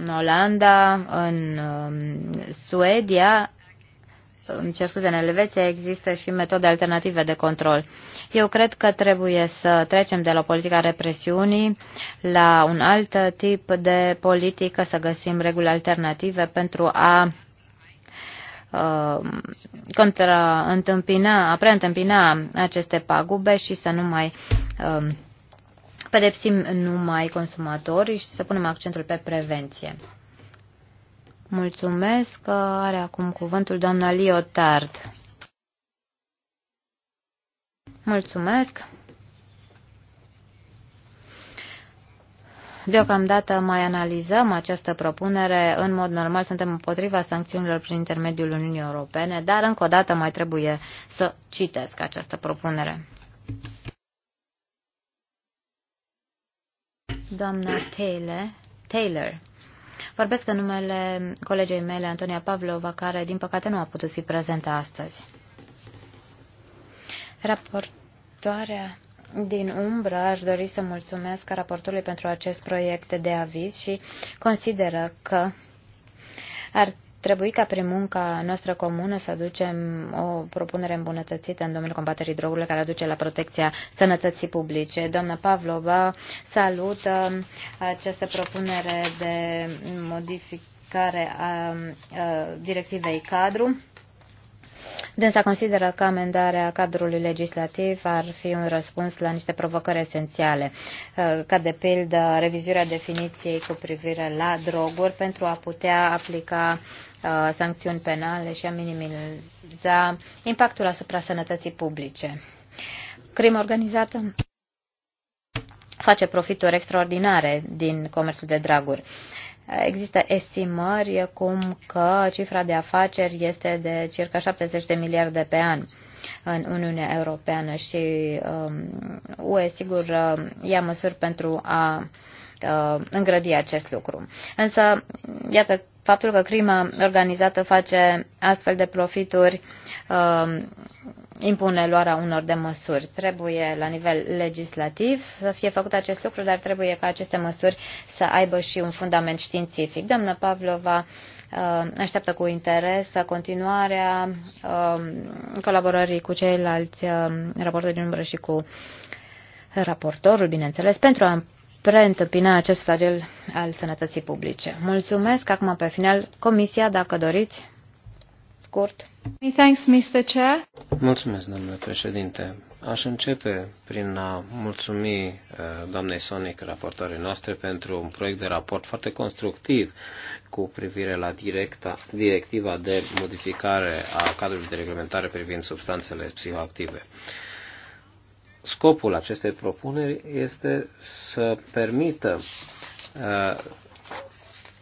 În Olanda, în um, Suedia îmi cer scuze, în Elveția există și metode alternative de control. Eu cred că trebuie să trecem de la politica represiunii la un alt tip de politică, să găsim reguli alternative pentru a uh, întâmpina, a preîntâmpina aceste pagube și să nu mai um, pedepsim numai consumatorii și să punem accentul pe prevenție. Mulțumesc. Are acum cuvântul doamna Liotard. Mulțumesc. Deocamdată mai analizăm această propunere. În mod normal suntem împotriva sancțiunilor prin intermediul Uniunii Europene, dar încă o dată mai trebuie să citesc această propunere. Doamna Taylor. Taylor. Vorbesc în numele colegei mele, Antonia Pavlova, care, din păcate, nu a putut fi prezentă astăzi. Raportoarea din umbră aș dori să mulțumesc raportului pentru acest proiect de aviz și consideră că ar trebui ca prin munca noastră comună să aducem o propunere îmbunătățită în domeniul combaterii drogurilor care aduce la protecția sănătății publice. Doamna Pavlova salută această propunere de modificare a directivei cadru Dânsa consideră că amendarea cadrului legislativ ar fi un răspuns la niște provocări esențiale, uh, ca de pildă revizuirea definiției cu privire la droguri pentru a putea aplica uh, sancțiuni penale și a minimiza impactul asupra sănătății publice. Crimă organizată face profituri extraordinare din comerțul de draguri. Există estimări cum că cifra de afaceri este de circa 70 de miliarde pe an în Uniunea Europeană și UE, um, sigur, uh, ia măsuri pentru a uh, îngrădi acest lucru. Însă, iată faptul că crima organizată face astfel de profituri um, impune luarea unor de măsuri. Trebuie la nivel legislativ să fie făcut acest lucru, dar trebuie ca aceste măsuri să aibă și un fundament științific. Doamna Pavlova um, așteaptă cu interes continuarea um, colaborării cu ceilalți raportori din umbră și cu raportorul, bineînțeles, pentru a preîntâmpina acest flagel al sănătății publice. Mulțumesc. Acum, pe final, Comisia, dacă doriți. Scurt. Thanks, Mr. Chair. Mulțumesc, domnule președinte. Aș începe prin a mulțumi uh, doamnei Sonic, raportoarei noastre, pentru un proiect de raport foarte constructiv cu privire la directa, directiva de modificare a cadrului de reglementare privind substanțele psihoactive. Uh, Scopul acestei propuneri este să permită uh,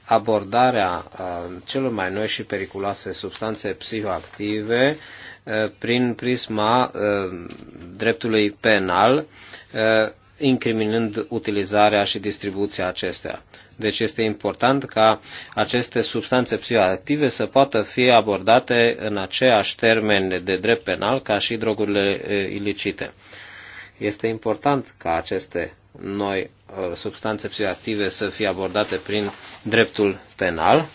abordarea uh, celor mai noi și periculoase substanțe psihoactive uh, prin prisma dreptului penal, incriminând utilizarea și distribuția acestea. Deci este important ca aceste substanțe psihoactive să poată fi abordate în aceeași termen de drept penal ca și drogurile ilicite. Este important ca aceste noi uh, substanțe psihoactive să fie abordate prin dreptul penal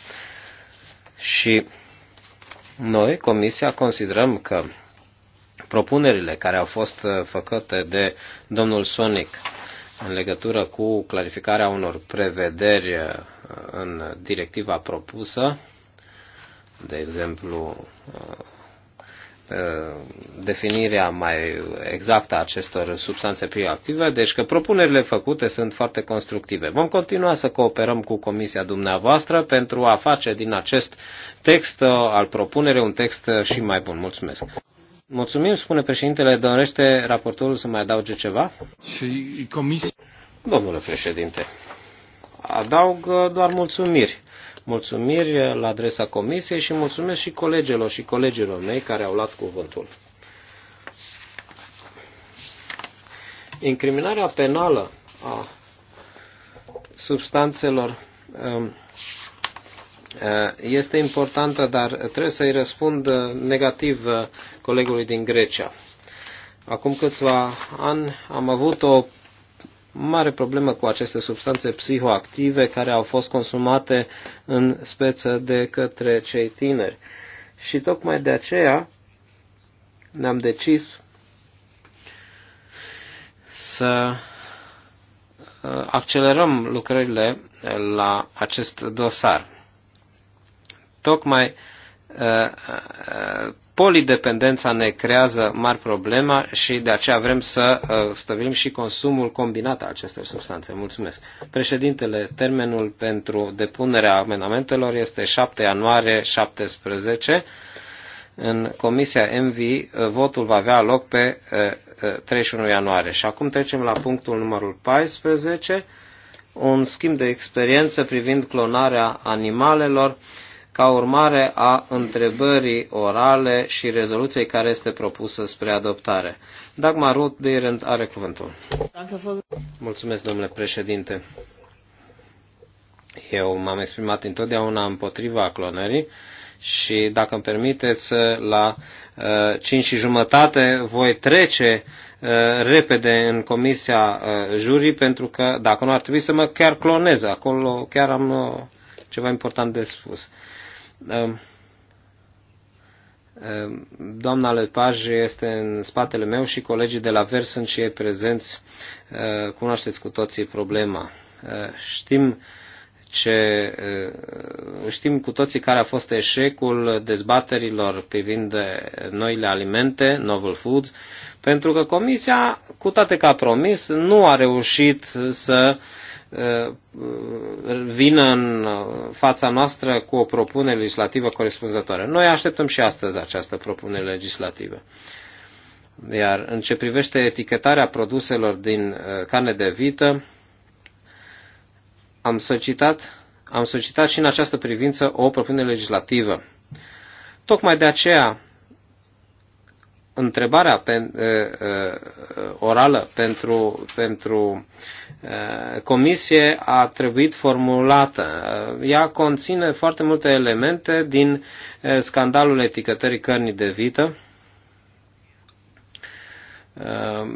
și noi, Comisia, considerăm că propunerile care au fost uh, făcute de domnul Sonic în legătură cu clarificarea unor prevederi uh, în directiva propusă, de exemplu Uh, definirea mai exactă a acestor substanțe bioactive, deci că propunerile făcute sunt foarte constructive. Vom continua să cooperăm cu comisia dumneavoastră pentru a face din acest text uh, al propunere un text uh, și mai bun. Mulțumesc! Mulțumim, spune președintele, dorește raportorul să mai adauge ceva? Și comisia... Domnule președinte, adaug doar mulțumiri mulțumiri la adresa comisiei și mulțumesc și colegilor și colegilor mei care au luat cuvântul. Incriminarea penală a substanțelor um, uh, este importantă, dar trebuie să-i răspund uh, negativ uh, colegului din Grecia. Acum câțiva ani am avut o mare problemă cu aceste substanțe psihoactive care au fost consumate în speță de către cei tineri. Și tocmai de aceea ne-am decis să uh, accelerăm lucrările la acest dosar. Tocmai uh, uh, polidependența ne creează mari probleme și de aceea vrem să uh, stabilim și consumul combinat al acestor substanțe. Mulțumesc. Președintele, termenul pentru depunerea amendamentelor este 7 ianuarie 17. În Comisia MV uh, votul va avea loc pe 31 uh, ianuarie. Și acum trecem la punctul numărul 14, un schimb de experiență privind clonarea animalelor ca urmare a întrebării orale și rezoluției care este propusă spre adoptare. Dagmar Ruth Beirend are cuvântul. Mulțumesc, domnule președinte. Eu m-am exprimat întotdeauna împotriva clonării și, dacă îmi permiteți, la uh, 5 și jumătate voi trece uh, repede în comisia uh, jurii, pentru că, dacă nu, ar trebui să mă chiar clonez. Acolo chiar am uh, ceva important de spus. Um, um, doamna Lepaj este în spatele meu și colegii de la Ver sunt și ei prezenți. Uh, cunoașteți cu toții problema. Uh, știm ce uh, știm cu toții care a fost eșecul dezbaterilor privind noile alimente, novel foods, pentru că Comisia, cu toate că a promis, nu a reușit să uh, Uh, vină în uh, fața noastră cu o propunere legislativă corespunzătoare. Noi așteptăm și astăzi această propunere legislativă. Iar în ce privește etichetarea produselor din uh, carne de vită, am solicitat, am solicitat și în această privință o propunere legislativă. Tocmai de aceea întrebarea pe, orală pentru, pentru comisie a trebuit formulată. Ea conține foarte multe elemente din scandalul etichetării cărnii de vită.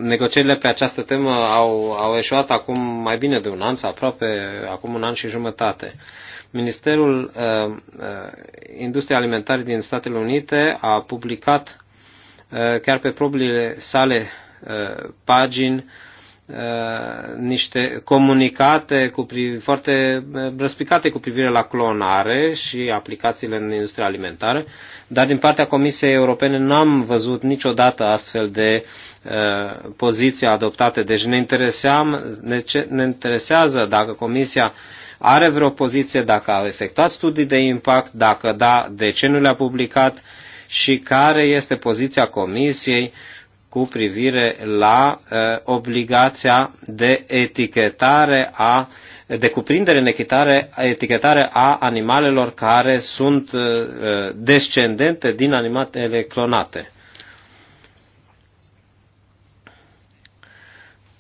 Negocierile pe această temă au, au eșuat acum mai bine de un an, sau aproape acum un an și jumătate. Ministerul uh, Industriei Alimentare din Statele Unite a publicat Eh, chiar pe propriile sale eh, pagini eh, niște comunicate cu priv- foarte răspicate cu privire la clonare și aplicațiile în industria alimentară, dar din partea Comisiei Europene n-am văzut niciodată astfel de uh, poziție adoptate. Deci ne, intereseam, ne, ce, ne interesează dacă Comisia are vreo poziție, dacă a efectuat studii de impact, dacă da, de ce nu le-a publicat, și care este poziția Comisiei cu privire la uh, obligația de etichetare a de cuprindere în echitare, etichetare a animalelor care sunt uh, descendente din animalele clonate.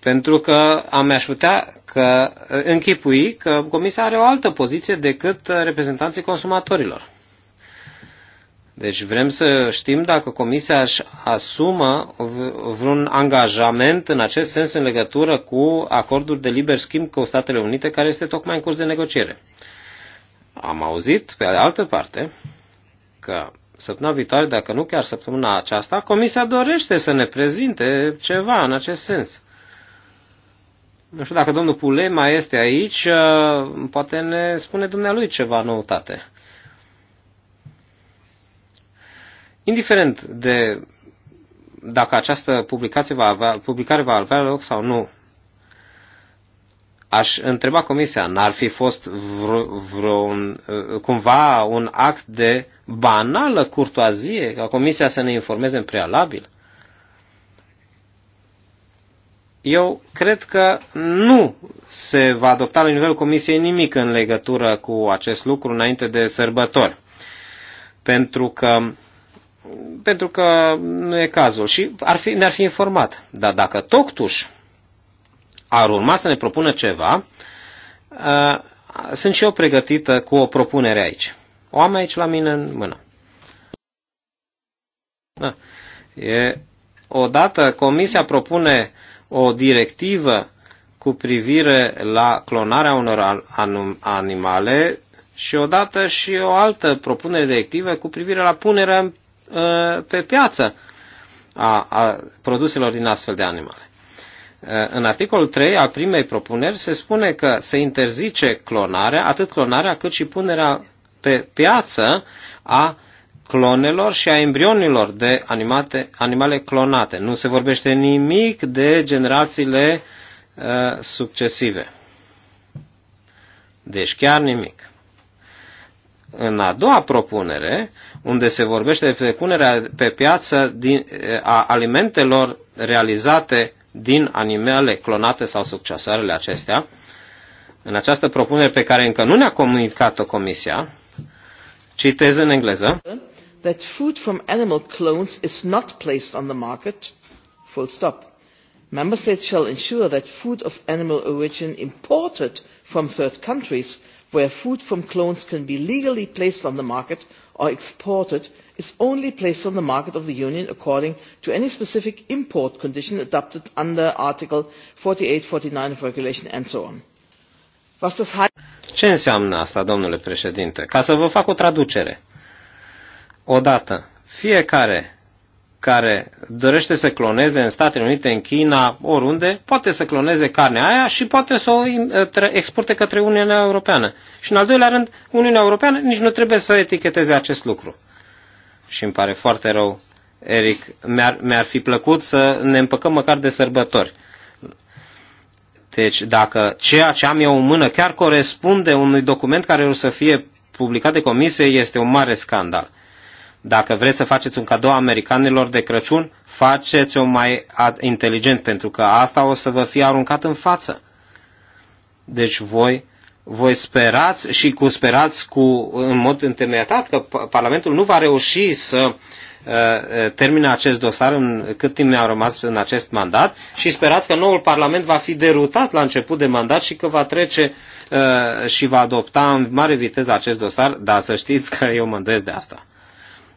Pentru că am aș putea că închipui că Comisia are o altă poziție decât reprezentanții consumatorilor. Deci vrem să știm dacă Comisia își asumă vreun angajament în acest sens în legătură cu acordul de liber schimb cu Statele Unite, care este tocmai în curs de negociere. Am auzit, pe de altă parte, că săptămâna viitoare, dacă nu chiar săptămâna aceasta, Comisia dorește să ne prezinte ceva în acest sens. Nu știu dacă domnul Pule mai este aici, uh, poate ne spune dumnealui ceva noutate. indiferent de dacă această publicație va avea, publicare va avea loc sau nu, aș întreba Comisia, n-ar fi fost vreo, vreo, uh, cumva un act de banală curtoazie ca Comisia să ne informeze în prealabil? Eu cred că nu se va adopta la nivelul Comisiei nimic în legătură cu acest lucru înainte de sărbători. Pentru că pentru că nu e cazul și ar fi, ne-ar fi informat. Dar dacă totuși ar urma să ne propună ceva, sunt și eu pregătită cu o propunere aici. O am aici la mine în mână. Da. E, odată Comisia propune o directivă cu privire la clonarea unor animale și odată și o altă propunere directivă cu privire la punerea în Uh, pe piață a, a produselor din astfel de animale. Uh, în articolul 3 al primei propuneri se spune că se interzice clonarea, atât clonarea cât și punerea pe piață a clonelor și a embrionilor de animate, animale clonate. Nu se vorbește nimic de generațiile uh, succesive. Deci chiar nimic în a doua propunere, unde se vorbește de punerea pe piață din, a alimentelor realizate din animale clonate sau succesoarele acestea, în această propunere pe care încă nu ne-a comunicat-o Comisia, citez în engleză, that food from animal clones is not placed on the market, full stop. Member states shall ensure that food of animal origin imported from third countries – where food from clones can be legally placed on the market or exported is only placed on the market of the union according to any specific import condition adopted under article 48, 49 of regulation and so on. Ce înseamnă asta, domnule președinte? Ca să vă fac o traducere. Odată, fiecare care dorește să cloneze în Statele Unite, în China, oriunde, poate să cloneze carnea aia și poate să o ă, exporte către Uniunea Europeană. Și în al doilea rând, Uniunea Europeană nici nu trebuie să eticheteze acest lucru. Și îmi pare foarte rău, Eric, mi-ar, mi-ar fi plăcut să ne împăcăm măcar de sărbători. Deci dacă ceea ce am eu în mână chiar corespunde unui document care o să fie publicat de comisie, este un mare scandal. Dacă vreți să faceți un cadou americanilor de Crăciun, faceți-o mai inteligent, pentru că asta o să vă fie aruncat în față. Deci voi, voi sperați și cu sperați cu, în mod întemeiatat că Parlamentul nu va reuși să uh, uh, termine acest dosar în cât timp mi-a rămas în acest mandat și sperați că noul Parlament va fi derutat la început de mandat și că va trece uh, și va adopta în mare viteză acest dosar, dar să știți că eu mă îndoiesc de asta.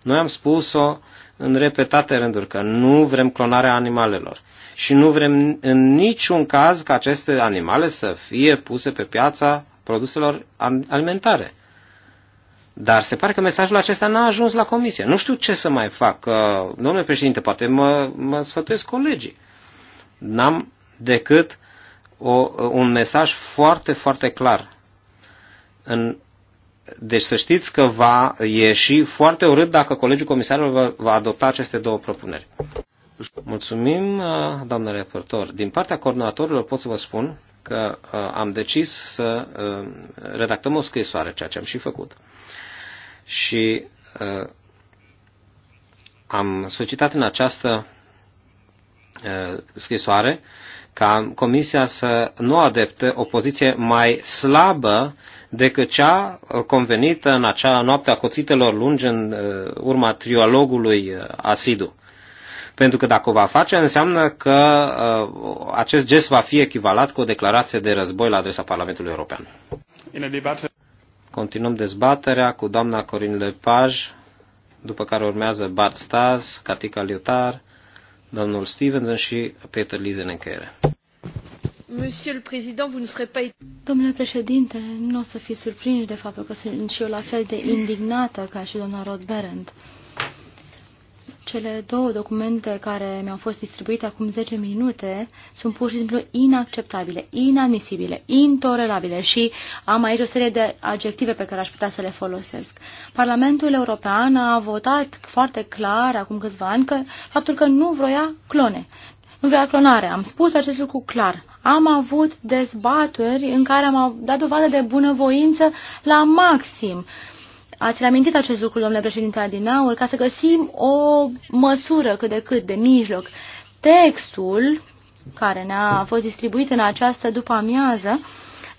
Noi am spus-o în repetate rânduri că nu vrem clonarea animalelor și nu vrem în niciun caz ca aceste animale să fie puse pe piața produselor alimentare. Dar se pare că mesajul acesta n-a ajuns la comisie. Nu știu ce să mai fac. Domnule președinte, poate mă, mă sfătuiesc colegii. N-am decât o, un mesaj foarte, foarte clar. În deci să știți că va ieși foarte urât dacă Colegiul Comisarilor va adopta aceste două propuneri. Mulțumim, uh, doamnă reportor. Din partea coordonatorilor pot să vă spun că uh, am decis să uh, redactăm o scrisoare, ceea ce am și făcut. Și am solicitat în această scrisoare ca Comisia să nu adepte o poziție mai slabă decât cea uh, convenită în acea noapte a coțitelor lungi în uh, urma trialogului uh, asidu. Pentru că dacă o va face, înseamnă că acest gest va fi echivalat cu o declarație de război la adresa Parlamentului European. Continuăm dezbaterea cu doamna Corin Lepaj, după care urmează Bart Stas, Katika Liotar, domnul Stevenson și Peter Lizen în încheiere. Domnule președinte, nu o să fiți surprinși de faptul că sunt și eu la fel de indignată ca și doamna Roth Berend. Cele două documente care mi-au fost distribuite acum 10 minute sunt pur și simplu inacceptabile, inadmisibile, intolerabile și am aici o serie de adjective pe care aș putea să le folosesc. Parlamentul European a votat foarte clar acum câțiva ani că faptul că nu vroia clone, vrea clonare. Am spus acest lucru clar. Am avut dezbateri în care am dat dovadă de bunăvoință la maxim. Ați reamintit acest lucru, domnule președinte Adinaur, ca să găsim o măsură cât de cât de mijloc. Textul care ne-a fost distribuit în această după amiază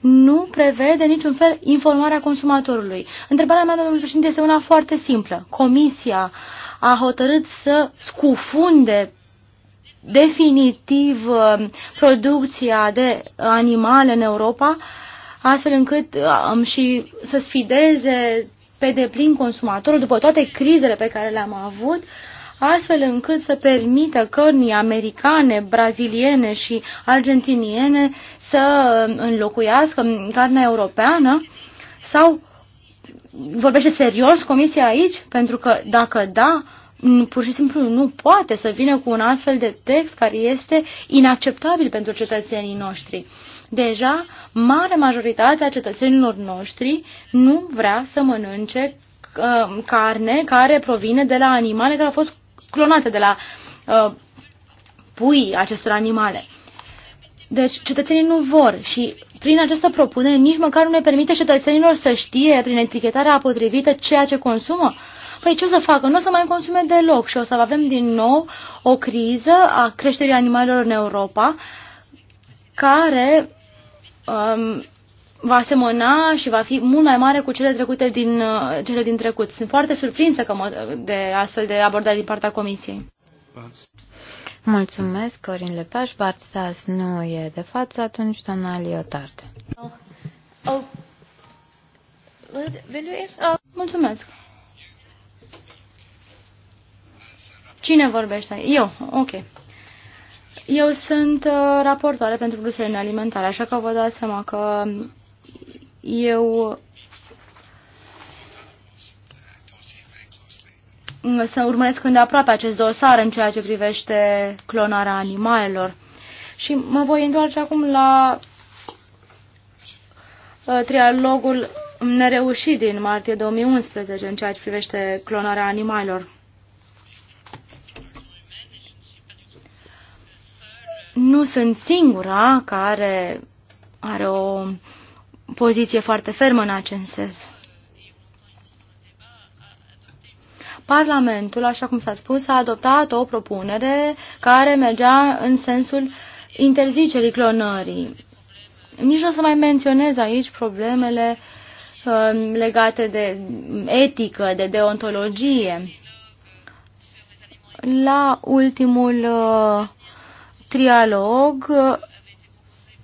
nu prevede niciun fel informarea consumatorului. Întrebarea mea, domnule președinte, este una foarte simplă. Comisia a hotărât să scufunde definitiv uh, producția de animale în Europa, astfel încât uh, și să sfideze pe deplin consumatorul după toate crizele pe care le-am avut, astfel încât să permită cărnii americane, braziliene și argentiniene să uh, înlocuiască carnea europeană sau vorbește serios comisia aici? Pentru că dacă da, pur și simplu nu poate să vină cu un astfel de text care este inacceptabil pentru cetățenii noștri. Deja, mare majoritatea cetățenilor noștri nu vrea să mănânce uh, carne care provine de la animale care au fost clonate, de la uh, pui acestor animale. Deci cetățenii nu vor și prin această propunere nici măcar nu ne permite cetățenilor să știe prin etichetarea potrivită ceea ce consumă păi ce o să facă? Nu o să mai consume deloc și o să avem din nou o criză a creșterii animalelor în Europa care um, va semăna și va fi mult mai mare cu cele trecute din uh, cele din trecut. Sunt foarte surprinsă că mă, de astfel de abordare din partea Comisiei. Mulțumesc, Corin Lepaș. Bartstas nu e de față, atunci doamna Liotard. Oh. Oh. Mulțumesc. Cine vorbește? Eu. Ok. Eu sunt uh, raportoare pentru produsele alimentare, așa că vă dați seama că eu să urmăresc când aproape acest dosar în ceea ce privește clonarea animalelor. Și mă voi întoarce acum la uh, trialogul nereușit din martie 2011 în ceea ce privește clonarea animalelor. nu sunt singura care are o poziție foarte fermă în acest sens. Parlamentul, așa cum s-a spus, a adoptat o propunere care mergea în sensul interzicerii clonării. Nici nu o să mai menționez aici problemele uh, legate de etică, de deontologie. La ultimul uh, trialog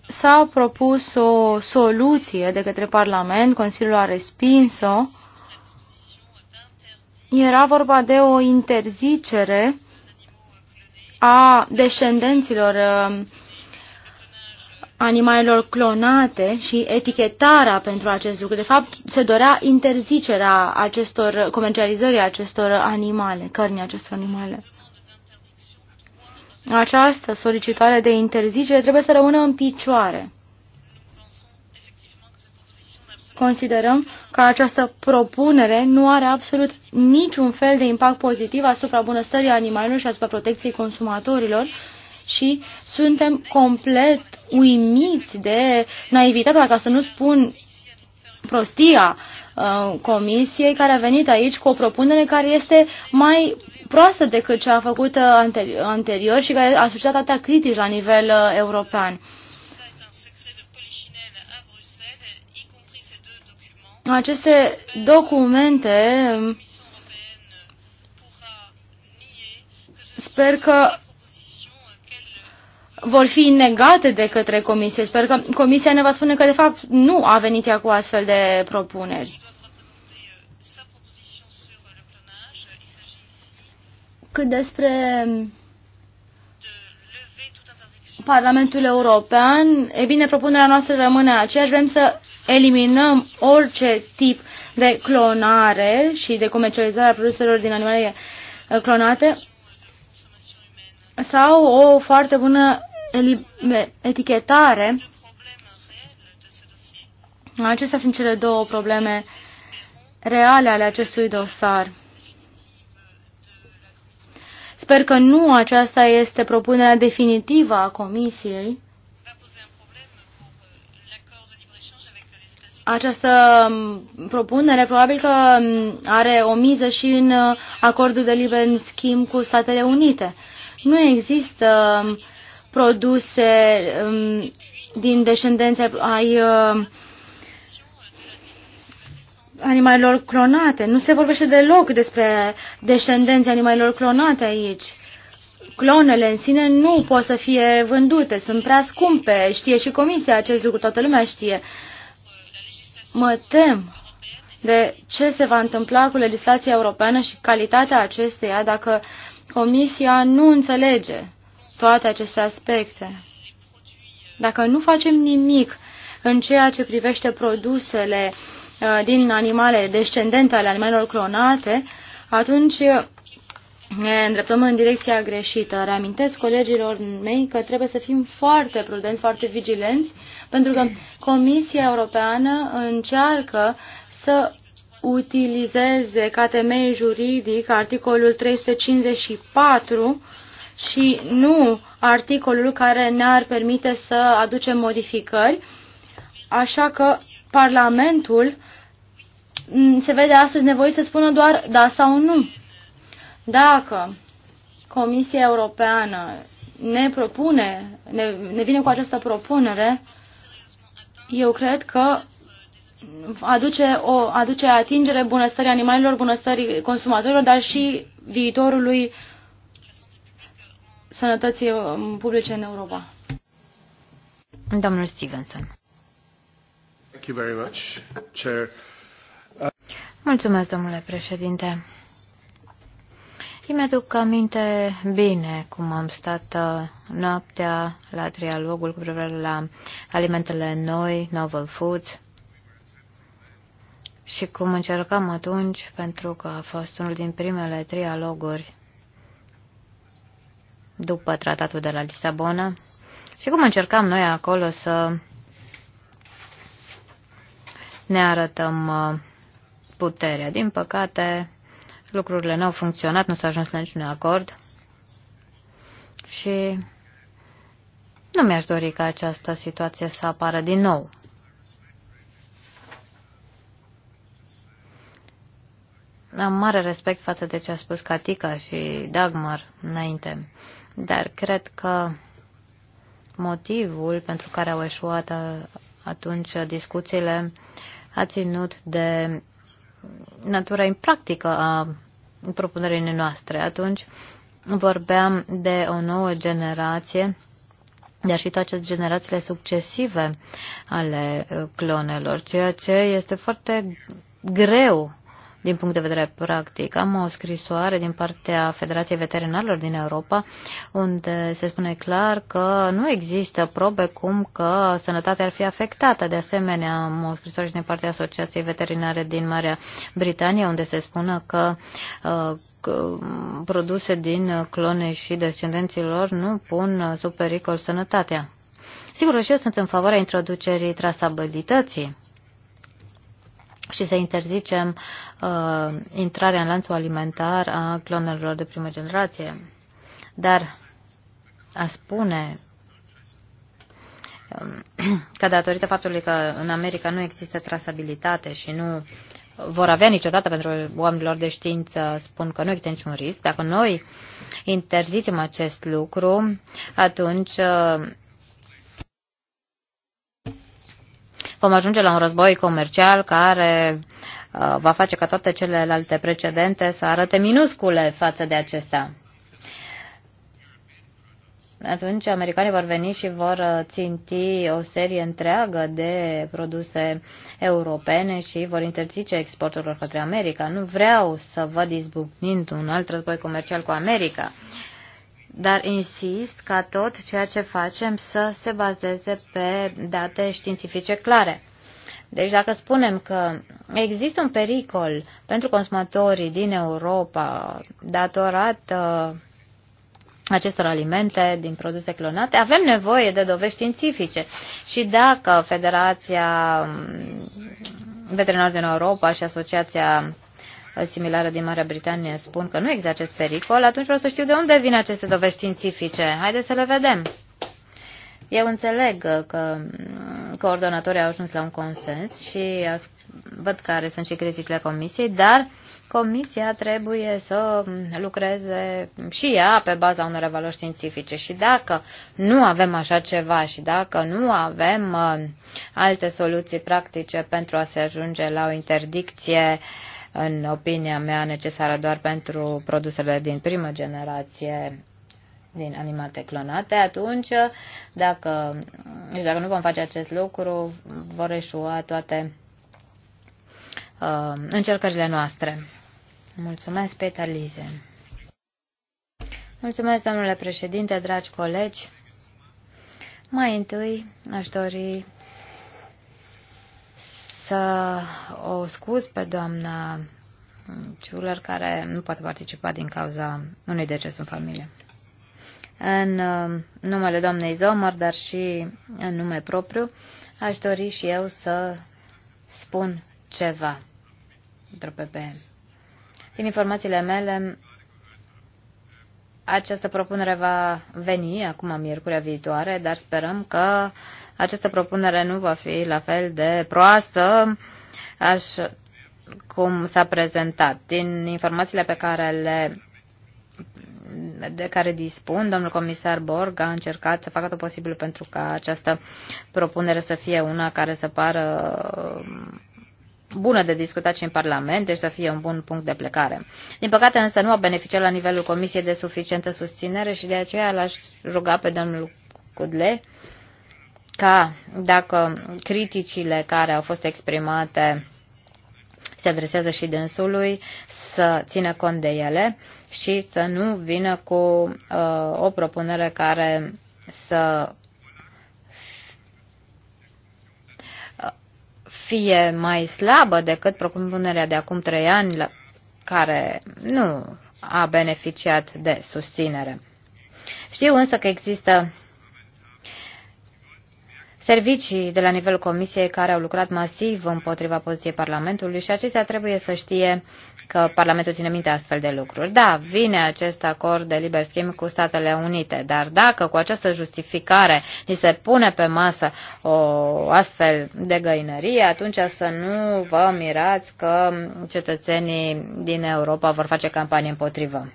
s-a propus o soluție de către Parlament, Consiliul a respins-o. Era vorba de o interzicere a descendenților um, animalelor clonate și etichetarea pentru acest lucru. De fapt, se dorea interzicerea acestor comercializării acestor animale, cărnii acestor animale această solicitare de interzicere trebuie să rămână în picioare. Considerăm că această propunere nu are absolut niciun fel de impact pozitiv asupra bunăstării animalelor și asupra protecției consumatorilor și suntem complet uimiți de naivitatea, ca să nu spun prostia, Uh, comisiei care a venit aici cu o propunere care este mai proastă decât cea făcută anterior și care a suscitat atâtea critici la nivel uh, european. Aceste documente um, sper că vor fi negate de către Comisie. Sper că Comisia ne va spune că, de fapt, nu a venit ea cu astfel de propuneri. Cât despre Parlamentul European, e bine, propunerea noastră rămâne aceeași. Vrem să eliminăm orice tip de clonare și de comercializare a produselor din animale eh, clonate sau o foarte bună etichetare. Acestea sunt cele două probleme reale ale acestui dosar. Sper că nu aceasta este propunerea definitivă a Comisiei. Această propunere probabil că are o miză și în uh, acordul de liber în schimb cu Statele Unite. Nu există uh, produse um, din descendențe ai uh, animalelor clonate. Nu se vorbește deloc despre descendenții animalelor clonate aici. Clonele în sine nu pot să fie vândute, sunt prea scumpe, știe și comisia acest lucru, toată lumea știe. Mă tem de ce se va întâmpla cu legislația europeană și calitatea acesteia dacă comisia nu înțelege toate aceste aspecte. Dacă nu facem nimic în ceea ce privește produsele uh, din animale descendente ale animalelor clonate, atunci uh, ne îndreptăm în direcția greșită. Reamintesc colegilor mei că trebuie să fim foarte prudenți, foarte vigilenți, pentru că Comisia Europeană încearcă să utilizeze ca temei juridic articolul 354 și nu articolul care ne-ar permite să aducem modificări, așa că Parlamentul mm, se vede astăzi nevoie să spună doar da sau nu. Dacă Comisia Europeană ne propune, ne, ne vine cu această propunere, eu cred că aduce, o, aduce atingere bunăstării animalelor, bunăstării consumatorilor, dar și viitorului uh, sănătății uh, publice în Europa. Domnul Stevenson. Thank you very much, Chair. Mulțumesc, domnule președinte. Îmi aduc aminte bine cum am stat uh, noaptea la trialogul cu privire la alimentele noi, novel foods, și cum încercam atunci, pentru că a fost unul din primele trialoguri după tratatul de la Lisabona și cum încercam noi acolo să ne arătăm uh, puterea. Din păcate, lucrurile n-au funcționat, nu s-a ajuns la niciun acord și nu mi-aș dori ca această situație să apară din nou. Am mare respect față de ce a spus Catica și Dagmar înainte dar cred că motivul pentru care au eșuat atunci discuțiile a ținut de natura impractică a propunerii noastre. Atunci vorbeam de o nouă generație, dar și toate generațiile succesive ale uh, clonelor, ceea ce este foarte greu din punct de vedere practic. Am o scrisoare din partea Federației Veterinarilor din Europa unde se spune clar că nu există probe cum că sănătatea ar fi afectată. De asemenea, am o scrisoare și din partea Asociației Veterinare din Marea Britanie unde se spune că uh, produse din clone și descendenților nu pun sub pericol sănătatea. Sigur, și eu sunt în favoarea introducerii trasabilității și să interzicem uh, intrarea în lanțul alimentar a clonelor de primă generație. Dar a spune um, *clears throat* că datorită faptului că în America nu există trasabilitate și nu vor avea niciodată pentru oamenilor de știință, spun că nu există niciun risc. Dacă noi interzicem acest lucru, atunci uh, vom ajunge la un război comercial care uh, va face ca toate celelalte precedente să arate minuscule față de acestea. Atunci americanii vor veni și vor uh, ținti o serie întreagă de produse europene și vor interzice exporturilor către America. Nu vreau să văd izbucnind un alt război comercial cu America. Uh, dar insist ca tot ceea ce facem să se bazeze pe date științifice clare. Deci dacă spunem că există un pericol pentru consumatorii din Europa datorat uh, acestor alimente din produse clonate, avem nevoie de dovezi științifice. Și dacă Federația um, Veterinar din Europa și Asociația similară din Marea Britanie spun că nu există acest pericol, atunci vreau să știu de unde vin aceste dovești științifice. Haideți să le vedem. Eu înțeleg că coordonatorii au ajuns la un consens și văd care sunt și criticile comisiei, dar comisia trebuie să lucreze și ea pe baza unor valori științifice și dacă nu avem așa ceva și dacă nu avem uh, alte soluții practice pentru a se ajunge la o interdicție uh, în opinia mea, necesară doar pentru produsele din primă generație din animate clonate, atunci, dacă, deci dacă nu vom face acest lucru, vor eșua toate uh, încercările noastre. Mulțumesc, Peter Lise. Mulțumesc, domnule președinte, dragi colegi. Mai întâi aș dori să o scuz pe doamna Ciuler, care nu poate participa din cauza unui deces în familie. În uh, numele doamnei Zomăr, dar și în nume propriu, aș dori și eu să spun ceva pentru Din informațiile mele, această propunere va veni acum miercurea viitoare, dar sperăm că această propunere nu va fi la fel de proastă aș, cum s-a prezentat. Din informațiile pe care le de care dispun, domnul comisar Borg a încercat să facă tot posibilul pentru ca această propunere să fie una care să pară bună de discutat și în Parlament, deci să fie un bun punct de plecare. Din păcate însă nu a beneficiat la nivelul Comisiei de suficientă susținere și de aceea l-aș ruga pe domnul Cudle ca dacă criticile care au fost exprimate se adresează și dânsului, să țină cont de ele și să nu vină cu uh, o propunere care să fie mai slabă decât propunerea de acum trei ani, care nu a beneficiat de susținere. Știu însă că există servicii de la nivelul Comisiei care au lucrat masiv împotriva poziției Parlamentului și acestea trebuie să știe că Parlamentul ține minte astfel de lucruri. Da, vine acest acord de liber schimb cu Statele Unite, dar dacă cu această justificare ni se pune pe masă o astfel de găinărie, atunci să nu vă mirați că cetățenii din Europa vor face campanie împotrivă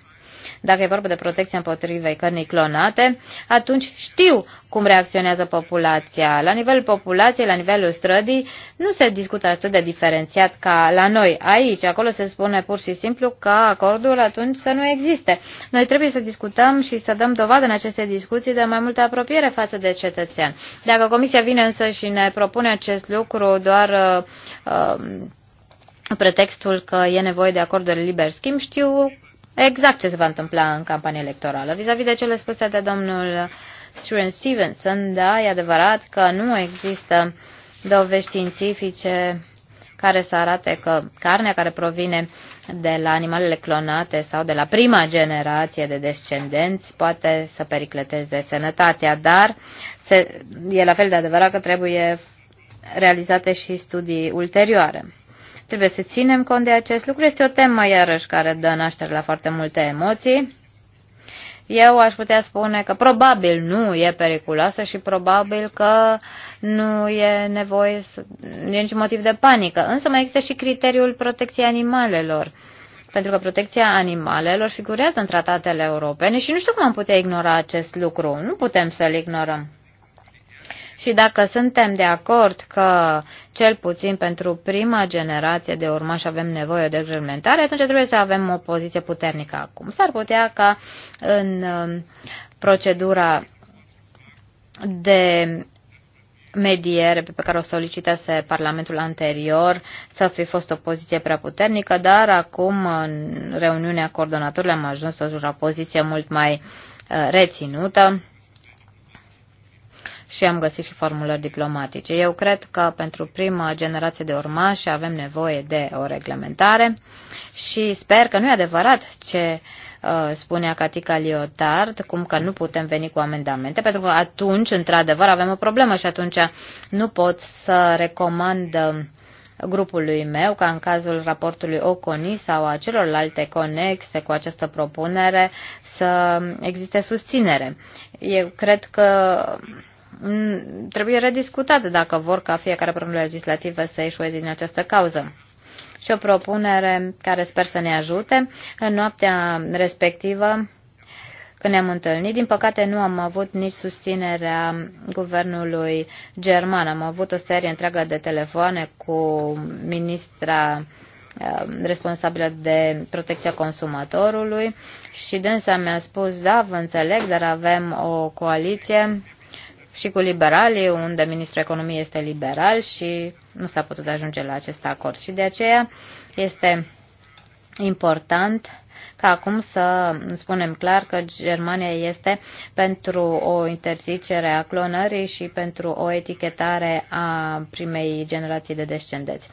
dacă e vorba de protecție împotriva cărnii clonate, atunci știu cum reacționează populația. La nivelul populației, la nivelul strădii, nu se discută atât de diferențiat ca la noi. Aici, acolo se spune pur și simplu că acordul atunci să nu existe. Noi trebuie să discutăm și să dăm dovadă în aceste discuții de mai multă apropiere față de cetățean. Dacă Comisia vine însă și ne propune acest lucru doar uh, um, pretextul că e nevoie de acorduri liber schimb, știu exact ce se va întâmpla în campania electorală. Vis-a-vis -vis de cele spuse de domnul Stuart Stevenson, da, e adevărat că nu există dovești științifice care să arate că carnea care provine de la animalele clonate sau de la prima generație de descendenți poate să pericleteze sănătatea, dar se, e la fel de adevărat că trebuie realizate și studii ulterioare. Trebuie să ținem cont de acest lucru. Este o temă, iarăși, care dă naștere la foarte multe emoții. Eu aș putea spune că probabil nu e periculoasă și probabil că nu e nevoie, să, nu e niciun motiv de panică. Însă mai există și criteriul protecției animalelor. Pentru că protecția animalelor figurează în tratatele europene și nu știu cum am putea ignora acest lucru. Nu putem să-l ignorăm. Și dacă suntem de acord că cel puțin pentru prima generație de urmași avem nevoie de reglementare, atunci trebuie să avem o poziție puternică acum. S-ar putea ca în um, procedura de mediere pe care o solicitase Parlamentul anterior să fi fost o poziție prea puternică, dar acum în reuniunea coordonatorilor am ajuns la o poziție mult mai uh, reținută și am găsit și formulări diplomatice. Eu cred că pentru prima generație de urmași avem nevoie de o reglementare și sper că nu e adevărat ce uh, spunea Catica Liotard, cum că nu putem veni cu amendamente, pentru că atunci, într-adevăr, avem o problemă și atunci nu pot să recomand uh, grupului meu, ca în cazul raportului OCONI sau a celorlalte conexe cu această propunere, să existe susținere. Eu cred că trebuie rediscutate dacă vor ca fiecare problemă legislativă să ieșuie din această cauză. Și o propunere care sper să ne ajute. În noaptea respectivă, când ne-am întâlnit, din păcate nu am avut nici susținerea guvernului german. Am avut o serie întreagă de telefoane cu ministra um, responsabilă de protecția consumatorului și dânsa mi-a spus, da, vă înțeleg, dar avem o coaliție și cu liberalii, unde ministrul economiei este liberal și nu s-a putut ajunge la acest acord. Și de aceea este important ca acum să spunem clar că Germania este pentru o interzicere a clonării și pentru o etichetare a primei generații de descendenți.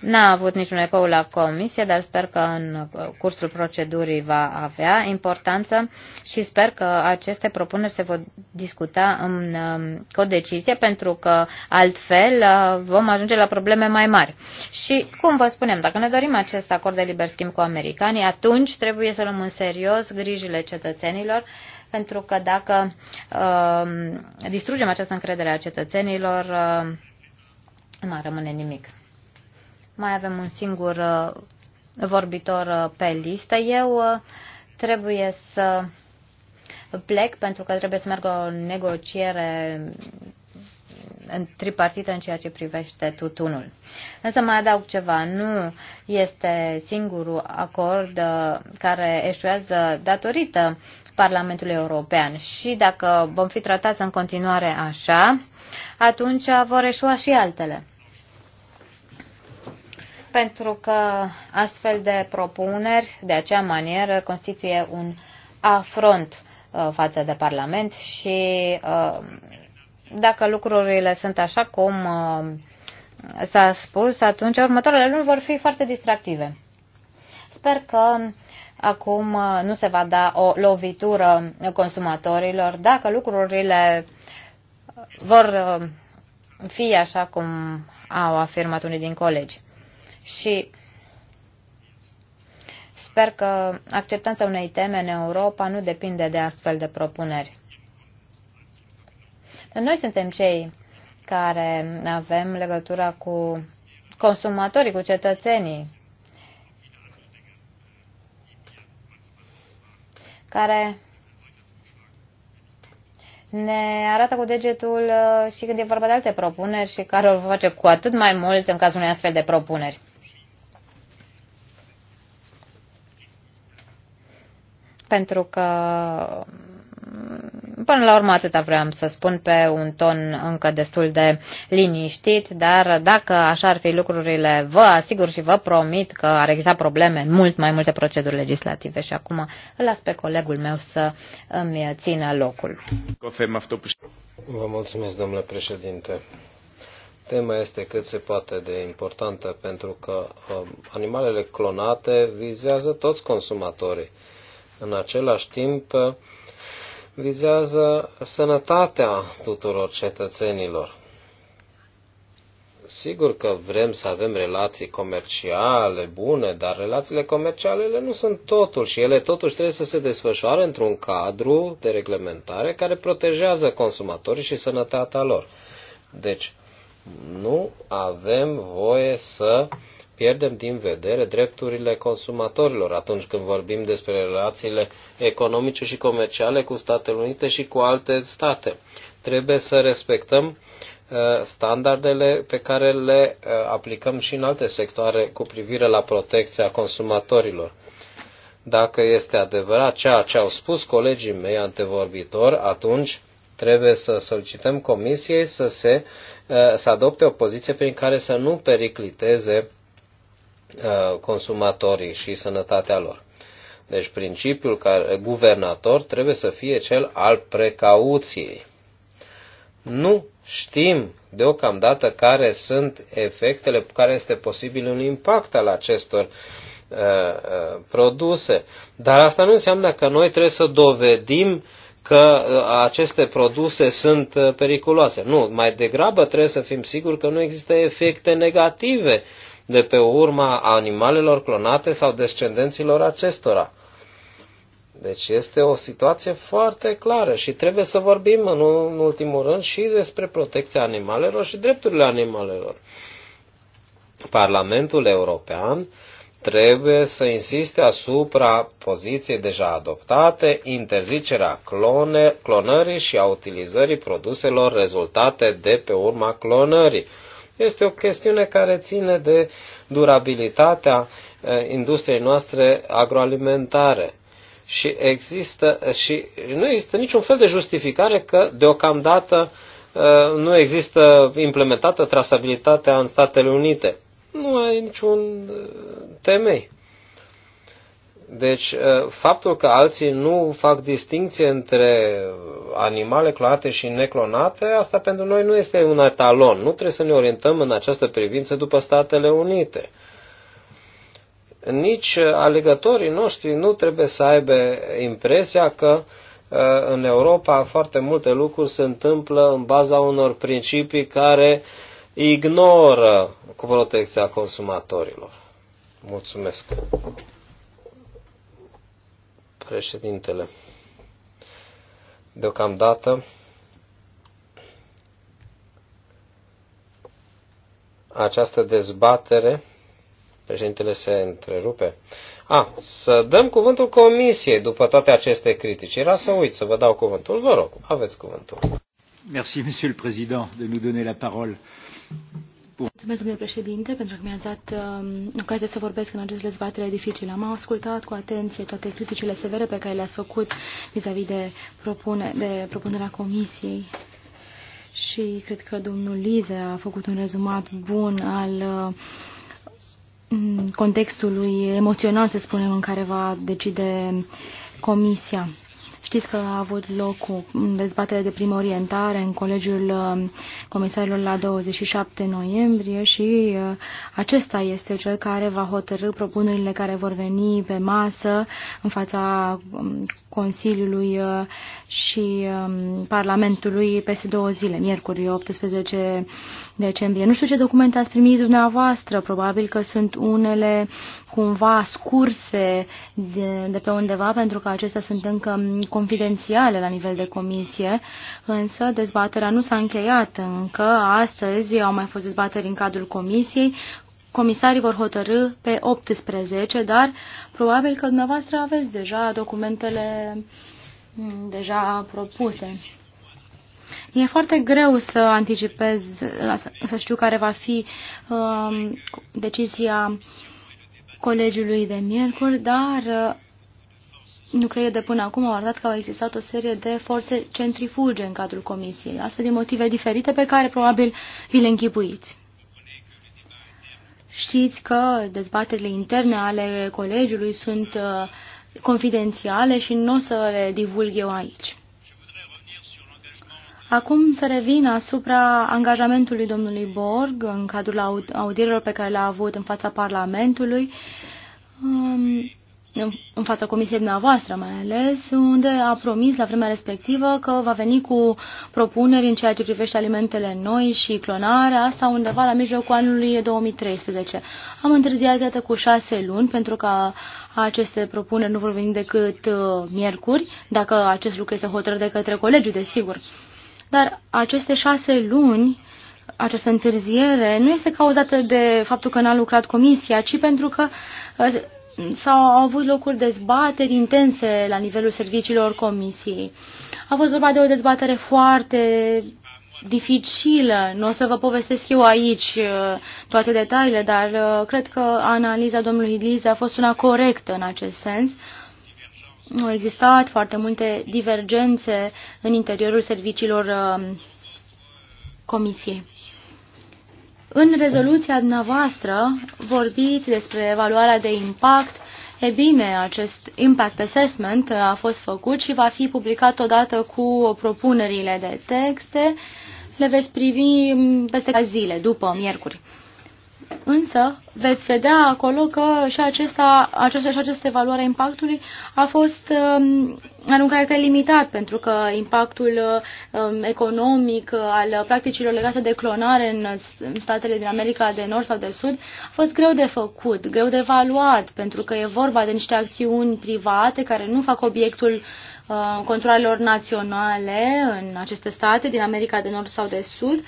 N-a avut niciun ecou la comisie, dar sper că în cursul procedurii va avea importanță și sper că aceste propuneri se vor discuta în um, codecizie, pentru că altfel uh, vom ajunge la probleme mai mari. Și, cum vă spunem, dacă ne dorim acest acord de liber schimb cu americanii, atunci trebuie să luăm în serios grijile cetățenilor, pentru că dacă uh, distrugem această încredere a cetățenilor, uh, nu mai rămâne nimic mai avem un singur uh, vorbitor uh, pe listă. Eu uh, trebuie să plec pentru că trebuie să merg o negociere în tripartită în ceea ce privește tutunul. Însă mai adaug ceva. Nu este singurul acord care eșuează datorită Parlamentului European și dacă vom fi tratați în continuare așa, atunci vor eșua și altele pentru că astfel de propuneri, de acea manieră, constituie un afront uh, față de Parlament și uh, dacă lucrurile sunt așa cum uh, s-a spus, atunci următoarele luni vor fi foarte distractive. Sper că acum uh, nu se va da o lovitură consumatorilor dacă lucrurile uh, vor uh, fi așa cum au afirmat unii din colegi și sper că acceptanța unei teme în Europa nu depinde de astfel de propuneri. Noi suntem cei care avem legătura cu consumatorii, cu cetățenii, care ne arată cu degetul uh, și când e vorba de alte propuneri și care o face cu atât mai mult în cazul unei astfel de propuneri. pentru că până la urmă atâta vreau să spun pe un ton încă destul de liniștit, dar dacă așa ar fi lucrurile, vă asigur și vă promit că ar exista probleme în mult mai multe proceduri legislative și acum îl las pe colegul meu să îmi țină locul. Vă mulțumesc, domnule președinte. Tema este cât se poate de importantă pentru că um, animalele clonate vizează toți consumatorii în același timp, uh, vizează sănătatea tuturor cetățenilor. Sigur că vrem să avem relații comerciale bune, dar relațiile comerciale ele nu sunt totul și ele totuși trebuie să se desfășoare într-un cadru de reglementare care protejează consumatorii și sănătatea lor. Deci, nu avem voie să uh, pierdem din vedere drepturile consumatorilor atunci când vorbim despre relațiile economice și comerciale cu Statele Unite și cu alte state. Trebuie să respectăm uh, standardele pe care le uh, aplicăm și în alte sectoare cu privire la protecția consumatorilor. Dacă este adevărat ceea ce au spus colegii mei antevorbitori, atunci trebuie să solicităm comisiei să, se, uh, să adopte o poziție prin care să nu pericliteze Uh, consumatorii și sănătatea lor. Deci principiul care guvernator trebuie să fie cel al precauției. Nu știm deocamdată care sunt efectele, care este posibil un impact al acestor uh, uh, produse. Dar asta nu înseamnă că noi trebuie să dovedim că aceste produse sunt periculoase. Nu, mai degrabă trebuie să fim siguri că nu există efecte negative uh, de pe urma animalelor clonate sau descendenților acestora. Deci este o situație foarte clară și trebuie să vorbim în ultimul rând și despre protecția animalelor și drepturile animalelor. Parlamentul European trebuie să insiste asupra poziției deja adoptate, interzicerea clone, clonării și a utilizării produselor rezultate de pe urma clonării este o chestiune care ține de durabilitatea eh, industriei noastre agroalimentare. Și, există, eh, și nu există niciun fel de justificare că deocamdată eh, nu există implementată trasabilitatea în Statele Unite. Nu ai niciun temei. Deci, uh, faptul că alții nu fac distinție între animale clonate și neclonate, asta pentru noi nu este un etalon. Nu trebuie să ne orientăm în această privință după Statele Unite. Nici uh, alegătorii noștri nu trebuie să aibă impresia că uh, în Europa foarte multe lucruri se întâmplă în baza unor principii care ignoră protecția consumatorilor. Mulțumesc! președintele. Deocamdată această dezbatere, președintele se întrerupe. A, să dăm cuvântul comisiei după toate aceste critici. Era să uit, să vă dau cuvântul. Vă rog, aveți cuvântul. Merci, Monsieur le Président, de nous donner la parole. Mulțumesc, domnule președinte, pentru că mi-ați dat uh, ocazia să vorbesc în aceste dezbatere dificile. Am ascultat cu atenție toate criticile severe pe care le-ați făcut vis-a-vis -vis de, propune, de propunerea comisiei și cred că domnul Lize a făcut un rezumat bun al uh, contextului emoțional, să spunem, în care va decide comisia. Știți că a avut loc o dezbatere de primă orientare în Colegiul uh, Comisarilor la 27 noiembrie și uh, acesta este cel care va hotărâ propunerile care vor veni pe masă în fața um, Consiliului uh, și um, Parlamentului peste două zile, miercuri 18 decembrie. Nu știu ce documente ați primit dumneavoastră, probabil că sunt unele cumva scurse de, de pe undeva, pentru că acestea sunt încă confidențiale la nivel de comisie, însă dezbaterea nu s-a încheiat încă. Astăzi au mai fost dezbateri în cadrul comisiei, Comisarii vor hotărâ pe 18, dar probabil că dumneavoastră aveți deja documentele deja propuse. E foarte greu să anticipez, să știu care va fi uh, decizia colegiului de miercuri, dar uh, nu cred de până acum au arătat că au existat o serie de forțe centrifuge în cadrul comisiei, asta din motive diferite pe care probabil vi le închipuiți. Știți că dezbaterile interne ale colegiului sunt uh, confidențiale și nu o să le divulg eu aici. Acum să revin asupra angajamentului domnului Borg în cadrul audierilor pe care le-a avut în fața Parlamentului, um, în fața comisiei dumneavoastră mai ales, unde a promis la vremea respectivă că va veni cu propuneri în ceea ce privește alimentele noi și clonarea, asta undeva la mijlocul anului 2013. Am întârziat iată cu șase luni pentru că aceste propuneri nu vor veni decât uh, miercuri, dacă acest lucru este hotărât de către colegiul, desigur. sigur. Dar aceste șase luni, această întârziere, nu este cauzată de faptul că n-a lucrat comisia, ci pentru că uh, s-au avut locuri dezbateri intense la nivelul serviciilor comisiei. A fost vorba de o dezbatere foarte dificilă. Nu o să vă povestesc eu aici uh, toate detaliile, dar uh, cred că analiza domnului Liza a fost una corectă în acest sens au existat foarte multe divergențe în interiorul serviciilor um, Comisiei. În rezoluția dumneavoastră vorbiți despre evaluarea de impact. E bine, acest impact assessment a fost făcut și va fi publicat odată cu propunerile de texte. Le veți privi um, peste zile, după miercuri. Însă veți vedea acolo că și, acesta, această, și această evaluare a impactului a fost um, are un caracter limitat, pentru că impactul um, economic al practicilor legate de clonare în statele din America de Nord sau de Sud a fost greu de făcut, greu de evaluat, pentru că e vorba de niște acțiuni private care nu fac obiectul uh, controlelor naționale în aceste state din America de Nord sau de Sud. Uh,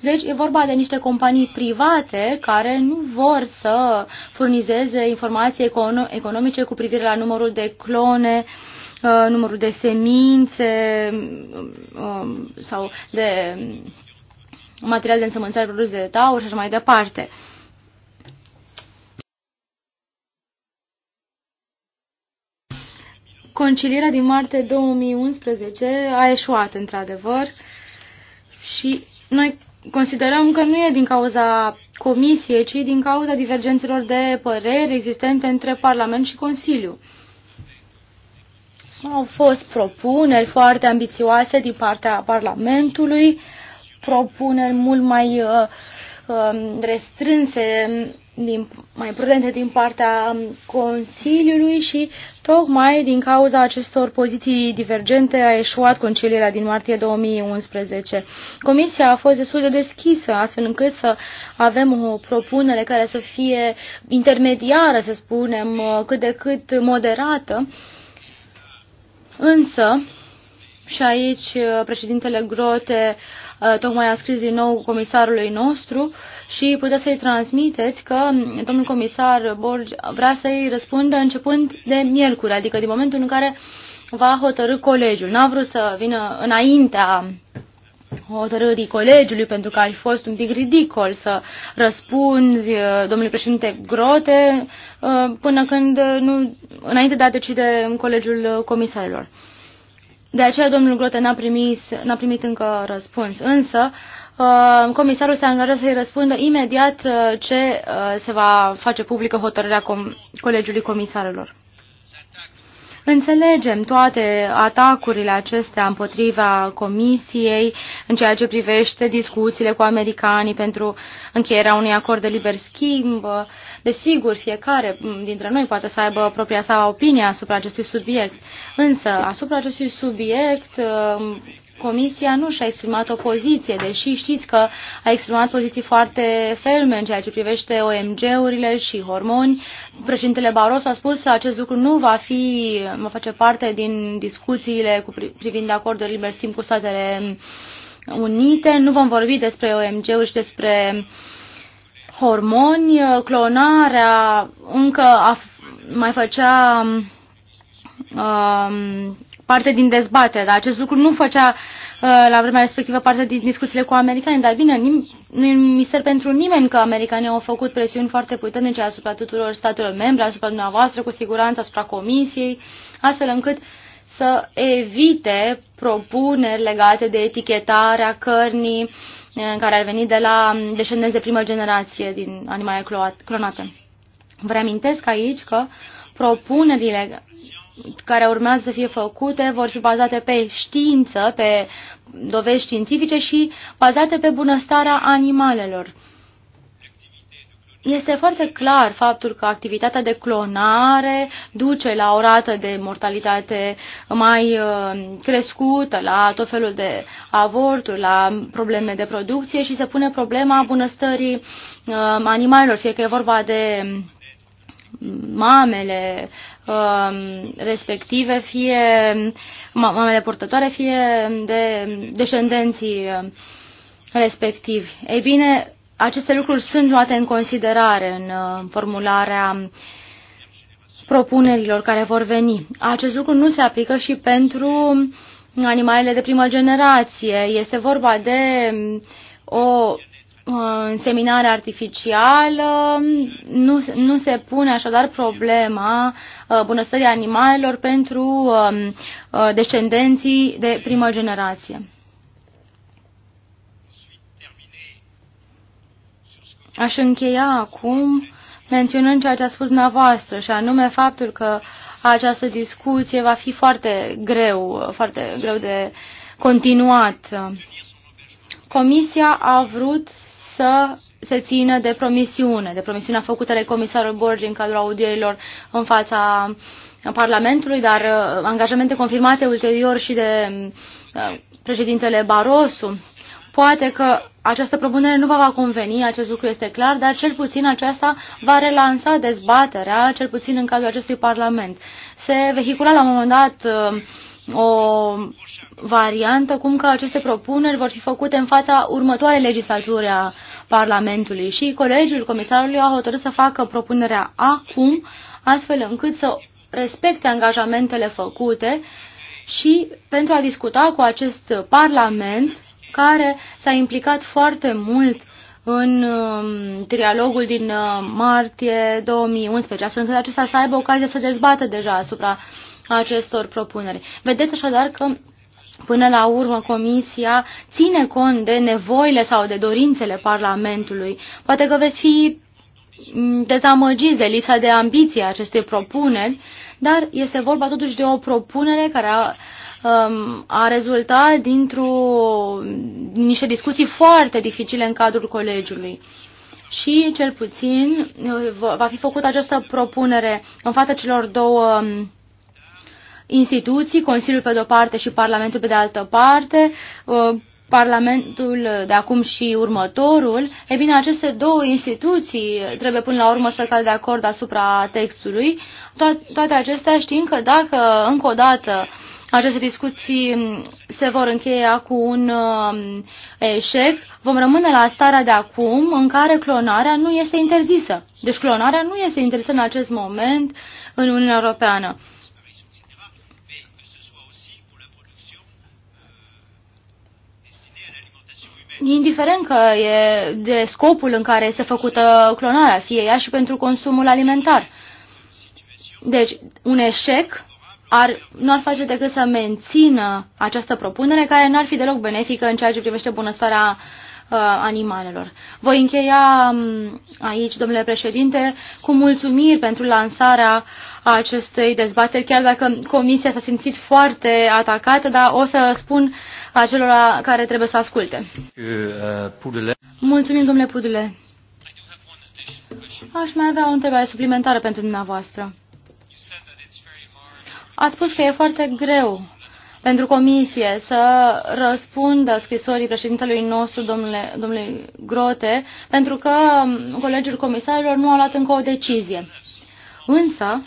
deci e vorba de niște companii private care nu vor să furnizeze informații economice cu privire la numărul de clone, uh, numărul de semințe um, um, sau de material de însămânțare produs de taur și așa mai departe. Concilierea din martie 2011 a eșuat, într-adevăr, și noi considerăm că nu e din cauza Comisiei, ci din cauza divergențelor de păreri existente între Parlament și Consiliu. Au fost propuneri foarte ambițioase din partea Parlamentului, propuneri mult mai uh, Um, restrânse, um, din, mai prudente din partea um, Consiliului și tocmai din cauza acestor poziții divergente a eșuat concilierea din martie 2011. Comisia a fost destul de deschisă astfel încât să avem o propunere care să fie intermediară, să spunem, uh, cât de cât moderată, însă și aici uh, președintele Grote uh, tocmai a scris din nou comisarului nostru și puteți să-i transmiteți că um, domnul comisar Borgi vrea să-i răspundă începând de miercuri, adică din momentul în care va hotărâ colegiul. N-a vrut să vină înaintea hotărârii colegiului, pentru că ar fi fost un pic ridicol să răspunzi uh, domnului președinte Grote până când nu, înainte de a decide în colegiul comisarilor. De aceea domnul Grote n-a primit, primit încă răspuns. Însă, uh, comisarul se angajează să-i răspundă imediat uh, ce uh, se va face publică hotărârea com Colegiului Comisarilor. Înțelegem toate atacurile acestea împotriva Comisiei în ceea ce privește discuțiile cu americanii pentru încheierea unui acord de liber schimb, Desigur, fiecare dintre noi poate să aibă propria sa opinie asupra acestui subiect, însă asupra acestui subiect uh, Comisia nu și-a exprimat o poziție, deși știți că a exprimat poziții foarte ferme în ceea ce privește OMG-urile și hormoni. Președintele Barroso a spus că acest lucru nu va fi, va face parte din discuțiile cu, privind acordul liber schimb cu statele unite. Nu vom vorbi despre OMG-uri și despre uh, hormoni, uh, clonarea încă a, mai făcea um, parte din dezbatere, dar acest lucru nu făcea uh, la vremea respectivă parte din discuțiile cu americani, dar bine, nu e mister pentru nimeni că americanii au făcut presiuni foarte puternice asupra tuturor statelor membre, asupra dumneavoastră, cu siguranță, asupra comisiei, astfel încât să evite propuneri legate de etichetarea cărnii, care ar veni de la descendenți de primă generație din animale clonate. Vă reamintesc aici că propunerile care urmează să fie făcute vor fi bazate pe știință, pe dovezi științifice și bazate pe bunăstarea animalelor. Este foarte clar faptul că activitatea de clonare duce la o rată de mortalitate mai uh, crescută, la tot felul de avorturi, la probleme de producție și se pune problema bunăstării uh, animalelor, fie că e vorba de mm, mamele um, respective, fie mamele purtătoare, fie de descendenții uh, respectivi. Ei bine, aceste lucruri sunt luate în considerare în uh, formularea propunerilor care vor veni. Acest lucru nu se aplică și pentru animalele de primă generație. Este vorba de um, o înseminare uh, artificială, nu, nu se pune așadar problema uh, bunăstării animalelor pentru um, descendenții de primă generație. Aș încheia acum menționând ceea ce a spus dumneavoastră, și anume faptul că această discuție va fi foarte greu, foarte greu de continuat. Comisia a vrut să se țină de promisiune, de promisiunea făcută de comisarul Borgi în cadrul audierilor în fața Parlamentului, dar uh, angajamente confirmate ulterior și de uh, președintele Barroso. Poate că această propunere nu va va conveni, acest lucru este clar, dar cel puțin aceasta va relansa dezbaterea, cel puțin în cazul acestui Parlament. Se vehicula la un moment dat uh, o variantă cum că aceste propuneri vor fi făcute în fața următoarei legislaturi a Parlamentului și colegiul comisarului a hotărât să facă propunerea acum, astfel încât să respecte angajamentele făcute și pentru a discuta cu acest Parlament care s-a implicat foarte mult în um, trialogul din uh, martie 2011, astfel încât acesta să aibă ocazia să dezbată deja asupra acestor propuneri. Vedeți așadar că Până la urmă, Comisia ține cont de nevoile sau de dorințele Parlamentului. Poate că veți fi mm, dezamăgiți de lipsa de ambiție a acestei propuneri, dar este vorba totuși de o propunere care a, um, a rezultat dintr-o niște discuții foarte dificile în cadrul colegiului. Și, cel puțin, uh, va fi făcută această propunere în fața celor două um, instituții, Consiliul pe de-o parte și Parlamentul pe de altă parte, uh, Parlamentul de acum și următorul, e bine, aceste două instituții trebuie până la urmă să cadă de acord asupra textului. Toate acestea știm că dacă încă o dată aceste discuții se vor încheia cu un um, eșec, vom rămâne la starea de acum în care clonarea nu este interzisă. Deci clonarea nu este interzisă în acest moment în Uniunea Europeană. indiferent că e de scopul în care este făcută clonarea, fie ea și pentru consumul alimentar. Deci, un eșec ar, nu ar face decât să mențină această propunere care n-ar fi deloc benefică în ceea ce privește bunăstarea uh, animalelor. Voi încheia um, aici, domnule președinte, cu mulțumiri pentru lansarea acestei dezbateri, chiar dacă comisia s-a simțit foarte atacată, dar o să spun uh, celor care trebuie să asculte. Uh, Mulțumim, domnule Pudule. Aș mai avea o întrebare suplimentară pentru dumneavoastră. Ați spus că e foarte greu pentru comisie să răspundă scrisorii președintelui nostru, domnule, domnule Grote, pentru că colegiul comisarilor nu a luat încă o decizie. Însă,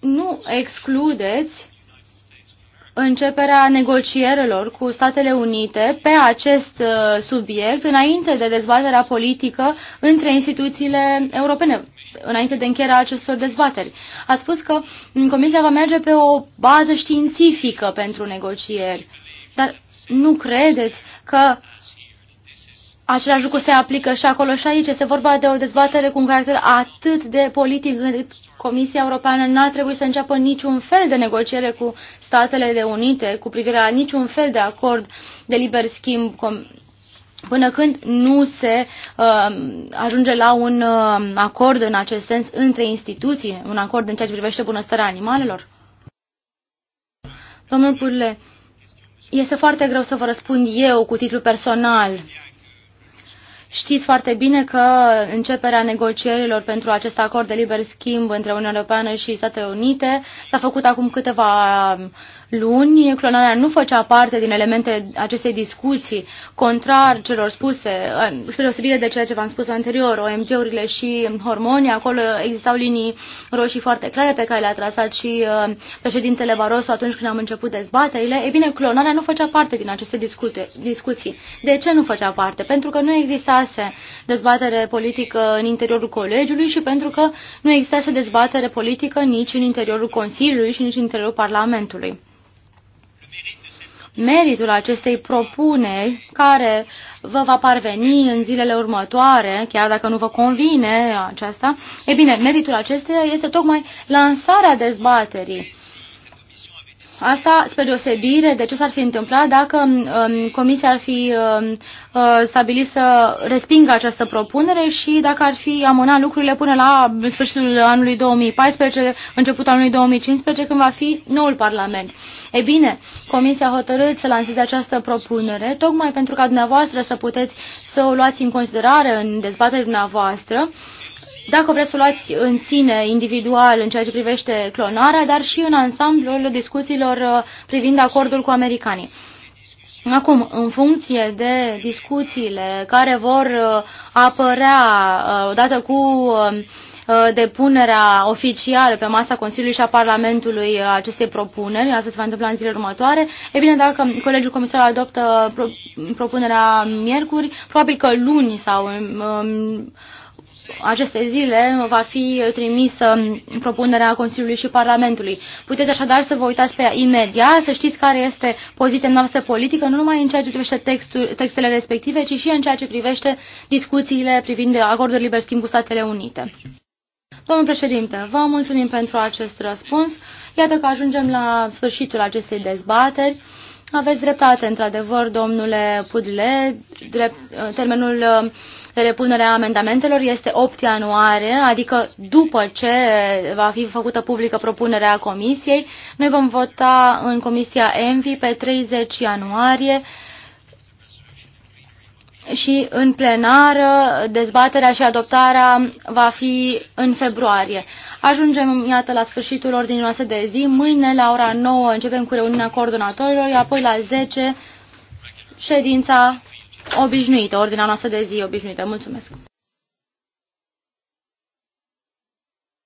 nu excludeți începerea negocierelor cu Statele Unite pe acest uh, subiect înainte de dezbaterea politică între instituțiile europene, înainte de încheierea acestor dezbateri. A spus că Comisia va merge pe o bază științifică pentru negocieri. Dar nu credeți că Același lucru se aplică și acolo și aici. Este vorba de o dezbatere cu un caracter atât de politic încât Comisia Europeană n-ar trebui să înceapă niciun fel de negociere cu Statele Unite cu privire la niciun fel de acord de liber schimb până când nu se uh, ajunge la un uh, acord în acest sens între instituții, un acord în ceea ce privește bunăstarea animalelor? Domnul Purle, este foarte greu să vă răspund eu cu titlu personal. Știți foarte bine că începerea negocierilor pentru acest acord de liber schimb între Uniunea Europeană și Statele Unite s-a făcut acum câteva luni, clonarea nu făcea parte din elemente acestei discuții, contrar celor spuse, spre deosebire de ceea ce v-am spus anterior, OMG-urile și hormonii, acolo existau linii roșii foarte clare pe care le-a trasat și uh, președintele Barroso atunci când am început dezbaterile. E bine, clonarea nu făcea parte din aceste discuții. De ce nu făcea parte? Pentru că nu existase dezbatere politică în interiorul colegiului și pentru că nu existase dezbatere politică nici în interiorul Consiliului și nici în interiorul Parlamentului meritul acestei propuneri care vă va parveni în zilele următoare, chiar dacă nu vă convine aceasta, e bine, meritul acesteia este tocmai lansarea dezbaterii Asta spre deosebire de ce s-ar fi întâmplat dacă um, Comisia ar fi um, uh, stabilit să respingă această propunere și dacă ar fi amânat lucrurile până la sfârșitul anului 2014, începutul anului 2015, când va fi noul Parlament. Ei bine, Comisia a hotărât să lanseze această propunere, tocmai pentru ca dumneavoastră să puteți să o luați în considerare în dezbaterea dumneavoastră, uh, dacă vreți să luați în sine individual în ceea ce privește clonarea, dar și în ansamblul discuțiilor uh, privind acordul cu americanii. Acum, în funcție de discuțiile care vor uh, apărea uh, odată cu depunerea oficială pe masa Consiliului și a Parlamentului acestei propuneri, asta se va întâmpla în zilele următoare, e bine, dacă Colegiul Comisar adoptă propunerea miercuri, probabil că luni sau um, um, aceste zile va fi trimisă propunerea Consiliului și Parlamentului. Puteți așadar să vă uitați pe ea imediat, să știți care este poziția noastră politică, nu numai în ceea ce privește textul, textele respective, ci și în ceea ce privește discuțiile privind acordul liber schimb cu Statele Unite. Domnul președinte, vă mulțumim pentru acest răspuns. Iată că ajungem la sfârșitul acestei dezbateri. Aveți dreptate, într-adevăr, domnule Pudle, drept, termenul Repunerea amendamentelor este 8 ianuarie, adică după ce va fi făcută publică propunerea comisiei. Noi vom vota în comisia ENVI pe 30 ianuarie și în plenară dezbaterea și adoptarea va fi în februarie. Ajungem, iată, la sfârșitul ordinii noastre de zi. Mâine, la ora 9, începem cu reuniunea coordonatorilor, apoi la 10, ședința obișnuită, ordinea noastră de zi obișnuită. Mulțumesc!